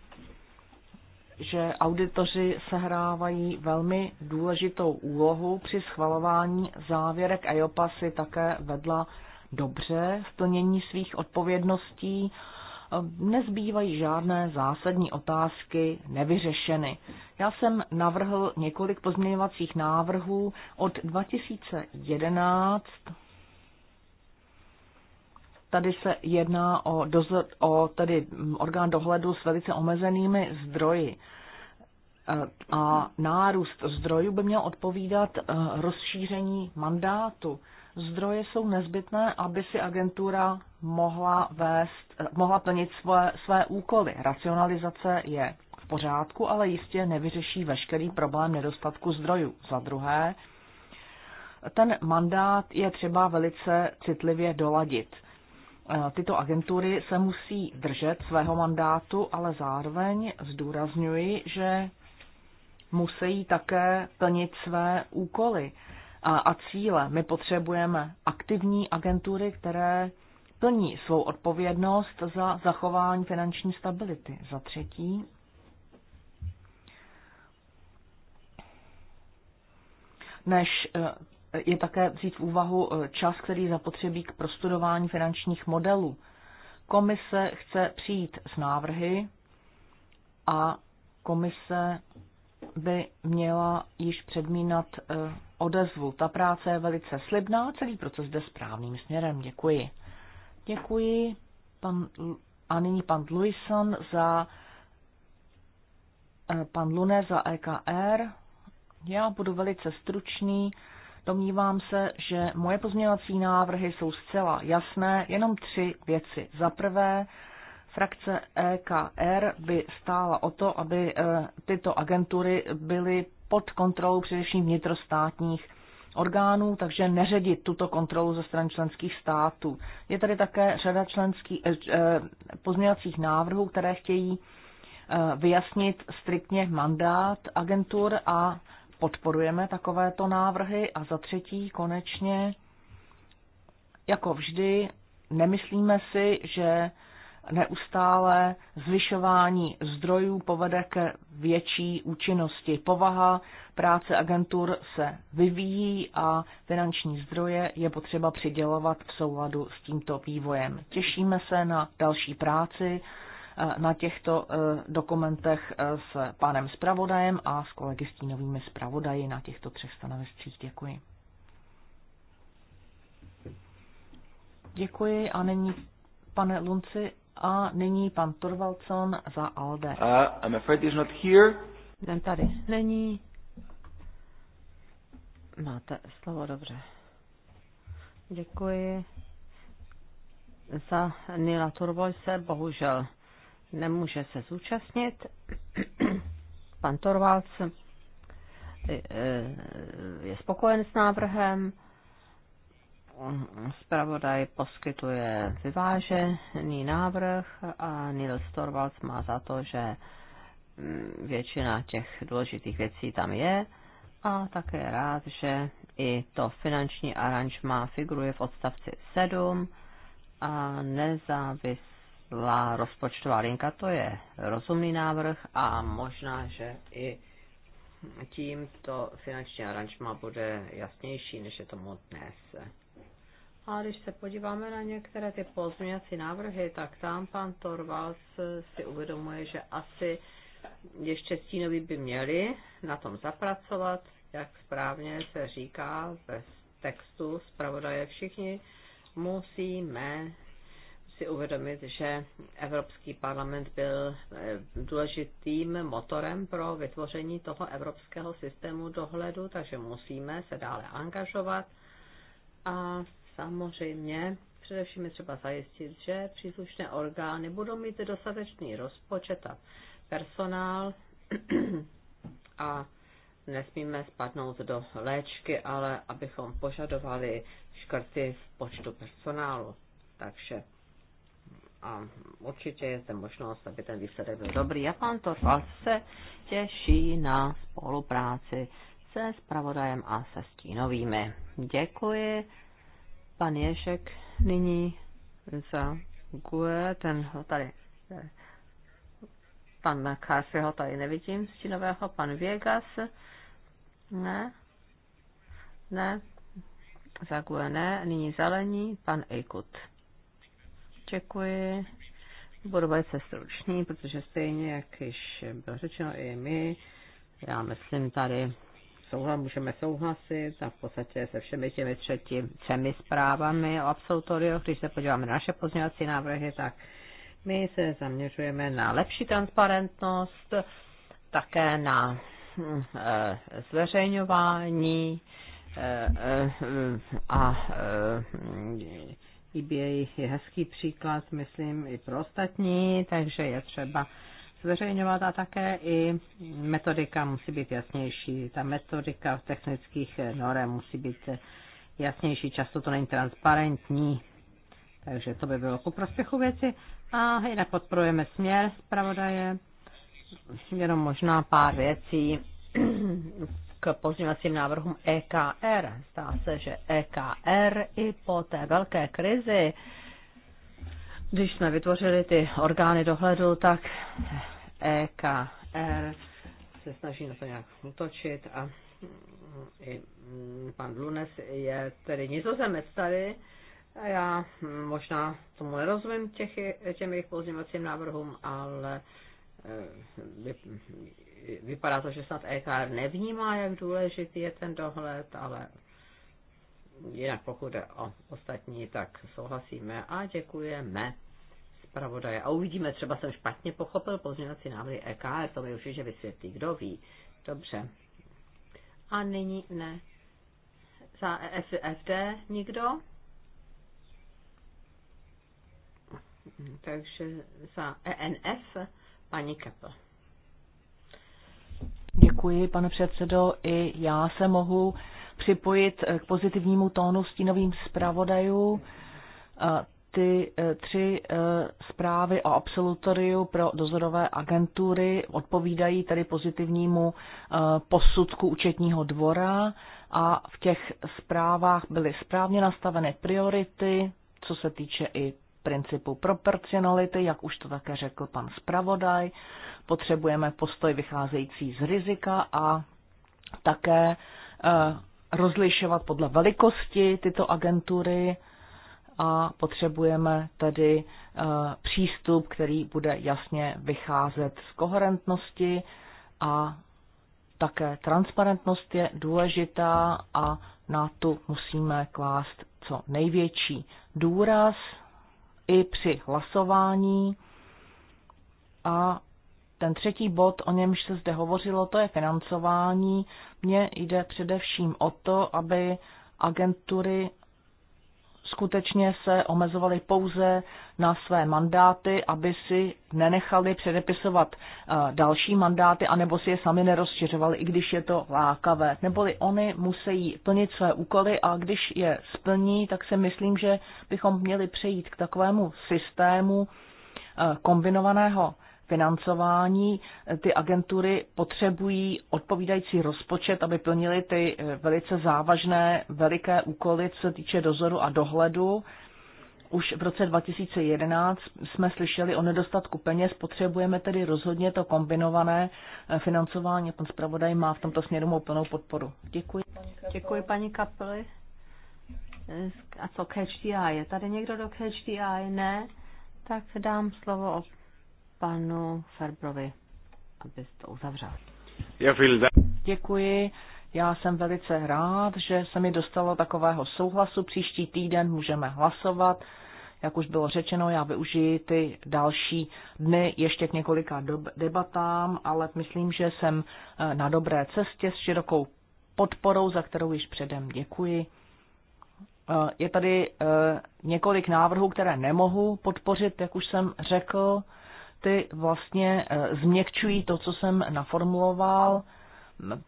že auditoři sehrávají velmi důležitou úlohu při schvalování závěrek EIOPA si také vedla dobře v plnění svých odpovědností. Nezbývají žádné zásadní otázky nevyřešeny. Já jsem navrhl několik pozměňovacích návrhů od 2011 Tady se jedná o, dozor, o tedy orgán dohledu s velice omezenými zdroji. A nárůst zdrojů by měl odpovídat eh, rozšíření mandátu. Zdroje jsou nezbytné, aby si agentura mohla, vést, eh, mohla plnit své, své úkoly. Racionalizace je v pořádku, ale jistě nevyřeší veškerý problém nedostatku zdrojů. Za druhé, ten mandát je třeba velice citlivě doladit. Eh, tyto agentury se musí držet svého mandátu, ale zároveň zdůrazňuji, že musí také plnit své úkoly a cíle. My potřebujeme aktivní agentury, které plní svou odpovědnost za zachování finanční stability. Za třetí, než eh, je také vzít v úvahu eh, čas, který zapotřebí k prostudování finančních modelů. Komise chce přijít s návrhy a komise by měla již předmínat eh, odezvu. Ta práce je velice slibná, celý proces jde správným směrem. Děkuji. Děkuji pan, a nyní pan Luison za eh, pan Lune za EKR. Já budu velice stručný. Domnívám se, že moje pozměňovací návrhy jsou zcela jasné, jenom tři věci. Za prvé, frakce EKR by stála o to, aby eh, tyto agentury byly pod kontrolou především vnitrostátních orgánů, takže neředit tuto kontrolu ze strany členských států. Je tady také řada členských eh, eh, pozměňovacích návrhů, které chtějí eh, vyjasnit striktně mandát agentur a podporujeme takovéto návrhy a za třetí konečně, jako vždy, nemyslíme si, že neustále zvyšování zdrojů povede ke větší účinnosti. Povaha práce agentur se vyvíjí a finanční zdroje je potřeba přidělovat v souladu s tímto vývojem. Těšíme se na další práci na těchto eh, dokumentech eh, s panem zpravodajem a s kolegy stínovými zpravodaji na těchto třech stanoviscích. Děkuji. Děkuji a nyní pane Lunci a nyní pan Torvalson za ALDE. Uh, I'm afraid he's not here. Ten tady není. Máte slovo, dobře. Děkuji. Za Nila Turbojse bohužel nemůže se zúčastnit. Pan Torvalds eh, eh, je spokojen s návrhem. Spravodaj poskytuje vyvážený návrh a Nils Torvalds má za to, že mm, většina těch důležitých věcí tam je a také rád, že i to finanční aranžma figuruje v odstavci 7 a nezávis rozpočtová linka, to je rozumný návrh a možná, že i tím to finanční aranžma bude jasnější, než je tomu dnes. A když se podíváme na některé ty pozměňovací návrhy, tak tam pan Torvalds si uvědomuje, že asi ještě stínoví by měli na tom zapracovat, jak správně se říká ve textu zpravodaje všichni, musíme si uvědomit, že Evropský parlament byl eh, důležitým motorem pro vytvoření toho evropského systému dohledu, takže musíme se dále angažovat a samozřejmě především je třeba zajistit, že příslušné orgány budou mít dostatečný rozpočet a personál a nesmíme spadnout do léčky, ale abychom požadovali škrty v počtu personálu. Takže a určitě je zde možnost, aby ten výsledek byl dobrý. A pan Torvald se těší na spolupráci se spravodajem a se stínovými. Děkuji. Pan Ješek nyní za GUE, ten ho tady eh, pan Karfi ho tady nevidím, stínového, pan Vegas, ne, ne, za GUE ne, nyní zelení, pan Eikut. Děkuji. Budu velice stručný, protože stejně, jak již bylo řečeno i my, já myslím tady souhlas, můžeme souhlasit a v podstatě se všemi těmi třetí, třemi zprávami o absolutoriu. Když se podíváme na naše pozměňovací návrhy, tak my se zaměřujeme na lepší transparentnost, také na hm, eh, zveřejňování eh, eh, hm, a hm, EBA je hezký příklad, myslím, i pro ostatní, takže je třeba zveřejňovat a také i metodika musí být jasnější. Ta metodika v technických norem musí být jasnější, často to není transparentní, takže to by bylo ku prospěchu věci. A jinak podporujeme směr zpravodaje, jenom možná pár věcí k pozměňovacím návrhům EKR. Zdá se, že EKR i po té velké krizi, když jsme vytvořili ty orgány dohledu, tak EKR se snaží na to nějak útočit a i pan Lunes je tedy nizozemec tady a já možná tomu nerozumím těch, těm jejich pozměňovacím návrhům, ale Eh, vypadá to, že snad EKR nevnímá, jak důležitý je ten dohled, ale jinak pokud jde o ostatní, tak souhlasíme a děkujeme zpravodaje. A uvidíme, třeba jsem špatně pochopil pozměňovací návrhy EKR, to mi určitě vysvětlí, kdo ví. Dobře. A nyní ne. Za e FD nikdo? Takže za ENF paní Kepl. Děkuji, pane předsedo. I já se mohu připojit k pozitivnímu tónu stínovým zpravodajů. Ty e, tři e, zprávy o absolutoriu pro dozorové agentury odpovídají tedy pozitivnímu e, posudku účetního dvora a v těch zprávách byly správně nastaveny priority, co se týče i principu proporcionality, jak už to také řekl pan zpravodaj. Potřebujeme postoj vycházející z rizika a také eh, rozlišovat podle velikosti tyto agentury a potřebujeme tedy eh, přístup, který bude jasně vycházet z koherentnosti a také transparentnost je důležitá a na tu musíme klást co největší důraz i při hlasování. A ten třetí bod, o němž se zde hovořilo, to je financování. Mně jde především o to, aby agentury skutečně se omezovali pouze na své mandáty, aby si nenechali předepisovat eh, další mandáty, anebo si je sami nerozšiřovali, i když je to lákavé. Neboli oni musí plnit své úkoly a když je splní, tak si myslím, že bychom měli přejít k takovému systému eh, kombinovaného financování. Ty agentury potřebují odpovídající rozpočet, aby plnili ty eh, velice závažné, veliké úkoly, co se týče dozoru a dohledu. Už v roce 2011 jsme slyšeli o nedostatku peněz, potřebujeme tedy rozhodně to kombinované eh, financování. Pan zpravodaj má v tomto směru mou plnou podporu. Děkuji. Děkuji, paní Kapely. Eh, a co KHDI? Je tady někdo do KHDI? Ne? Tak dám slovo panu Ferbrovi, aby to uzavřel. Děkuji. Já jsem velice rád, že se mi dostalo takového souhlasu. Příští týden můžeme hlasovat. Jak už bylo řečeno, já využiji ty další dny ještě k několika debatám, ale myslím, že jsem eh, na dobré cestě s širokou podporou, za kterou již předem děkuji. Eh, je tady eh, několik návrhů, které nemohu podpořit, jak už jsem řekl ty vlastně eh, změkčují to, co jsem naformuloval.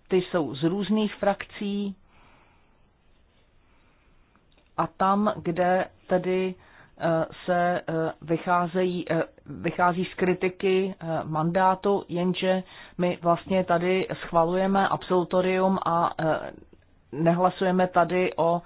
Ty jsou z různých frakcí a tam, kde tedy eh, se eh, vycházejí, vychází z kritiky mandátu, jenže my vlastně tady schvalujeme absolutorium a nehlasujeme tady o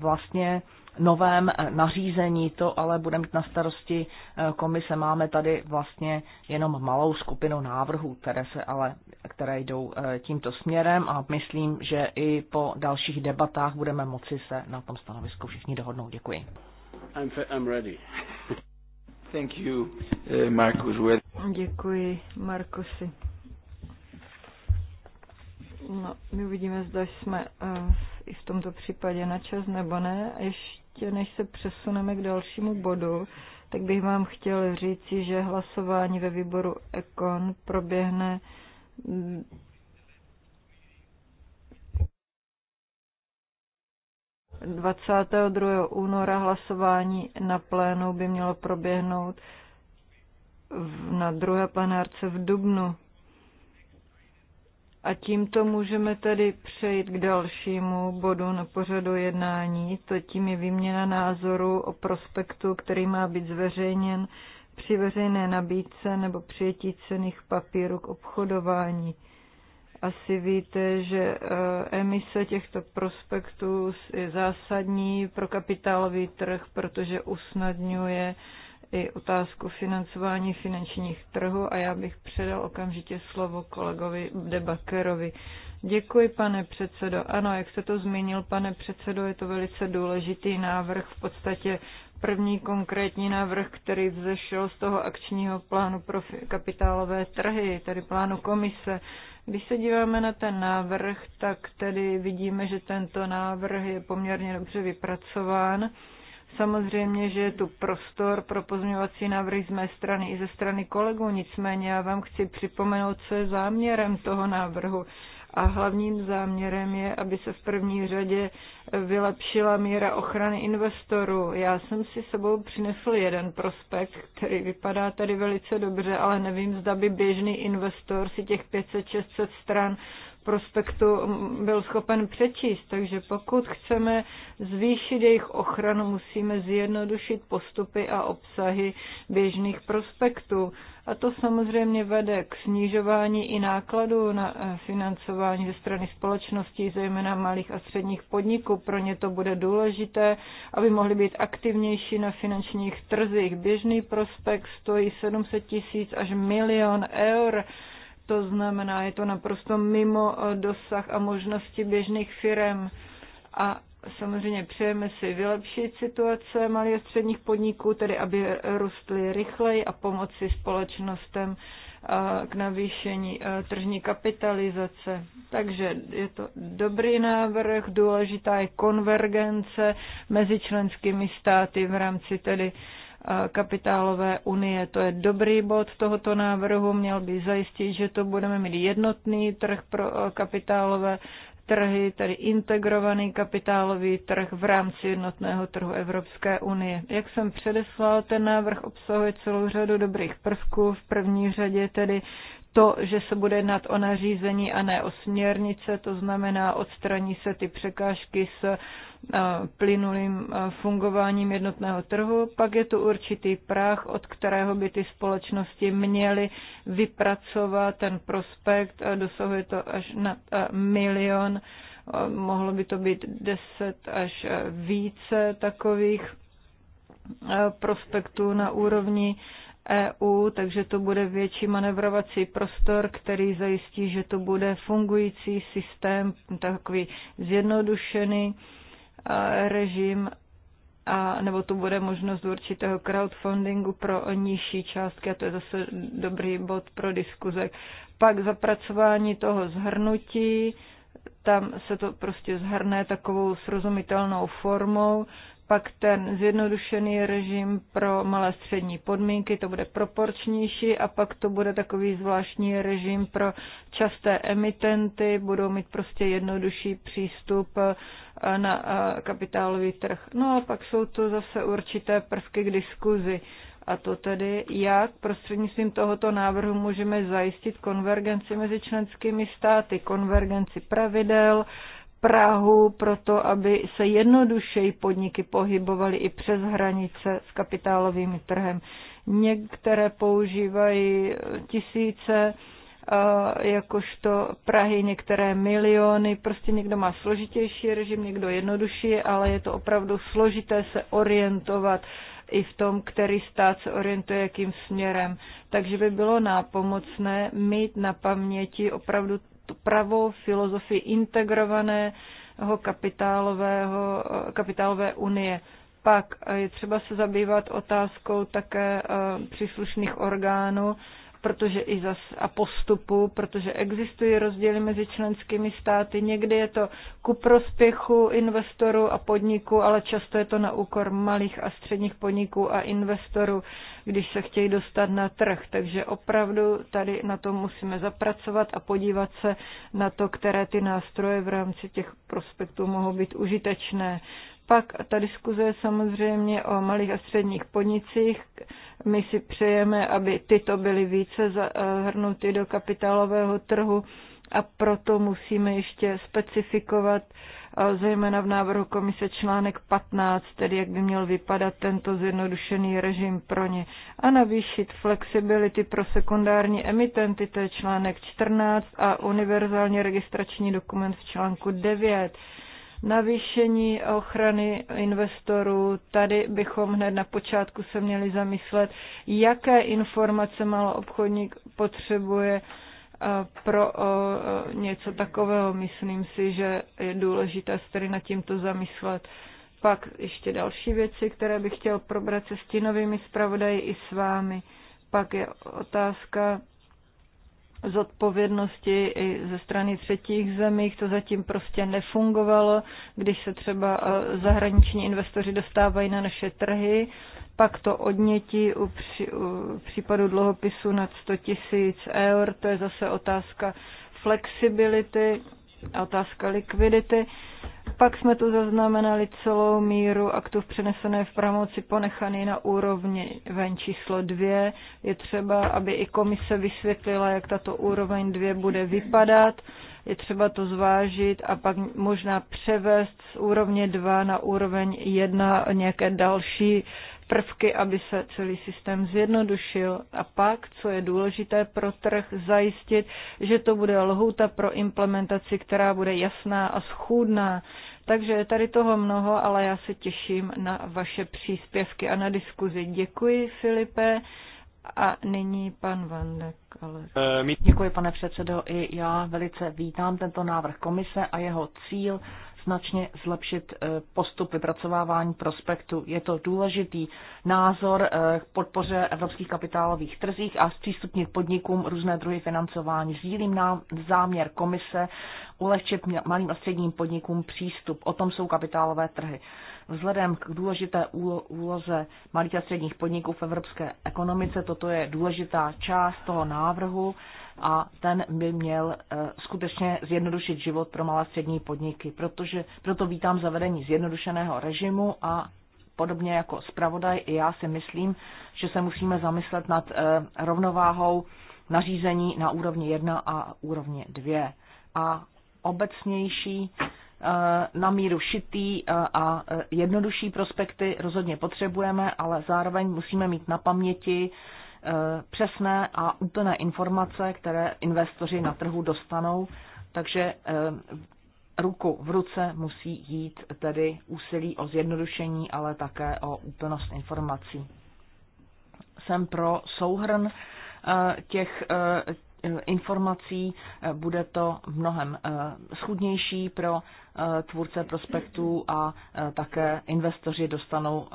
vlastně novém eh, nařízení, to ale bude mít na starosti eh, komise. Máme tady vlastně jenom malou skupinu návrhů, které, se ale, které jdou eh, tímto směrem a myslím, že i po dalších debatách budeme moci se na tom stanovisku všichni dohodnout. Děkuji. I'm, I'm ready. Thank you, Markus. Děkuji, Markusi. No, my uvidíme, zda jsme uh, i v tomto případě na čas nebo ne. Ještě ještě než se přesuneme k dalšímu bodu, tak bych vám chtěl říci, že hlasování ve výboru Ekon proběhne mm, Dvacátého 22. února hlasování na plénu by mělo proběhnout na druhé plenárce v Dubnu. A tímto můžeme tedy přejít k dalšímu bodu na pořadu jednání, to tím je výměna názoru o prospektu, který má být zveřejněn při veřejné nabídce nebo přijetí cených papírů k obchodování. Asi víte, že eh, emise těchto prospektů je zásadní pro kapitálový trh, protože usnadňuje i otázku financování finančních trhů a já bych předal okamžitě slovo kolegovi Debakerovi. Děkuji, pane předsedo. Ano, jak se to zmínil, pane předsedo, je to velice důležitý návrh, v podstatě první konkrétní návrh, který vzešel z toho akčního plánu pro kapitálové trhy, tedy plánu komise. Když se díváme na ten návrh, tak tedy vidíme, že tento návrh je poměrně dobře vypracován Samozřejmě, že je tu prostor pro pozměňovací návrhy z mé strany i ze strany kolegů, nicméně já vám chci připomenout, co je záměrem toho návrhu. A hlavním záměrem je, aby se v první řadě vylepšila míra ochrany investorů. Já jsem si sebou přinesl jeden prospekt, který vypadá tady velice dobře, ale nevím, zda by běžný investor si těch 500-600 stran prospektu byl schopen přečíst. Takže pokud chceme zvýšit jejich ochranu, musíme zjednodušit postupy a obsahy běžných prospektů. A to samozřejmě vede k snižování i nákladů na eh, financování ze strany společností, zejména malých a středních podniků. Pro ně to bude důležité, aby mohli být aktivnější na finančních trzích. Běžný prospekt stojí 700 tisíc až milion eur to znamená, je to naprosto mimo eh, dosah a možnosti běžných firm. A samozřejmě přejeme si vylepšit situace malých a středních podniků, tedy aby rostly rychleji a pomoci společnostem eh, k navýšení eh, tržní kapitalizace. Takže je to dobrý návrh, důležitá je konvergence mezi členskými státy v rámci tedy kapitálové unie. To je dobrý bod tohoto návrhu, měl by zajistit, že to budeme mít jednotný trh pro eh, kapitálové trhy, tedy integrovaný kapitálový trh v rámci jednotného trhu Evropské unie. Jak jsem předeslal, ten návrh obsahuje celou řadu dobrých prvků, v první řadě tedy to, že se bude jednat o nařízení a ne o směrnice, to znamená, odstraní se ty překážky s eh, plynulým eh, fungováním jednotného trhu. Pak je tu určitý práh, od kterého by ty společnosti měly vypracovat ten prospekt, dosahuje to až na eh, milion, mohlo by to být deset až více takových prospektů na úrovni EU, takže to bude větší manevrovací prostor, který zajistí, že to bude fungující systém, takový zjednodušený eh, režim, a, nebo to bude možnost určitého crowdfundingu pro nižší částky a to je zase dobrý bod pro diskuze. Pak zapracování toho zhrnutí, tam se to prostě zhrne takovou srozumitelnou formou, pak ten zjednodušený režim pro malé střední podmínky, to bude proporčnější a pak to bude takový zvláštní režim pro časté emitenty, budou mít prostě jednodušší přístup eh, na eh, kapitálový trh. No a pak jsou to zase určité prvky k diskuzi. A to tedy, jak prostřednictvím tohoto návrhu můžeme zajistit konvergenci mezi členskými státy, konvergenci pravidel, Prahu proto, aby se jednodušeji podniky pohybovaly i přes hranice s kapitálovým trhem. Některé používají tisíce eh, jakožto Prahy některé miliony. Prostě někdo má složitější režim, někdo jednodušší, ale je to opravdu složité se orientovat i v tom, který stát se orientuje jakým směrem. Takže by bylo nápomocné mít na paměti opravdu tu pravou filozofii integrovaného kapitálového, kapitálové unie. Pak je třeba se zabývat otázkou také eh, příslušných orgánů, protože i zas a postupu, protože existují rozdíly mezi členskými státy. Někdy je to ku prospěchu investorů a podniků, ale často je to na úkor malých a středních podniků a investorů, když se chtějí dostat na trh. Takže opravdu tady na to musíme zapracovat a podívat se na to, které ty nástroje v rámci těch prospektů mohou být užitečné. Pak ta diskuze je samozřejmě o malých a středních podnicích. My si přejeme, aby tyto byly více zahrnuty do kapitálového trhu a proto musíme ještě specifikovat, zejména v návrhu komise článek 15, tedy jak by měl vypadat tento zjednodušený režim pro ně. A navýšit flexibility pro sekundární emitenty, to je článek 14 a univerzální registrační dokument v článku 9 navýšení ochrany investorů. Tady bychom hned na počátku se měli zamyslet, jaké informace malo obchodník potřebuje eh, pro eh, něco takového. Myslím si, že je důležité se tedy nad tímto zamyslet. Pak ještě další věci, které bych chtěl probrat se stínovými zpravodaji i s vámi. Pak je otázka zodpovědnosti i ze strany třetích zemí, to zatím prostě nefungovalo, když se třeba eh, zahraniční investoři dostávají na naše trhy, pak to odnětí u, při, u případu dluhopisu nad 100 tisíc eur, to je zase otázka flexibility, otázka likvidity. Pak jsme tu zaznamenali celou míru aktů v přenesené v pravomoci ponechaný na úrovni ven číslo dvě. Je třeba, aby i komise vysvětlila, jak tato úroveň dvě bude vypadat. Je třeba to zvážit a pak možná převést z úrovně dva na úroveň jedna nějaké další prvky, aby se celý systém zjednodušil a pak, co je důležité pro trh, zajistit, že to bude lhůta pro implementaci, která bude jasná a schůdná. Takže je tady toho mnoho, ale já se těším na vaše příspěvky a na diskuzi. Děkuji, Filipe. A nyní pan Vandek. Ale... Eh, Děkuji, pane předsedo. I já velice vítám tento návrh komise a jeho cíl značně zlepšit eh, postup vypracovávání prospektu. Je to důležitý názor eh, k podpoře evropských kapitálových trzích a zpřístupnit podnikům různé druhy financování. Sdílím nám záměr komise ulehčit malým a středním podnikům přístup. O tom jsou kapitálové trhy. Vzhledem k důležité úloze malých a středních podniků v evropské ekonomice, toto je důležitá část toho návrhu a ten by měl eh, skutečně zjednodušit život pro malé střední podniky, protože proto vítám zavedení zjednodušeného režimu a podobně jako zpravodaj i já si myslím, že se musíme zamyslet nad eh, rovnováhou nařízení na úrovni 1 a úrovni 2 a obecnější eh, na míru šitý a jednodušší prospekty rozhodně potřebujeme, ale zároveň musíme mít na paměti Eh, přesné a úplné informace, které investoři na trhu dostanou, takže eh, ruku v ruce musí jít tedy úsilí o zjednodušení, ale také o úplnost informací. Jsem pro souhrn eh, těch informací, bude to mnohem schudnější pro tvůrce prospektů a také investoři dostanou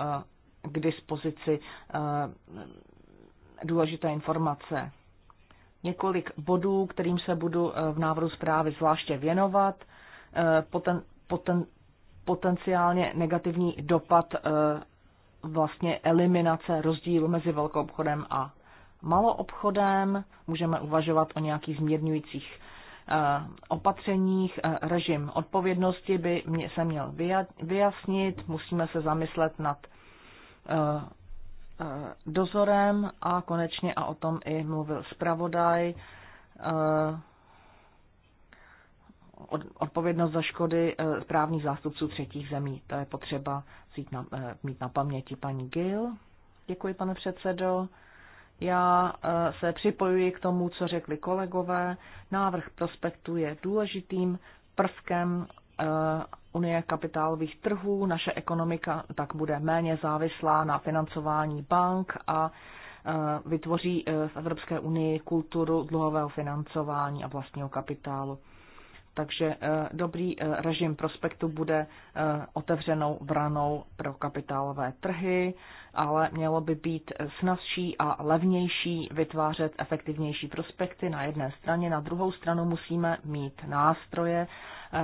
k dispozici důležité informace. Několik bodů, kterým se budu eh, v návrhu zprávy zvláště věnovat, eh, poten, poten, potenciálně negativní dopad eh, vlastně eliminace rozdílu mezi velkou obchodem a maloobchodem. Můžeme uvažovat o nějakých změrňujících opatřeních. Režim odpovědnosti by se měl vyjasnit. Musíme se zamyslet nad Eh, dozorem a konečně, a o tom i mluvil zpravodaj, eh, odpovědnost za škody eh, právních zástupců třetích zemí. To je potřeba mít na, mít na paměti paní Gill. Děkuji, pane předsedo. Já se připojuji k tomu, co řekli kolegové. Návrh prospektu je důležitým prvkem Eh, Unie kapitálových trhů, naše ekonomika tak bude méně závislá na financování bank a eh, vytvoří eh, v Evropské unii kulturu dluhového financování a vlastního kapitálu. Takže dobrý režim prospektu bude otevřenou branou pro kapitálové trhy, ale mělo by být snazší a levnější vytvářet efektivnější prospekty na jedné straně. Na druhou stranu musíme mít nástroje,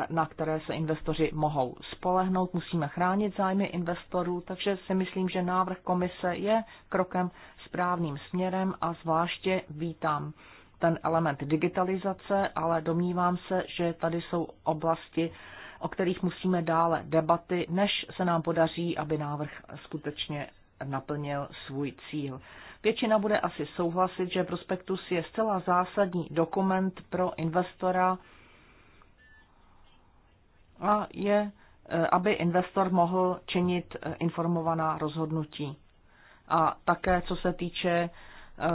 na které se investoři mohou spolehnout. Musíme chránit zájmy investorů, takže si myslím, že návrh komise je krokem správným směrem a zvláště vítám ten element digitalizace, ale domnívám se, že tady jsou oblasti, o kterých musíme dále debaty, než se nám podaří, aby návrh skutečně naplnil svůj cíl. Většina bude asi souhlasit, že prospektus je zcela zásadní dokument pro investora, a je, eh, aby investor mohl činit eh, informovaná rozhodnutí. A také, co se týče eh,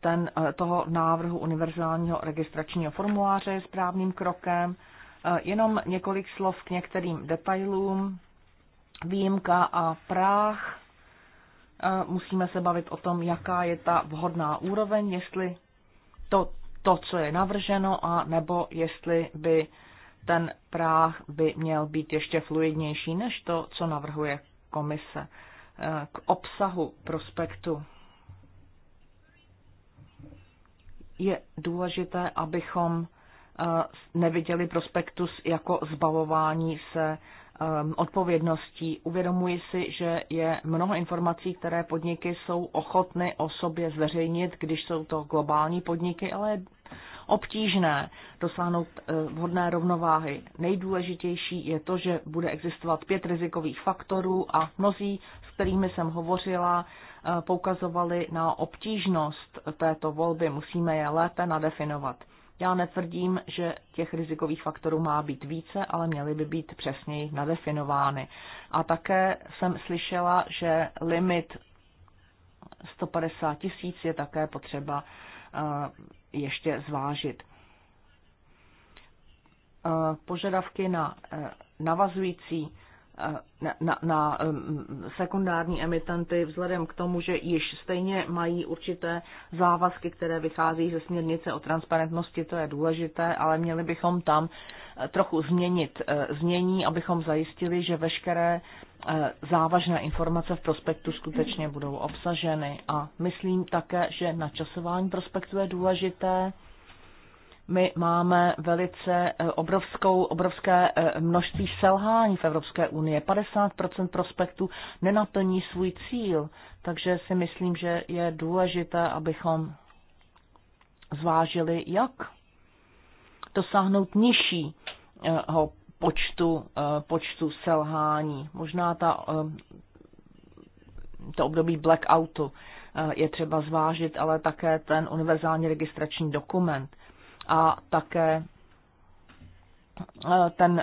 ten, toho návrhu univerzálního registračního formuláře je správným krokem. Jenom několik slov k některým detailům. Výjimka a práh. Musíme se bavit o tom, jaká je ta vhodná úroveň, jestli to, to co je navrženo, a nebo jestli by ten práh by měl být ještě fluidnější než to, co navrhuje komise. Eh, k obsahu prospektu je důležité, abychom eh, neviděli prospektus jako zbavování se ehm, odpovědností. Uvědomuji si, že je mnoho informací, které podniky jsou ochotny o sobě zveřejnit, když jsou to globální podniky, ale je obtížné dosáhnout eh, vhodné rovnováhy. Nejdůležitější je to, že bude existovat pět rizikových faktorů a mnozí, s kterými jsem hovořila, eh, poukazovali na obtížnost této volby. Musíme je lépe nadefinovat. Já netvrdím, že těch rizikových faktorů má být více, ale měly by být přesněji nadefinovány. A také jsem slyšela, že limit 150 tisíc je také potřeba eh, ještě zvážit. E, požadavky na e, navazující e, na, na, na sekundární emitenty vzhledem k tomu, že již stejně mají určité závazky, které vychází ze směrnice o transparentnosti, to je důležité, ale měli bychom tam trochu změnit znění, abychom zajistili, že veškeré Eh, závažné informace v prospektu skutečně budou obsaženy. A myslím také, že načasování prospektu je důležité. My máme velice eh, obrovskou, obrovské eh, množství selhání v Evropské unii. 50% prospektu nenaplní svůj cíl, takže si myslím, že je důležité, abychom zvážili, jak dosáhnout nižšího počtu, eh, počtu selhání. Možná ta, eh, to období blackoutu eh, je třeba zvážit, ale také ten univerzální registrační dokument a také ten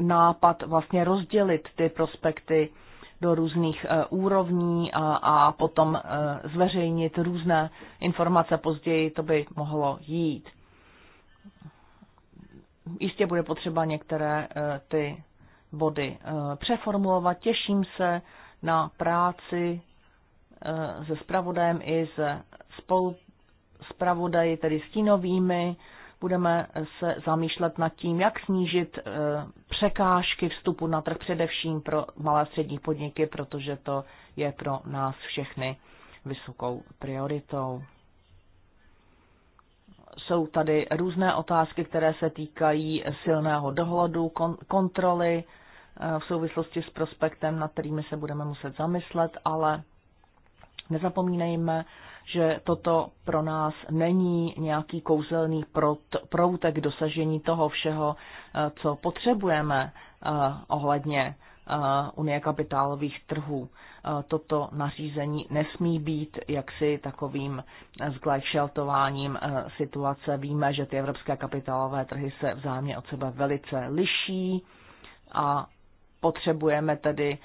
nápad vlastně rozdělit ty prospekty do různých úrovní a, a potom zveřejnit různé informace později, to by mohlo jít jistě bude potřeba některé eh, ty body eh, přeformulovat. Těším se na práci eh, se spravodajem i se spolu spravodaji, tedy tínovými. Budeme se zamýšlet nad tím, jak snížit překážky vstupu na trh především pro malé a střední podniky, protože to je pro nás všechny vysokou prioritou jsou tady různé otázky, které se týkají silného dohledu, kontroly eh, v souvislosti s prospektem, nad kterými se budeme muset zamyslet, ale nezapomínejme, že toto pro nás není nějaký kouzelný proutek dosažení toho všeho, eh, co potřebujeme eh, ohledně Unie kapitálových trhů toto nařízení nesmí být jaksi takovým zglajšeltováním e, situace. Víme, že ty evropské kapitálové trhy se vzájemně od sebe velice liší a potřebujeme tedy e,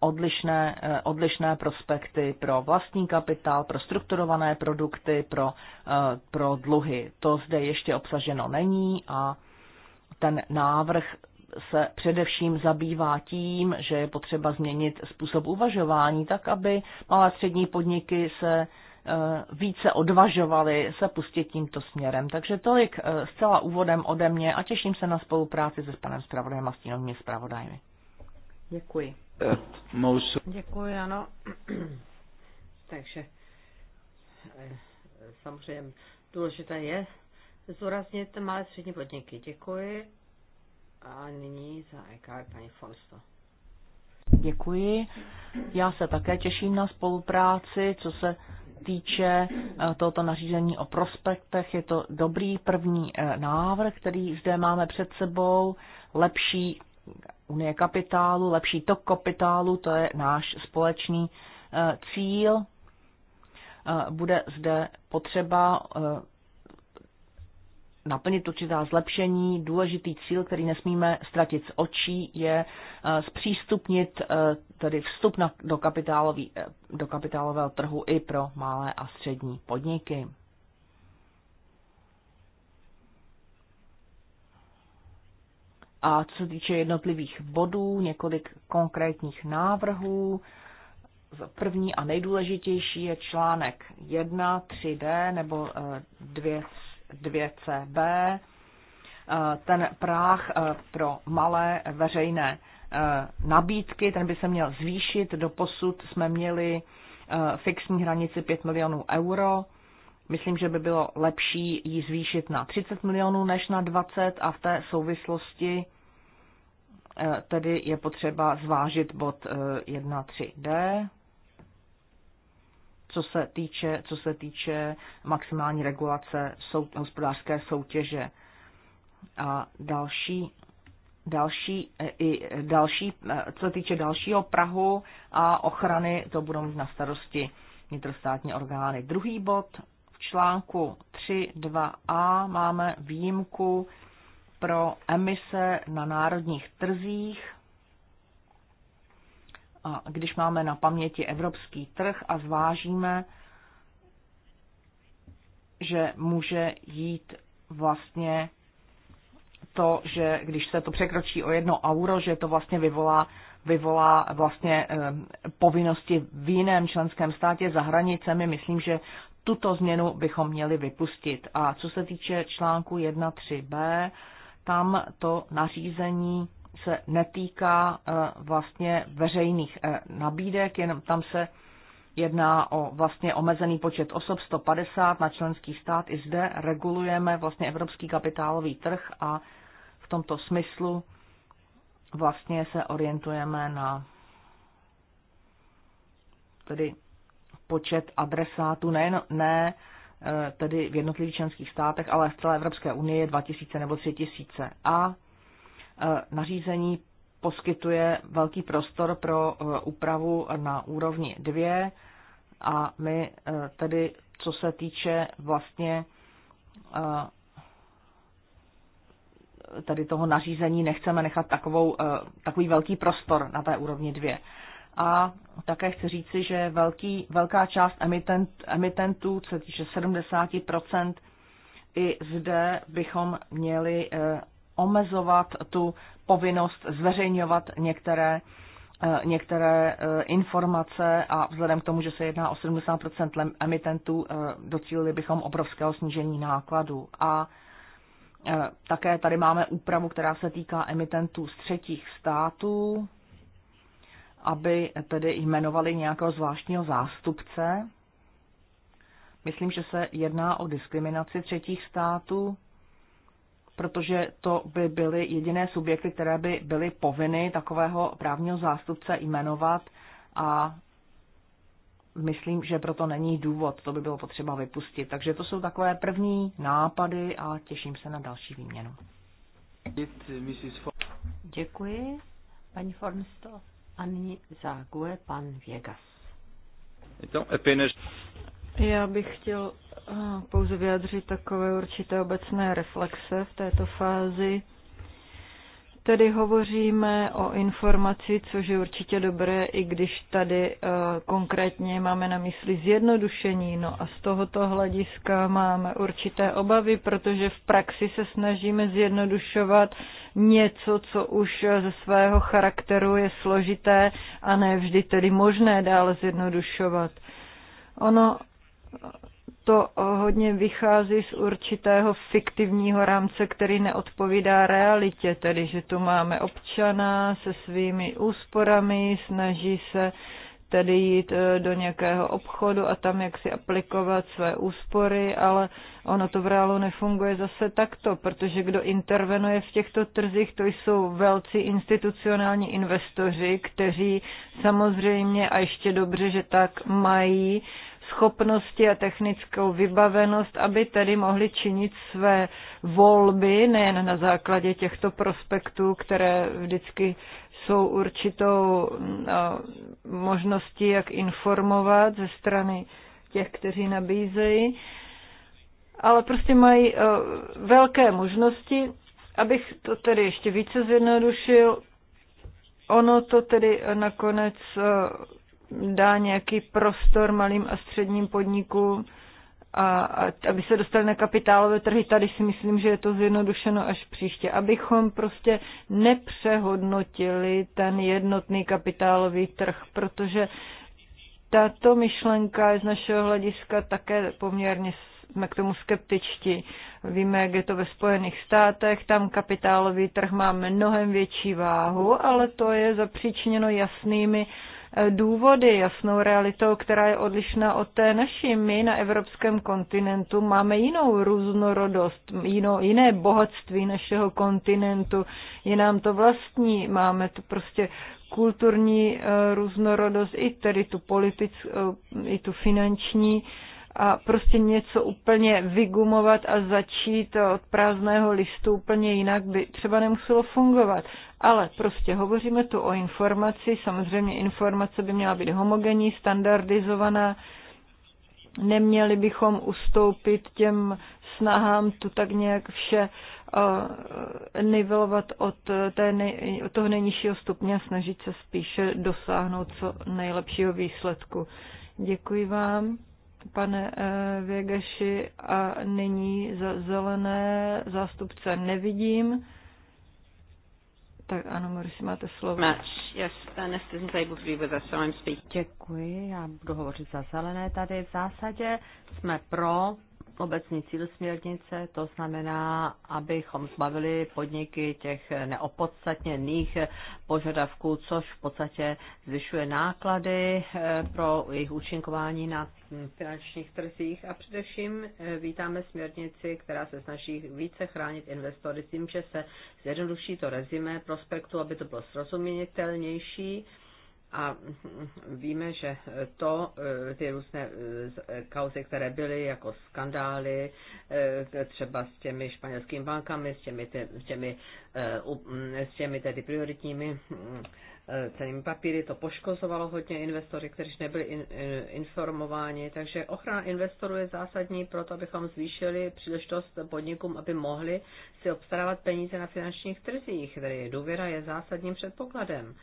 odlišné, e, odlišné prospekty pro vlastní kapitál, pro strukturované produkty, pro, pro dluhy. To zde ještě obsaženo není a ten návrh se především zabývá tím, že je potřeba změnit způsob uvažování tak, aby malé střední podniky se eh, více odvažovali se pustit tímto směrem. Takže tolik eh, zcela úvodem ode mě a těším se na spolupráci se s panem zpravodajem a stínovými zpravodajmi. Děkuji. Eh, Děkuji, ano. Takže samozřejmě důležité je zúraznit malé střední podniky. Děkuji a nyní za EKR paní Fonsto. Děkuji. Já se také těším na spolupráci, co se týče eh, tohoto nařízení o prospektech. Je to dobrý první eh, návrh, který zde máme před sebou. Lepší unie kapitálu, lepší tok kapitálu, to je náš společný eh, cíl. Bude zde potřeba naplnit určitá zlepšení. Důležitý cíl, který nesmíme ztratit z očí, je eh, zpřístupnit eh, tedy vstup na, do, kapitálový, eh, do kapitálového trhu i pro malé a střední podniky. A co se týče jednotlivých bodů, několik konkrétních návrhů. První a nejdůležitější je článek 1, 3D nebo 2, c 2CB, eh, ten práh eh, pro malé veřejné eh, nabídky, ten by se měl zvýšit. Do posud jsme měli fixní hranici 5 milionů euro. Myslím, že by bylo lepší ji zvýšit na 30 milionů než na 20 a v té souvislosti tedy je potřeba zvážit bod 1.3d co se týče, co se týče maximální regulace sou, hospodářské soutěže. A další, další, i další, co se týče dalšího Prahu a ochrany, to budou mít na starosti vnitrostátní orgány. Druhý bod v článku 3.2a máme výjimku pro emise na národních trzích a když máme na paměti evropský trh a zvážíme, že může jít vlastně to, že když se to překročí o jedno euro, že to vlastně vyvolá, vyvolá vlastně povinnosti v jiném členském státě za hranicemi. Myslím, že tuto změnu bychom měli vypustit. A co se týče článku 1.3b, tam to nařízení se netýká eh, vlastně veřejných eh, nabídek, jenom tam se jedná o vlastně omezený počet osob 150 na členský stát. I zde regulujeme vlastně evropský kapitálový trh a v tomto smyslu vlastně se orientujeme na tedy počet adresátů, ne, ne eh, tedy v jednotlivých členských státech, ale v celé Evropské unii je 2000 nebo 3000. A Eh, nařízení poskytuje velký prostor pro eh, úpravu na úrovni 2 a my eh, tedy, co se týče vlastně tady toho nařízení nechceme nechat takovou, takový velký prostor na té úrovni 2. A také chci říci, že velký, velká část emitent, emitentů, co se týče 70%, i zde bychom měli omezovat tu povinnost zveřejňovat některé eh, některé eh, informace a vzhledem k tomu, že se jedná o 70 emitentů, eh, docílili bychom obrovského snížení nákladů. A také tady máme úpravu, která se týká emitentů z třetích států, aby tedy jmenovali nějakého zvláštního zástupce. Myslím, že se jedná o diskriminaci třetích států, protože to by byly jediné subjekty, které by byly povinny takového právního zástupce jmenovat a myslím, že proto není důvod, to by bylo potřeba vypustit. Takže to jsou takové první nápady a těším se na další výměnu. Děkuji, paní Fornsto. A nyní zaguje pan Viegas. Então, apenas já bych chtěl eh, pouze vyjádřit takové určité obecné reflexe v této fázi. Tedy hovoříme o informaci, což je určitě dobré, i když tady eh, konkrétně máme na mysli zjednodušení. No a z tohoto hlediska máme určité obavy, protože v praxi se snažíme zjednodušovat něco, co už eh, ze svého charakteru je složité a ne vždy tedy možné dále zjednodušovat. Ono to hodně vychází z určitého fiktivního rámce, který neodpovídá realitě, tedy že tu máme občana se svými úsporami, snaží se tedy jít eh, do nějakého obchodu a tam jak si aplikovat své úspory, ale ono to v reálu nefunguje zase takto, protože kdo intervenuje v těchto trzích, to jsou velcí institucionální investoři, kteří samozřejmě a ještě dobře, že tak mají uh, schopnosti a technickou vybavenost, aby tedy mohli činit své volby nejen na základě těchto prospektů, které vždycky jsou určitou no, možností, jak informovat ze strany těch, kteří nabízejí, ale prostě mají eh, velké možnosti. Abych to tedy ještě více zjednodušil, ono to tedy nakonec eh, dá nějaký prostor malým a středním podnikům, a, a aby se dostali na kapitálové trhy, tady si myslím, že je to zjednodušeno až příště, abychom prostě nepřehodnotili ten jednotný kapitálový trh, protože tato myšlenka je z našeho hlediska také poměrně jsme k tomu skeptičtí. Víme, jak je to ve Spojených státech, tam kapitálový trh má mnohem větší váhu, ale to je zapříčiněno jasnými uh, důvody, jasnou realitou, která je odlišná od té naší. My na evropském kontinentu máme jinou různorodost, jinou, jiné bohatství našeho kontinentu, je nám to vlastní, máme tu prostě kulturní eh, různorodost, i tedy tu politickou, eh, i tu finanční a prostě něco úplně vygumovat a začít od prázdného listu úplně jinak by třeba nemuselo fungovat. Ale prostě hovoříme tu o informaci, samozřejmě informace by měla být homogenní, standardizovaná, neměli bychom ustoupit těm snahám tu tak nějak vše uh, nivelovat od, eh, té nej, od toho nejnižšího stupně a snažit se spíše dosáhnout co nejlepšího výsledku. Děkuji vám pane eh, Věgeši, a nyní za zelené zástupce nevidím. Tak ano, Morisi, máte slovo. Yes, able to be with us, I'm speaking. Děkuji, já budu hovořit za zelené tady. V zásadě jsme pro obecný cíl směrnice, to znamená, abychom zbavili podniky těch neopodstatněných požadavků, což v podstatě zvyšuje náklady eh, pro jejich účinkování na finančních trzích a především eh, vítáme směrnici, která se snaží více chránit investory tím, že se zjednoduší to rezime prospektu, aby to bylo srozumitelnější a víme, že to, eh, ty různé eh, eh, kauzy, které byly jako skandály, třeba s těmi španělskými bankami, s těmi, s těmi, mm, s těmi tedy prioritními mm, cenými papíry, to poškozovalo hodně investory, kteří nebyli informováni. Takže ochrana investorů je zásadní pro to, abychom zvýšili příležitost podnikům, aby mohli si obstarávat peníze na finančních trzích, tedy důvěra je zásadním předpokladem.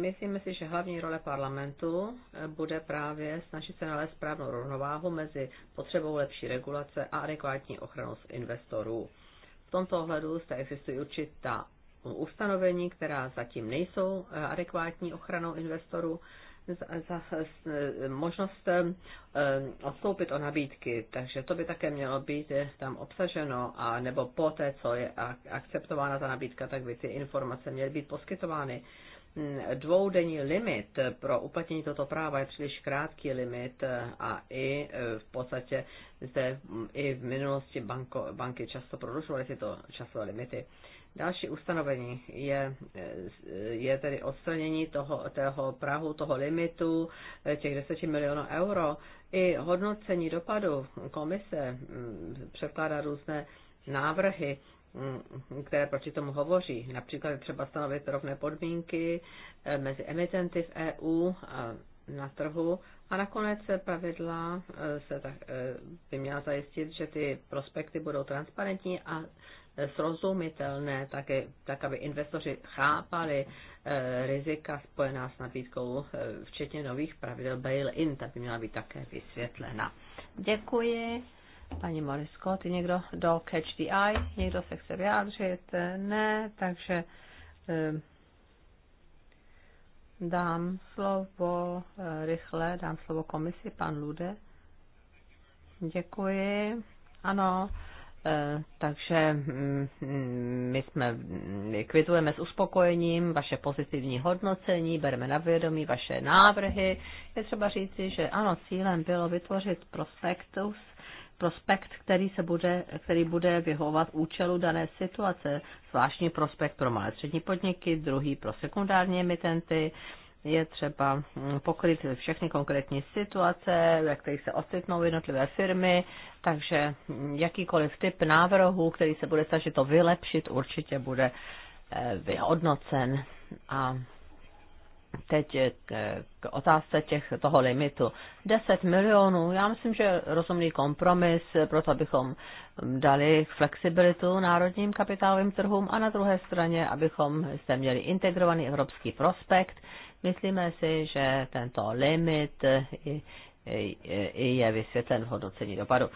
Myslíme si, že hlavní role parlamentu eh, bude právě snažit se nalézt správnou rovnováhu mezi potřebou lepší regulace a adekvátní ochranou investorů. V tomto ohledu zde existují určitá ustanovení, která zatím nejsou eh, adekvátní ochranou investorů, za, za, eh, možnost odstoupit o nabídky, takže to by také mělo být tam obsaženo, a nebo poté, co je akceptována ta nabídka, tak by ty informace měly být poskytovány dvoudenní limit pro uplatnění toto práva je příliš krátký limit a i e, v podstatě zde i v minulosti banko, banky často prodlužovaly tyto časové limity. Další ustanovení je, e, je tedy odstranění toho, tého prahu, toho limitu e, těch 10 milionů euro. I hodnocení dopadu komise předkládá různé návrhy Mm, které proti tomu hovoří. Například třeba stanovit rovné podmínky eh, mezi emitenty v EU a na trhu a nakonec pravidla eh, se tak, eh, by měla zajistit, že ty prospekty budou transparentní a srozumitelné, taky, tak aby investoři chápali rizika spojená s nabídkou, včetně nových pravidel bail-in, ta by měla být také vysvětlena. Děkuji. Paní Morisko, ty někdo do Catch the Eye? Někdo se chce vyjádřit? Ne, takže eh, dám slovo eh, rychle, dám slovo komisi, pan Lude. Děkuji. Ano, eh, takže mm, my jsme mm, kvitujeme s uspokojením vaše pozitivní hodnocení, bereme na vědomí vaše návrhy. Je třeba říci, že ano, cílem bylo vytvořit prospektus, prospekt, který, se bude, který bude vyhovovat účelu dané situace. Zvláštní prospekt pro malé střední podniky, druhý pro sekundární emitenty, je třeba mm, pokryt všechny konkrétní situace, ve kterých se ocitnou jednotlivé firmy, takže mm, jakýkoliv typ návrhu, který se bude snažit to vylepšit, určitě bude eh, vyhodnocen. A teď k, k otázce těch, toho limitu. 10 milionů, já myslím, že rozumný kompromis, proto abychom dali flexibilitu národním kapitálovým trhům a na druhé straně, abychom jste měli integrovaný evropský prospekt. Myslíme si, že tento limit je vysvětlen v hodnocení dopadu.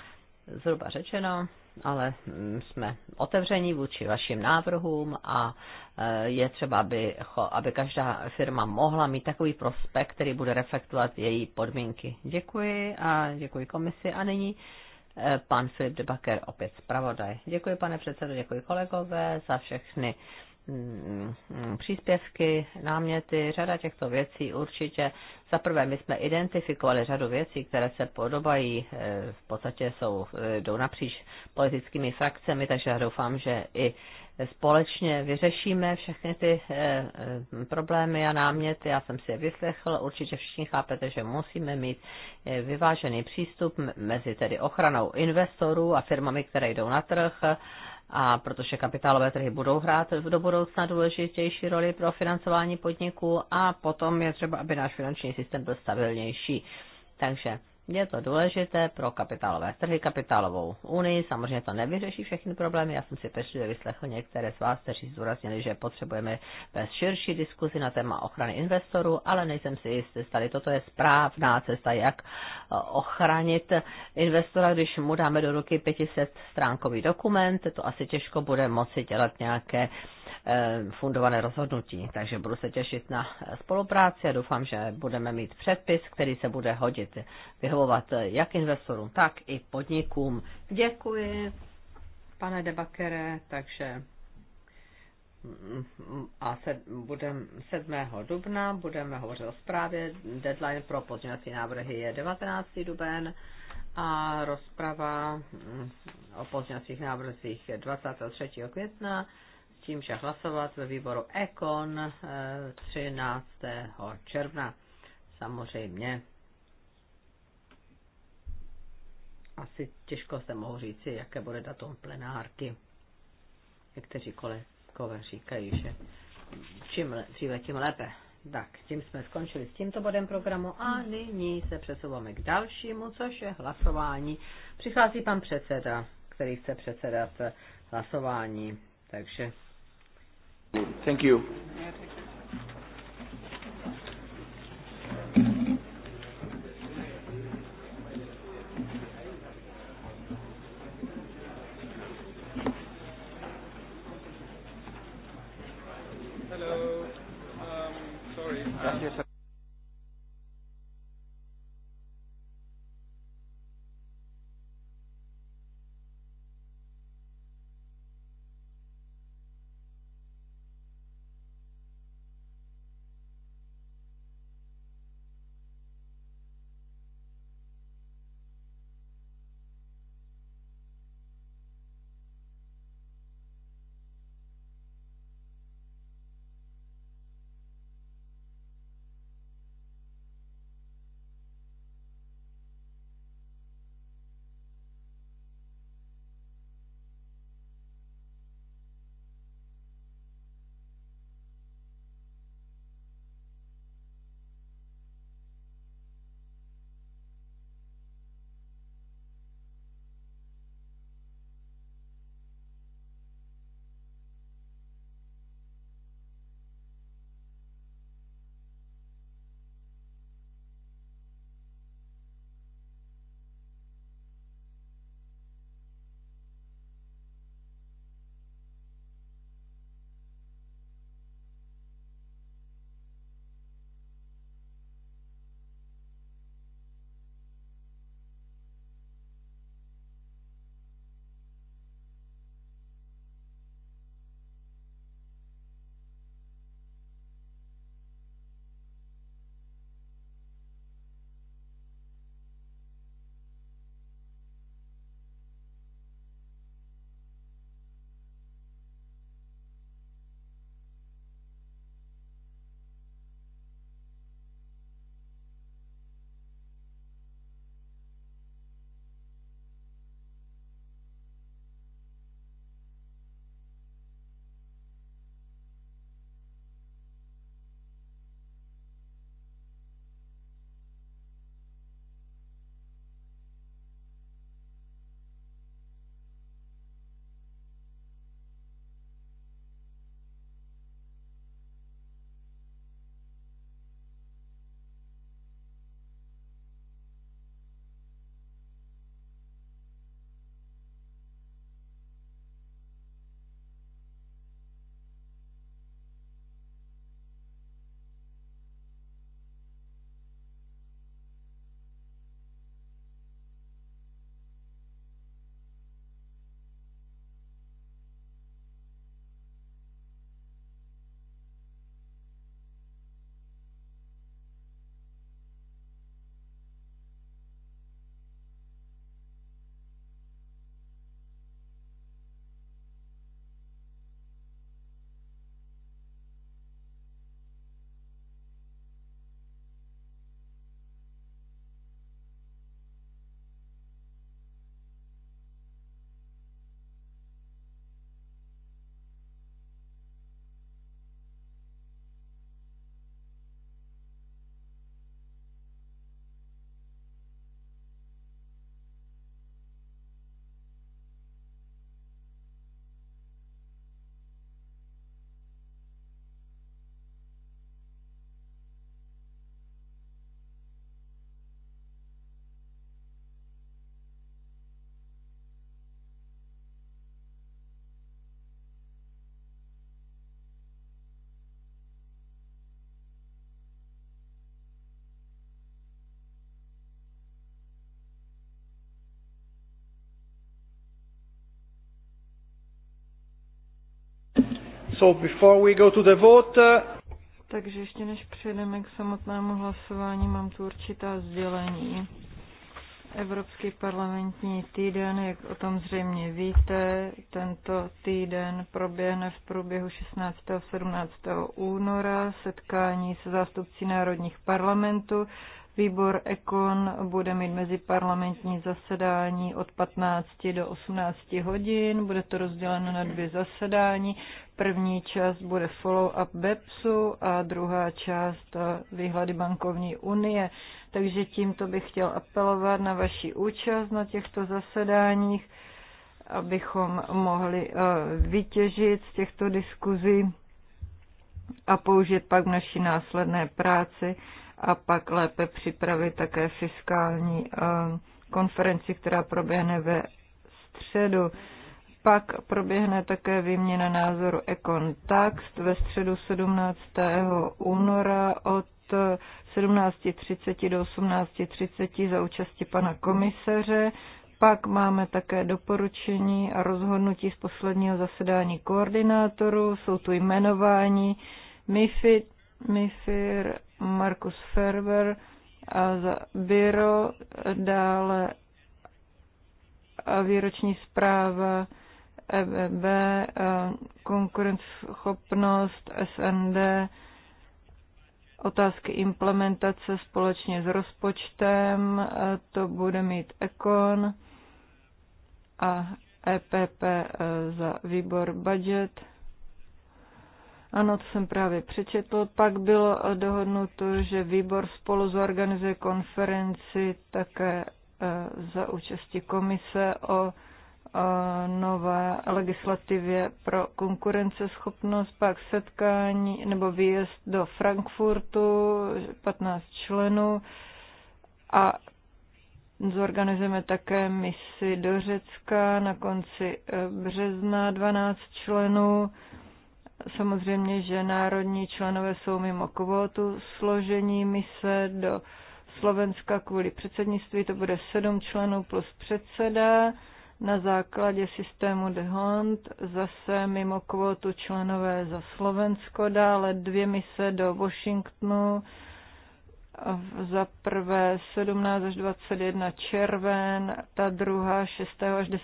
Zhruba řečeno, ale mm, jsme otevření vůči vašim návrhům a e, je třeba, aby, aby každá firma mohla mít takový prospekt, který bude reflektovat její podmínky. Děkuji a děkuji komisi. A nyní e, pan Filip Debaker, opět zpravodaj. Děkuji, pane předsedo, děkuji kolegové za všechny Mm, příspěvky, náměty, řada těchto věcí určitě. Za prvé, my jsme identifikovali řadu věcí, které se podobají, eh, v podstatě jsou, eh, jdou napříč politickými frakcemi, takže já doufám, že i společně vyřešíme všechny ty eh, problémy a náměty. Já jsem si je vyslechl, určitě všichni chápete, že musíme mít vyvážený přístup mezi tedy ochranou investorů a firmami, které jdou na trh a protože kapitálové trhy budou hrát do budoucna důležitější roli pro financování podniků a potom je třeba, aby náš finanční systém byl stabilnější. Takže je to důležité pro kapitálové trhy, kapitálovou unii. Samozřejmě to nevyřeší všechny problémy. Já jsem si pečlivě vyslechl některé z vás, kteří zdůraznili, že potřebujeme bez širší diskuzi na téma ochrany investorů, ale nejsem si jistý, tady toto je správná cesta, jak eh, ochránit investora, když mu dáme do ruky 500 stránkový dokument. To asi těžko bude moci dělat nějaké uh, Eh, fundované rozhodnutí. Takže budu se těšit na spolupráci a doufám, že budeme mít předpis, který se bude hodit, vyhovovat jak investorům, tak i podnikům. Děkuji, pane Debakere, takže mm, mm, a sed, budem, 7. dubna budeme hovořit o zprávě. Deadline pro pozměňovací návrhy je 19. duben a rozprava mm, o pozměňovacích návrzích 23. května tím, však hlasovat ve výboru Ekon 13. Eh, června. Samozřejmě. Asi těžko se mohu říci, jaké bude datum plenárky. Někteří kolegové říkají, že čím dříve, tím lépe. Tak, tím jsme skončili s tímto bodem programu a nyní se přesouváme k dalšímu, což je hlasování. Přichází pan předseda, který chce předsedat hlasování, takže Thank you. So before we go to the vote, uh, takže ještě než přejdeme k samotnému hlasování, mám tu určitá sdělení. Evropský parlamentní týden, jak o tom zřejmě víte, tento týden proběhne v průběhu 16. a 17. února setkání se zástupci národních parlamentů Výbor Ekon bude mít meziparlamentní zasedání od 15 do 18 hodin. Bude to rozděleno na dvě zasedání. První část bude follow-up BEPSu a druhá část eh, výhledy bankovní unie. Takže tímto bych chtěl apelovat na vaši účast na těchto zasedáních, abychom mohli eh, vytěžit z těchto diskuzí a použít pak v naší následné práci a pak lépe připravit také fiskální eh, konferenci, která proběhne ve středu. Pak proběhne také výměna názoru e-kontakt ve středu 17. února od 17.30 do 18.30 za účasti pana komisaře. Pak máme také doporučení a rozhodnutí z posledního zasedání koordinátorů, jsou tu jmenování MIFID, MIFIR, Markus Ferber a za Biro, dále a výroční zpráva EBB, konkurenceschopnost SND, otázky implementace společně s rozpočtem, to bude mít ECON a EPP e, za výbor budget. Ano, to jsem právě přečetl. Pak bylo dohodnuto, že výbor spolu zorganizuje konferenci také e, za účasti komise o e, nové legislativě pro konkurenceschopnost, pak setkání nebo výjezd do Frankfurtu, 15 členů a zorganizujeme také misi do Řecka na konci e, března, 12 členů. Samozřejmě, že národní členové jsou mimo kvótu složení mise do Slovenska kvůli předsednictví, to bude sedm členů plus předseda. Na základě systému de Hond zase mimo kvótu členové za Slovensko, dále dvě mise do Washingtonu, za prvé 17 až 21 červen, ta druhá 6. až 10.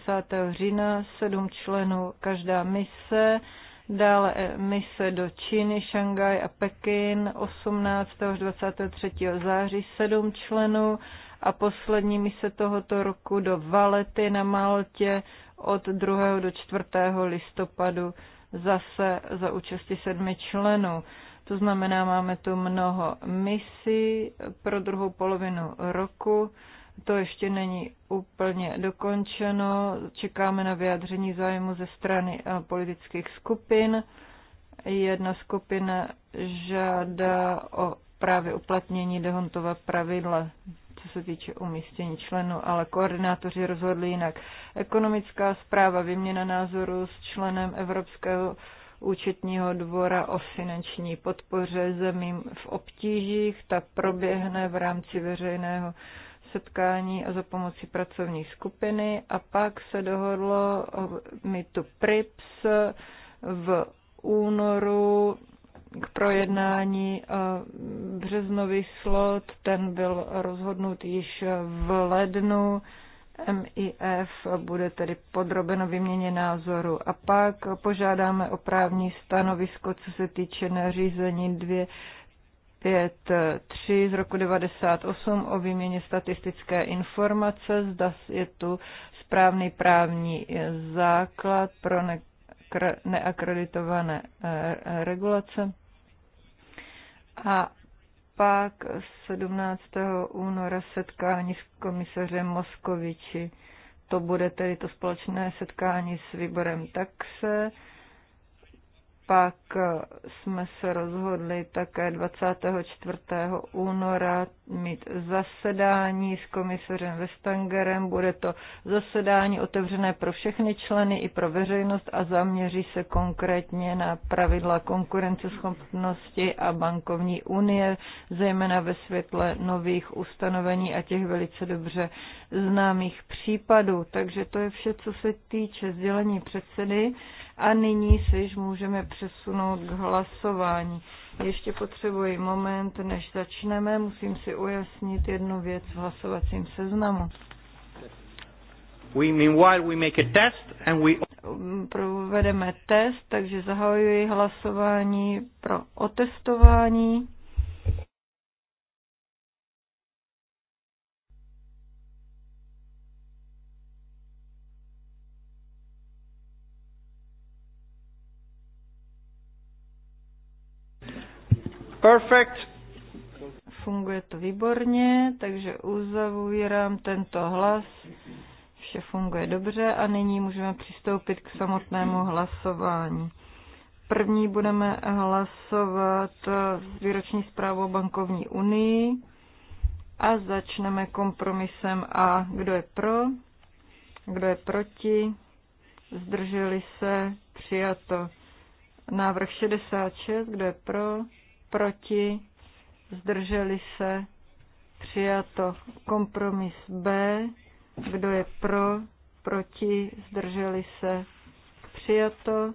října, sedm členů každá mise Dále eh, mise do Číny, Šangaj a Pekin 18. až 23. září 7 členů a poslední mise tohoto roku do Valety na Maltě od 2. do 4. listopadu zase za účasti sedmi členů. To znamená, máme tu mnoho misí pro druhou polovinu roku. To ještě není úplně dokončeno. Čekáme na vyjádření zájmu ze strany eh, politických skupin. Jedna skupina žádá o právě uplatnění Dehontova pravidla, co se týče umístění členů, ale koordinátoři rozhodli jinak. Ekonomická zpráva, vyměna názoru s členem Evropského účetního dvora o finanční podpoře zemím v obtížích, ta proběhne v rámci veřejného setkání a za pomocí pracovní skupiny a pak se dohodlo mi tu PRIPS v únoru k projednání březnový slot, ten byl rozhodnut již v lednu. MIF bude tedy podrobeno výměně názoru. A pak požádáme o právní stanovisko, co se týče nařízení 5.3 z roku 98 o výměně statistické informace, zda je tu správný právní základ pro ne- neakreditované eh, regulace. A pak 17. února setkání s komisařem Moskoviči. To bude tedy to společné setkání s výborem taxe pak eh, jsme se rozhodli také 24. února mít zasedání s komisařem Vestangerem. Bude to zasedání otevřené pro všechny členy i pro veřejnost a zaměří se konkrétně na pravidla konkurenceschopnosti a bankovní unie, zejména ve světle nových ustanovení a těch velice dobře známých případů. Takže to je vše, co se týče sdělení předsedy. A nyní se již můžeme přesunout k hlasování. Ještě potřebuji moment, než začneme. Musím si ujasnit jednu věc v hlasovacím seznamu. We, meanwhile, we make a test and we... Provedeme test, takže zahajuji hlasování pro otestování. perfect. Funguje to výborně, takže uzavírám tento hlas. Vše funguje dobře a nyní můžeme přistoupit k samotnému hlasování. První budeme hlasovat výroční zprávu o bankovní unii a začneme kompromisem A. Kdo je pro? Kdo je proti? Zdrželi se? Přijato. Návrh 66. Kdo je pro? proti, zdrželi se, přijato. Kompromis B, kdo je pro, proti, zdrželi se, přijato.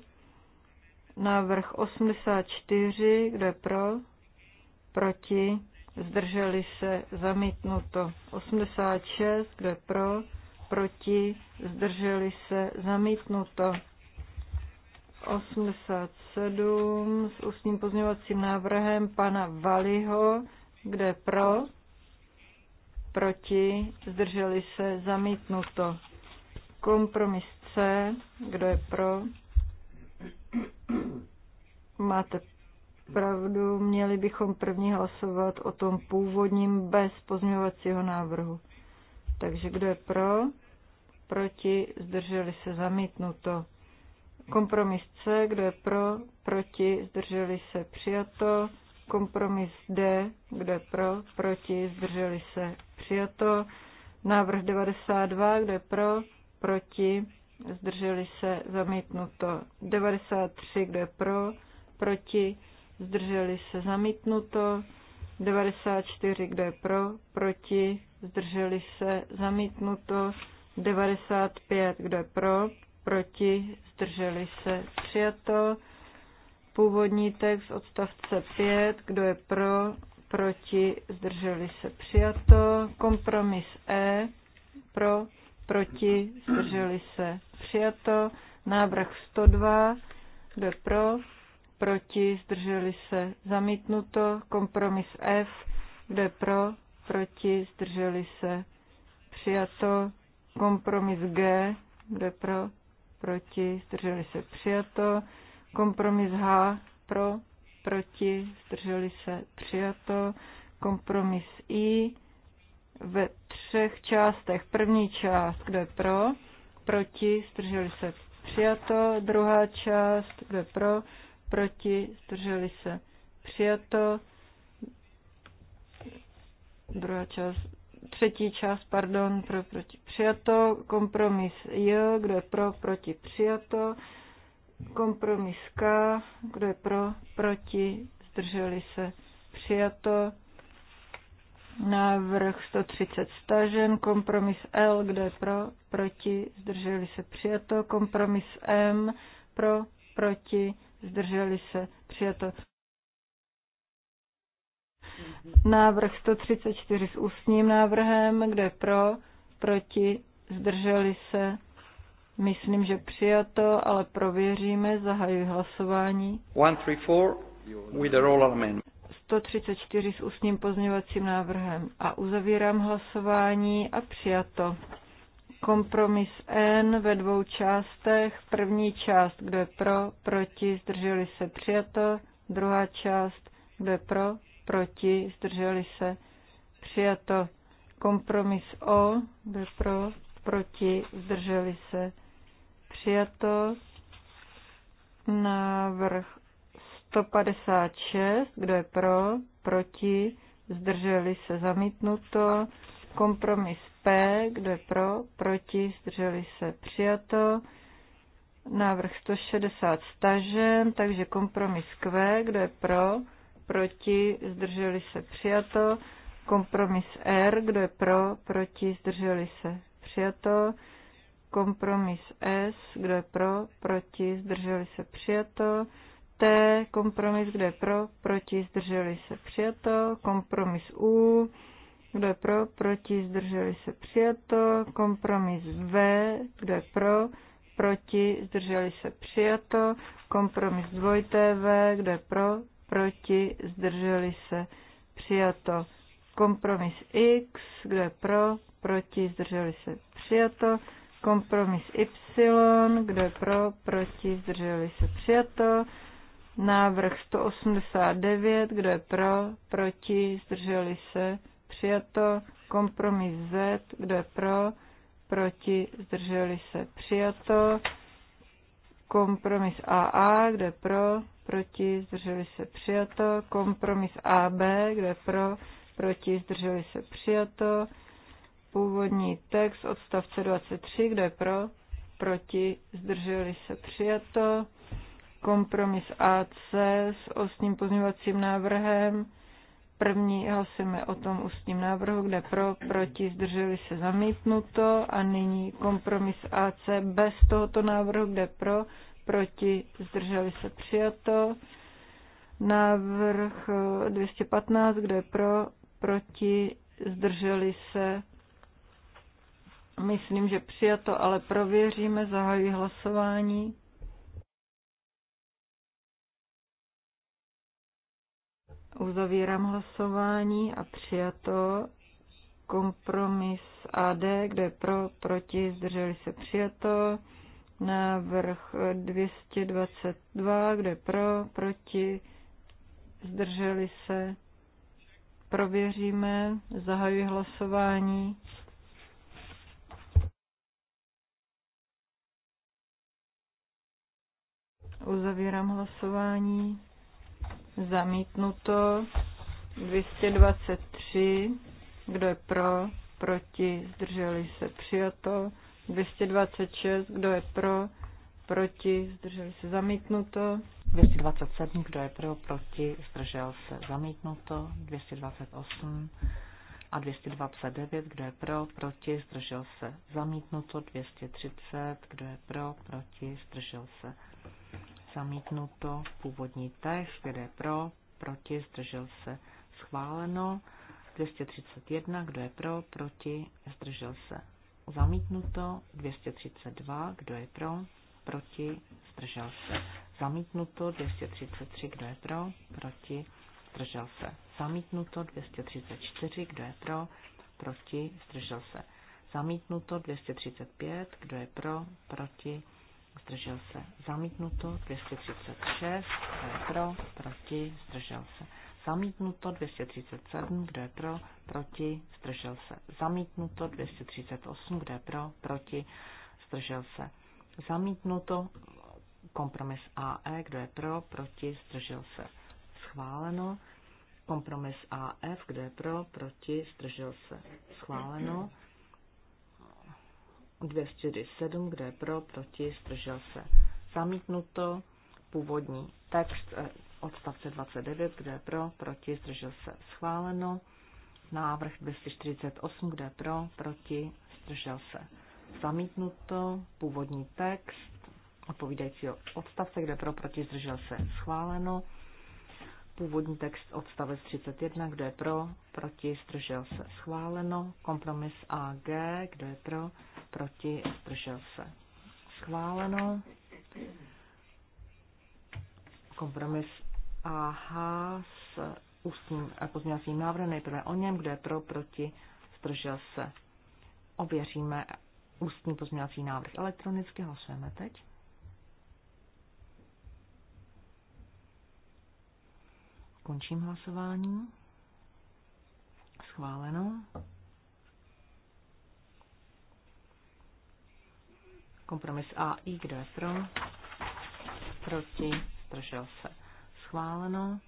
Návrh 84, kdo je pro, proti, zdrželi se, zamítnuto. 86, kdo je pro, proti, zdrželi se, zamítnuto. 87 s ústním pozměňovacím návrhem pana Valiho, kde pro, proti, zdrželi se, zamítnuto. Kompromis C, kdo je pro? Máte pravdu, měli bychom první hlasovat o tom původním bez pozměňovacího návrhu. Takže kdo je pro? Proti, zdrželi se, zamítnuto. Kompromis C, kdo je pro, proti, zdrželi se, přijato. Kompromis D, kdo je pro, proti, zdrželi se, přijato. Návrh 92, kdo je pro, proti, zdrželi se, zamítnuto. 93, kdo je pro, proti, zdrželi se, zamítnuto. 94, kdo je pro, proti, zdrželi se, zamítnuto. 95, kdo je pro, proti, zdrželi se, přijato. Původní text odstavce 5, kdo je pro, proti, zdrželi se, přijato. Kompromis E, pro, proti, zdrželi se, přijato. Návrh 102, kdo je pro, proti, zdrželi se, zamítnuto. Kompromis F, kdo je pro, proti, zdrželi se, přijato. Kompromis G, kdo je pro, proti, zdrželi se přijato. Kompromis H pro, proti, zdrželi se přijato. Kompromis I ve třech částech. První část, kde pro, proti, zdrželi se přijato. Druhá část, kde pro, proti, zdrželi se přijato. Druhá část třetí část, pardon, pro, proti přijato, kompromis J, kdo je pro, proti přijato, kompromis K, kdo je pro, proti, zdrželi se přijato, návrh 130 stažen, kompromis L, kdo je pro, proti, zdrželi se přijato, kompromis M, pro, proti, zdrželi se přijato. Návrh 134 s ústním návrhem, kde pro, proti, zdrželi se. Myslím, že přijato, ale prověříme, zahajuji hlasování. 134 s ústním pozměvacím návrhem a uzavírám hlasování a přijato. Kompromis N ve dvou částech. První část, kdo je pro, proti, zdrželi se přijato. Druhá část, kdo je pro, proti, zdrželi se, přijato. Kompromis O, byl pro, proti, zdrželi se, přijato. Návrh 156, kdo je pro, proti, zdrželi se, zamítnuto. Kompromis P, kdo je pro, proti, zdrželi se, přijato. Návrh 160 stažen, takže kompromis Q, kdo je pro, proti, zdrželi se přijato. Kompromis R, kdo je pro, proti, zdrželi se přijato. Kompromis S, kdo je pro, proti, zdrželi se přijato. T, kompromis, kdo je pro, proti, zdrželi se přijato. Kompromis U, kdo je pro, proti, zdrželi se přijato. Kompromis V, kdo je pro, proti, zdrželi se přijato. Kompromis 2TV, kdo je pro, proti, zdrželi se, přijato. Kompromis X, kdo je pro, proti, zdrželi se, přijato. Kompromis Y, kdo je pro, proti, zdrželi se, přijato. Návrh 189, kdo je pro, proti, zdrželi se, přijato. Kompromis Z, kdo je pro, proti, zdrželi se, přijato. Kompromis AA, kdo je pro, proti, zdrželi se přijato. Kompromis AB, kdo je pro, proti, zdrželi se přijato. Původní text odstavce 23, kdo je pro, proti, zdrželi se přijato. Kompromis AC s ostním pozměvacím návrhem. První hlasujeme o tom ústním návrhu, kde pro, proti, zdrželi se zamítnuto a nyní kompromis AC bez tohoto návrhu, kde pro, proti, zdrželi se přijato. Návrh 215, eh, kdo je pro, proti, zdrželi se. Myslím, že přijato, ale prověříme, zahajuji hlasování. Uzavírám hlasování a přijato kompromis AD, kde pro, proti, zdrželi se přijato. Návrh 222, kde pro, proti, zdrželi se. Prověříme, zahajuji hlasování. Uzavírám hlasování. Zamítnuto. 223. Kdo je pro? Proti? Zdrželi se? Přijato. 226, kdo je pro, proti, zdrželi se zamítnuto. 227, kdo je pro, proti, zdržel se zamítnuto. 228 a 229, kdo je pro, proti, zdržel se zamítnuto. 230, kdo je pro, proti, zdržel se zamítnuto. Původní text, kde je pro, proti, zdržel se schváleno. 231, kdo je pro, proti, zdržel se Zamítnuto 232, kdo je pro? Proti? Zdržel se. Zamítnuto 233, kdo je pro? Proti? Zdržel se. Zamítnuto 234, kdo je pro? Proti? Zdržel se. Zamítnuto 235, kdo je pro? Proti? Zdržel se. Zamítnuto 236, kdo je pro? Proti? Zdržel se zamítnuto 237, kdo je pro, proti, zdržel se. Zamítnuto 238, kdo je pro, proti, zdržel se. Zamítnuto kompromis AE, kdo je pro, proti, zdržel se. Schváleno. Kompromis AF, kdo je pro, proti, zdržel se. Schváleno. 247, kdo je pro, proti, zdržel se. Zamítnuto původní text eh, odstavce 29, kde je pro, proti, zdržel se schváleno. Návrh 248, kde je pro, proti, zdržel se zamítnuto. Původní text odpovídajícího odstavce, kde pro, proti, zdržel se schváleno. Původní text odstavec 31, kde je pro, proti, zdržel se schváleno. Kompromis AG, kde je pro, proti, zdržel se schváleno kompromis H s ústním eh, pozměňovacím návrhem. Nejprve o něm, kde je pro, proti, zdržel se. Ověříme ústní pozměňovací návrh elektronicky. Hlasujeme teď. Končím hlasování. Schváleno. Kompromis AI, kdo je pro? Proti, zdržel se schváleno.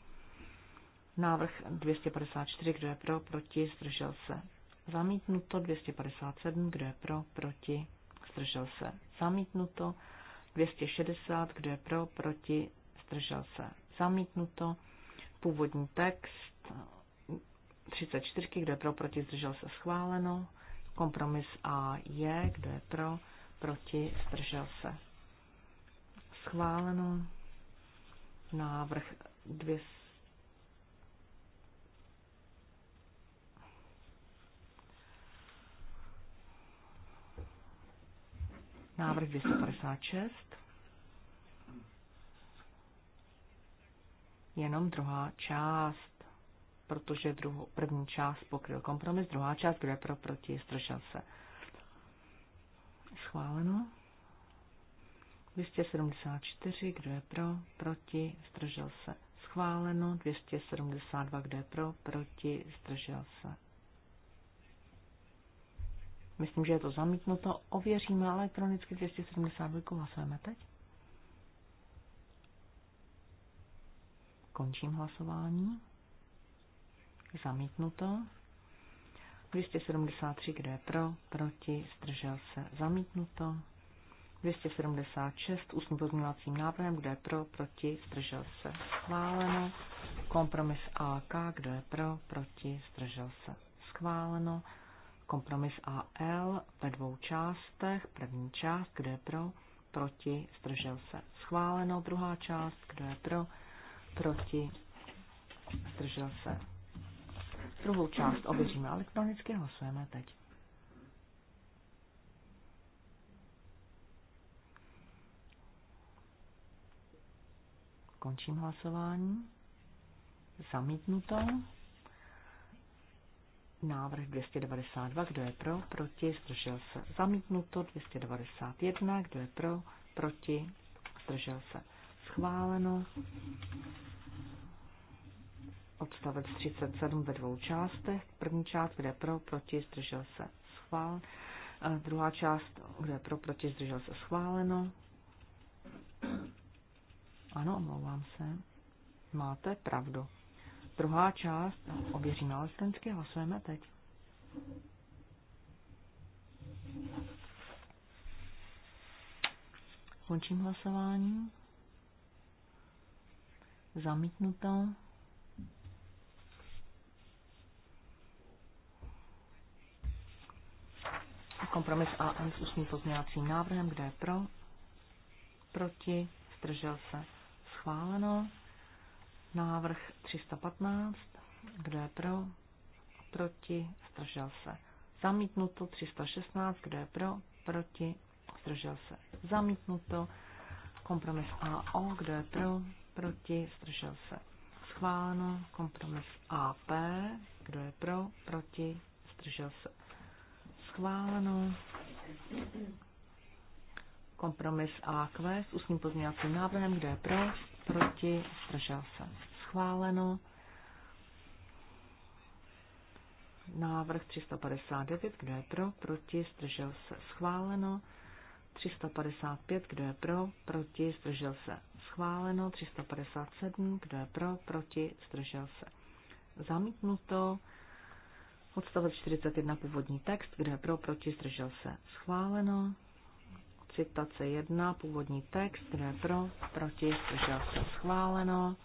Návrh 254, kdo je pro, proti, zdržel se. Zamítnuto 257, kdo je pro, proti, zdržel se. Zamítnuto 260, kdo je pro, proti, zdržel se. Zamítnuto původní text 34, kdo je pro, proti, zdržel se. Schváleno. Kompromis A je, kdo je pro, proti, zdržel se. Schváleno návrh 200. Návrh 256. Jenom druhá část, protože druhou, první část pokryl kompromis, druhá část, kdo je pro, proti, zdržel se. Schváleno. 274, kdo je pro, proti, zdržel se. Schváleno 272, kdo je pro, proti, zdržel se. Myslím, že je to zamítnuto. Ověříme elektronicky 272, hlasujeme teď. Končím hlasování. Zamítnuto. 273, kdo je pro, proti, zdržel se. Zamítnuto. 276 ústním pozměňovacím návrhem, kdo je pro, proti, zdržel se. Schváleno. Kompromis AK, kdo je pro, proti, zdržel se. Schváleno. Kompromis AL ve dvou částech. První část, kdo je pro, proti, zdržel se. Schváleno. Druhá část, kdo je pro, proti, zdržel se. Druhou část ověříme elektronicky, hlasujeme teď. Končím hlasování. Zamítnuto. Návrh 292, kdo je pro, proti, zdržel se. Zamítnuto 291, kdo je pro, proti, zdržel se. Schváleno. Odstavec 37 ve dvou částech. První část, kde pro, proti, zdržel se. Schvál. Eh, druhá část, kde pro, proti, zdržel se. Schváleno. Ano, omlouvám se. Máte pravdu. Druhá část ověříme elektronicky, hlasujeme teď. Končím hlasování. Zamítnuto. Kompromis AN s ústním pozměňovacím návrhem, kde je pro, proti, zdržel se schváleno. Návrh 315, kdo je pro, proti, zdržel se. Zamítnuto 316, kdo je pro, proti, zdržel se. Zamítnuto kompromis AO, kdo je pro, proti, zdržel se. Schváleno kompromis AP, kdo je pro, proti, zdržel se. Schváleno kompromis AQ s ústním pozměňovacím návrhem, kdo je pro, proti, zdržel se schváleno. Návrh 359, kdo je pro, proti, zdržel se schváleno. 355, kdo je pro, proti, zdržel se schváleno. 357, kdo je pro, proti, zdržel se zamítnuto. Odstavec 41, původní text, kdo je pro, proti, zdržel se schváleno. Citace 1, původní text, kde je pro, proti, zdržel se schváleno.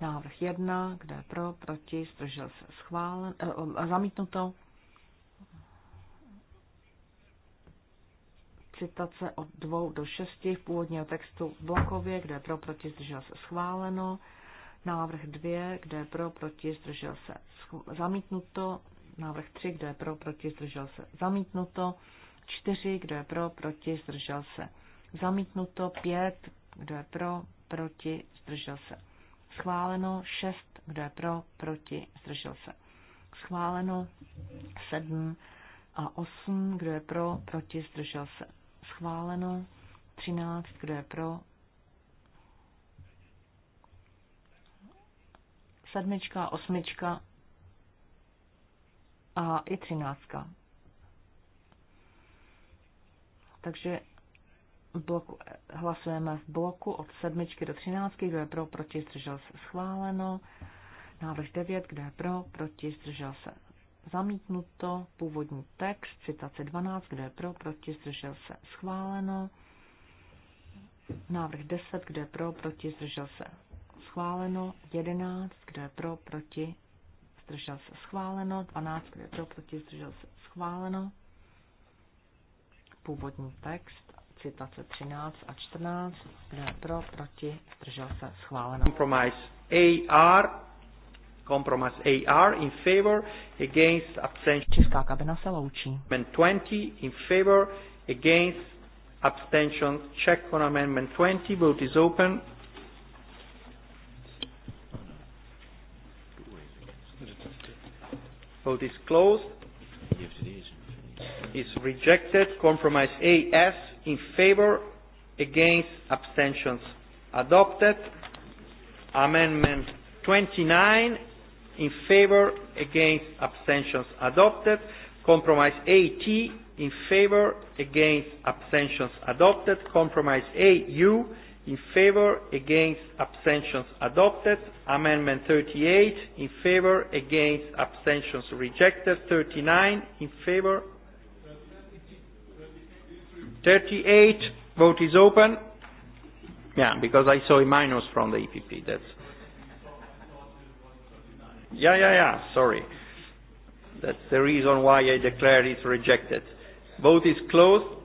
Návrh 1, kde je pro, proti, zdržel se schváleno, eh, zamítnuto. Citace od 2 do 6 v původního textu v blokově, kde je pro, proti, zdržel se schváleno. Návrh 2, kde je pro, proti, zdržel se zamítnuto. Návrh 3, kde je pro, proti, zdržel se zamítnuto. 4, kdo je pro, proti, zdržel se. Zamítnuto 5, kdo je pro, proti, zdržel se. Schváleno 6, kdo je pro, proti, zdržel se. Schváleno 7 a 8, kdo je pro, proti, zdržel se. Schváleno 13, kdo je pro, sedmička, osmička a i třináctka. Takže bloku, hlasujeme v bloku od sedmičky do třináctky, kdo je pro, proti, zdržel se schváleno. Návrh 9, kdo je pro, proti, zdržel se zamítnuto. Původní text, citace 12, kdo je pro, proti, zdržel se schváleno. Návrh 10, kdo je pro, proti, zdržel se schváleno. 11, kdo je pro, proti, zdržel se schváleno. 12, kdo je pro, proti, zdržel se schváleno původní text, citace 13 a 14, kde pro, proti, držel se, schváleno. Compromise AR, compromise AR in favor, against abstention. Česká kabina se loučí. Amendment 20 in favor, against abstention. Check on amendment 20, vote is open. Vote is closed is rejected. Compromise AS in favor, against, abstentions adopted. Amendment 29 in favor, against, abstentions adopted. Compromise AT in favor, against, abstentions adopted. Compromise AU in favor, against, abstentions adopted. Amendment 38 in favor, against, abstentions rejected. 39 in favor, 38, vote is open. Yeah, because I saw a minus from the EPP. That's. Yeah, yeah, yeah. Sorry. That's the reason why I declared it rejected. Vote is closed.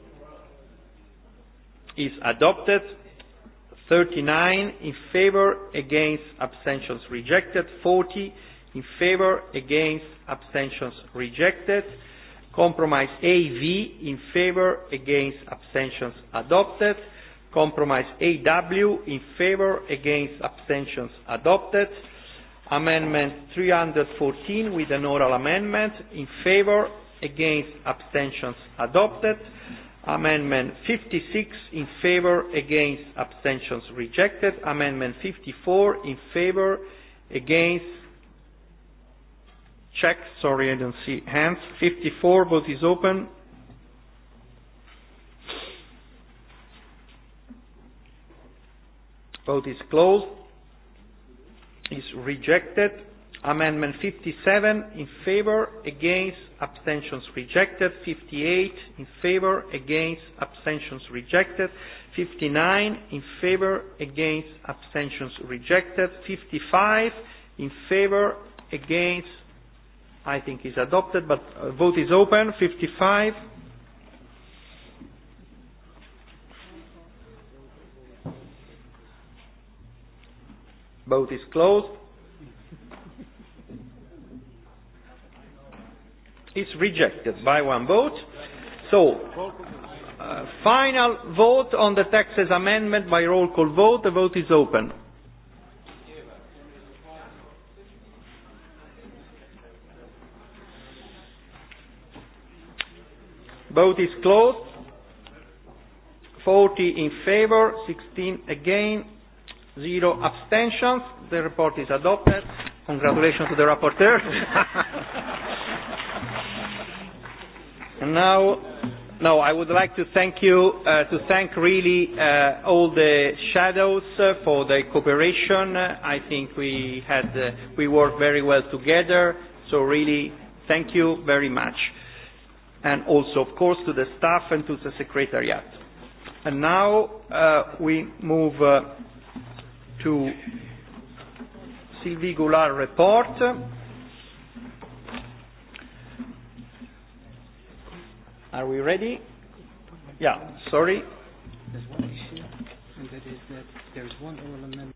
Is adopted. 39 in favor, against, abstentions rejected. 40 in favor, against, abstentions rejected. Compromise AV in favor against abstentions adopted. Compromise AW in favor against abstentions adopted. Amendment 314 with an oral amendment in favor against abstentions adopted. Amendment 56 in favor against abstentions rejected. Amendment 54 in favor against check. Sorry, I don't see hands. 54, vote is open. Vote is closed. Is rejected. Amendment 57 in favor, against, abstentions rejected. 58 in favor, against, abstentions rejected. 59 in favor, against, abstentions rejected. 55 in favor, against, i think is adopted, but uh, vote is open. 55. Vote is closed. It's rejected by one vote. So, uh, final vote on the text as amendment by roll call vote. The vote is open. Vote is closed. 40 in favor, 16 again, zero abstentions. The report is adopted. Congratulations to the rapporteur. and now No, I would like to thank you, uh, to thank really uh, all the shadows uh, for the cooperation. Uh, I think we had, uh, we worked very well together. So really, thank you very much and also, of course, to the staff and to the secretariat. And now uh, we move uh, to Sylvie Goulart's report. Are we ready? Yeah, sorry. There's one issue, and that is that there's one oral amendment.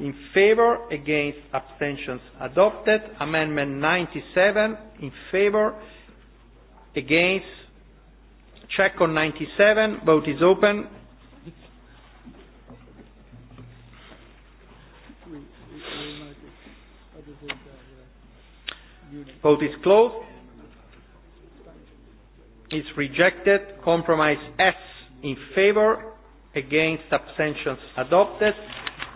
In favor, against, abstentions adopted. Amendment 97, in favor, against, check on 97, vote is open. Vote is closed. Is rejected. Compromise S in favor, against, abstentions adopted.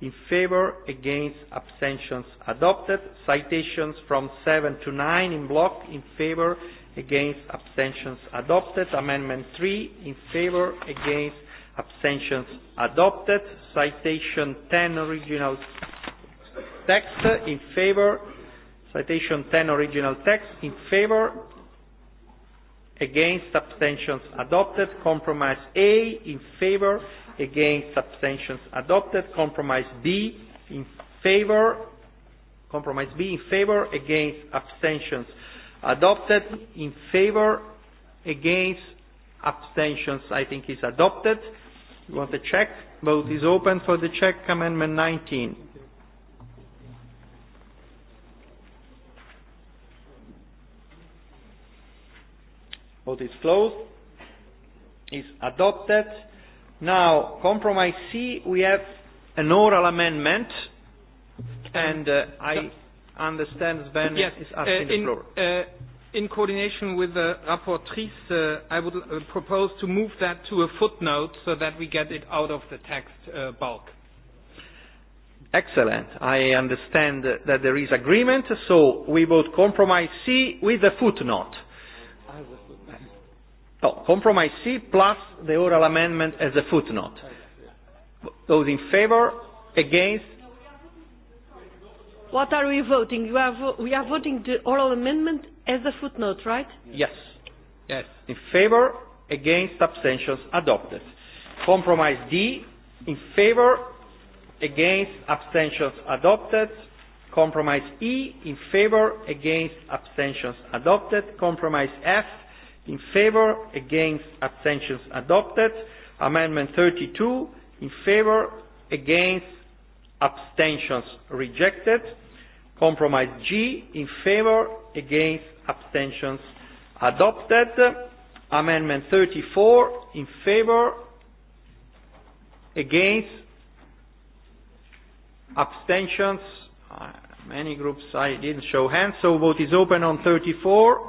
in favor, against, abstentions adopted. Citations from 7 to 9 in block, in favor, against, abstentions adopted. Amendment 3, in favor, against, abstentions adopted. Citation 10, original text, in favor. Citation 10, original text, in favor, against, abstentions adopted. Compromise A, in favor, against abstentions adopted. Compromise B in favor. Compromise B in favor against abstentions adopted. In favor against abstentions I think is adopted. You want to check? Vote is open for the check. Amendment 19. Vote is closed. Is adopted. Now, compromise C, we have an oral amendment, and uh, I understand Sven yes, is uh, asking uh, in, the floor. Uh, in coordination with the rapportrice, uh, I would uh, propose to move that to a footnote so that we get it out of the text uh, bulk. Excellent. I understand that there is agreement, so we vote compromise C with a footnote. Oh, compromise C plus the oral amendment as a footnote. Those in favor, against? What are we voting? You are vo we are voting the oral amendment as a footnote, right? Yes. Yes. In favor, against, abstentions, adopted. Compromise D, in favor, against, abstentions, adopted. Compromise E, in favor, against, abstentions, adopted. Compromise F, in favour, against, abstentions adopted. Amendment 32, in favour, against, abstentions rejected. Compromise G, in favour, against, abstentions adopted. Amendment 34, in favour, against, abstentions. Uh, many groups I didn't show hands, so vote is open on 34.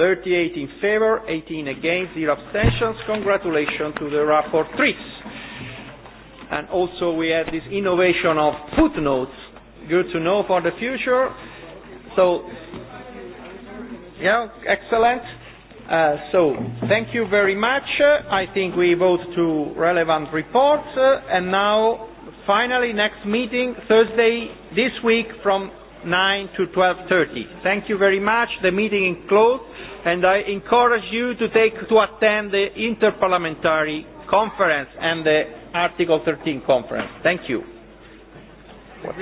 38 in favor, 18 against, zero abstentions. Congratulations to the rapporteurs. And also we have this innovation of footnotes. Good to know for the future. So, yeah, excellent. Uh, so, thank you very much. Uh, I think we vote to relevant reports. Uh, and now, finally, next meeting, Thursday this week from 9 to 12.30. Thank you very much. The meeting is closed and I encourage you to take to attend the Interparliamentary Conference and the Article 13 Conference. Thank you. What?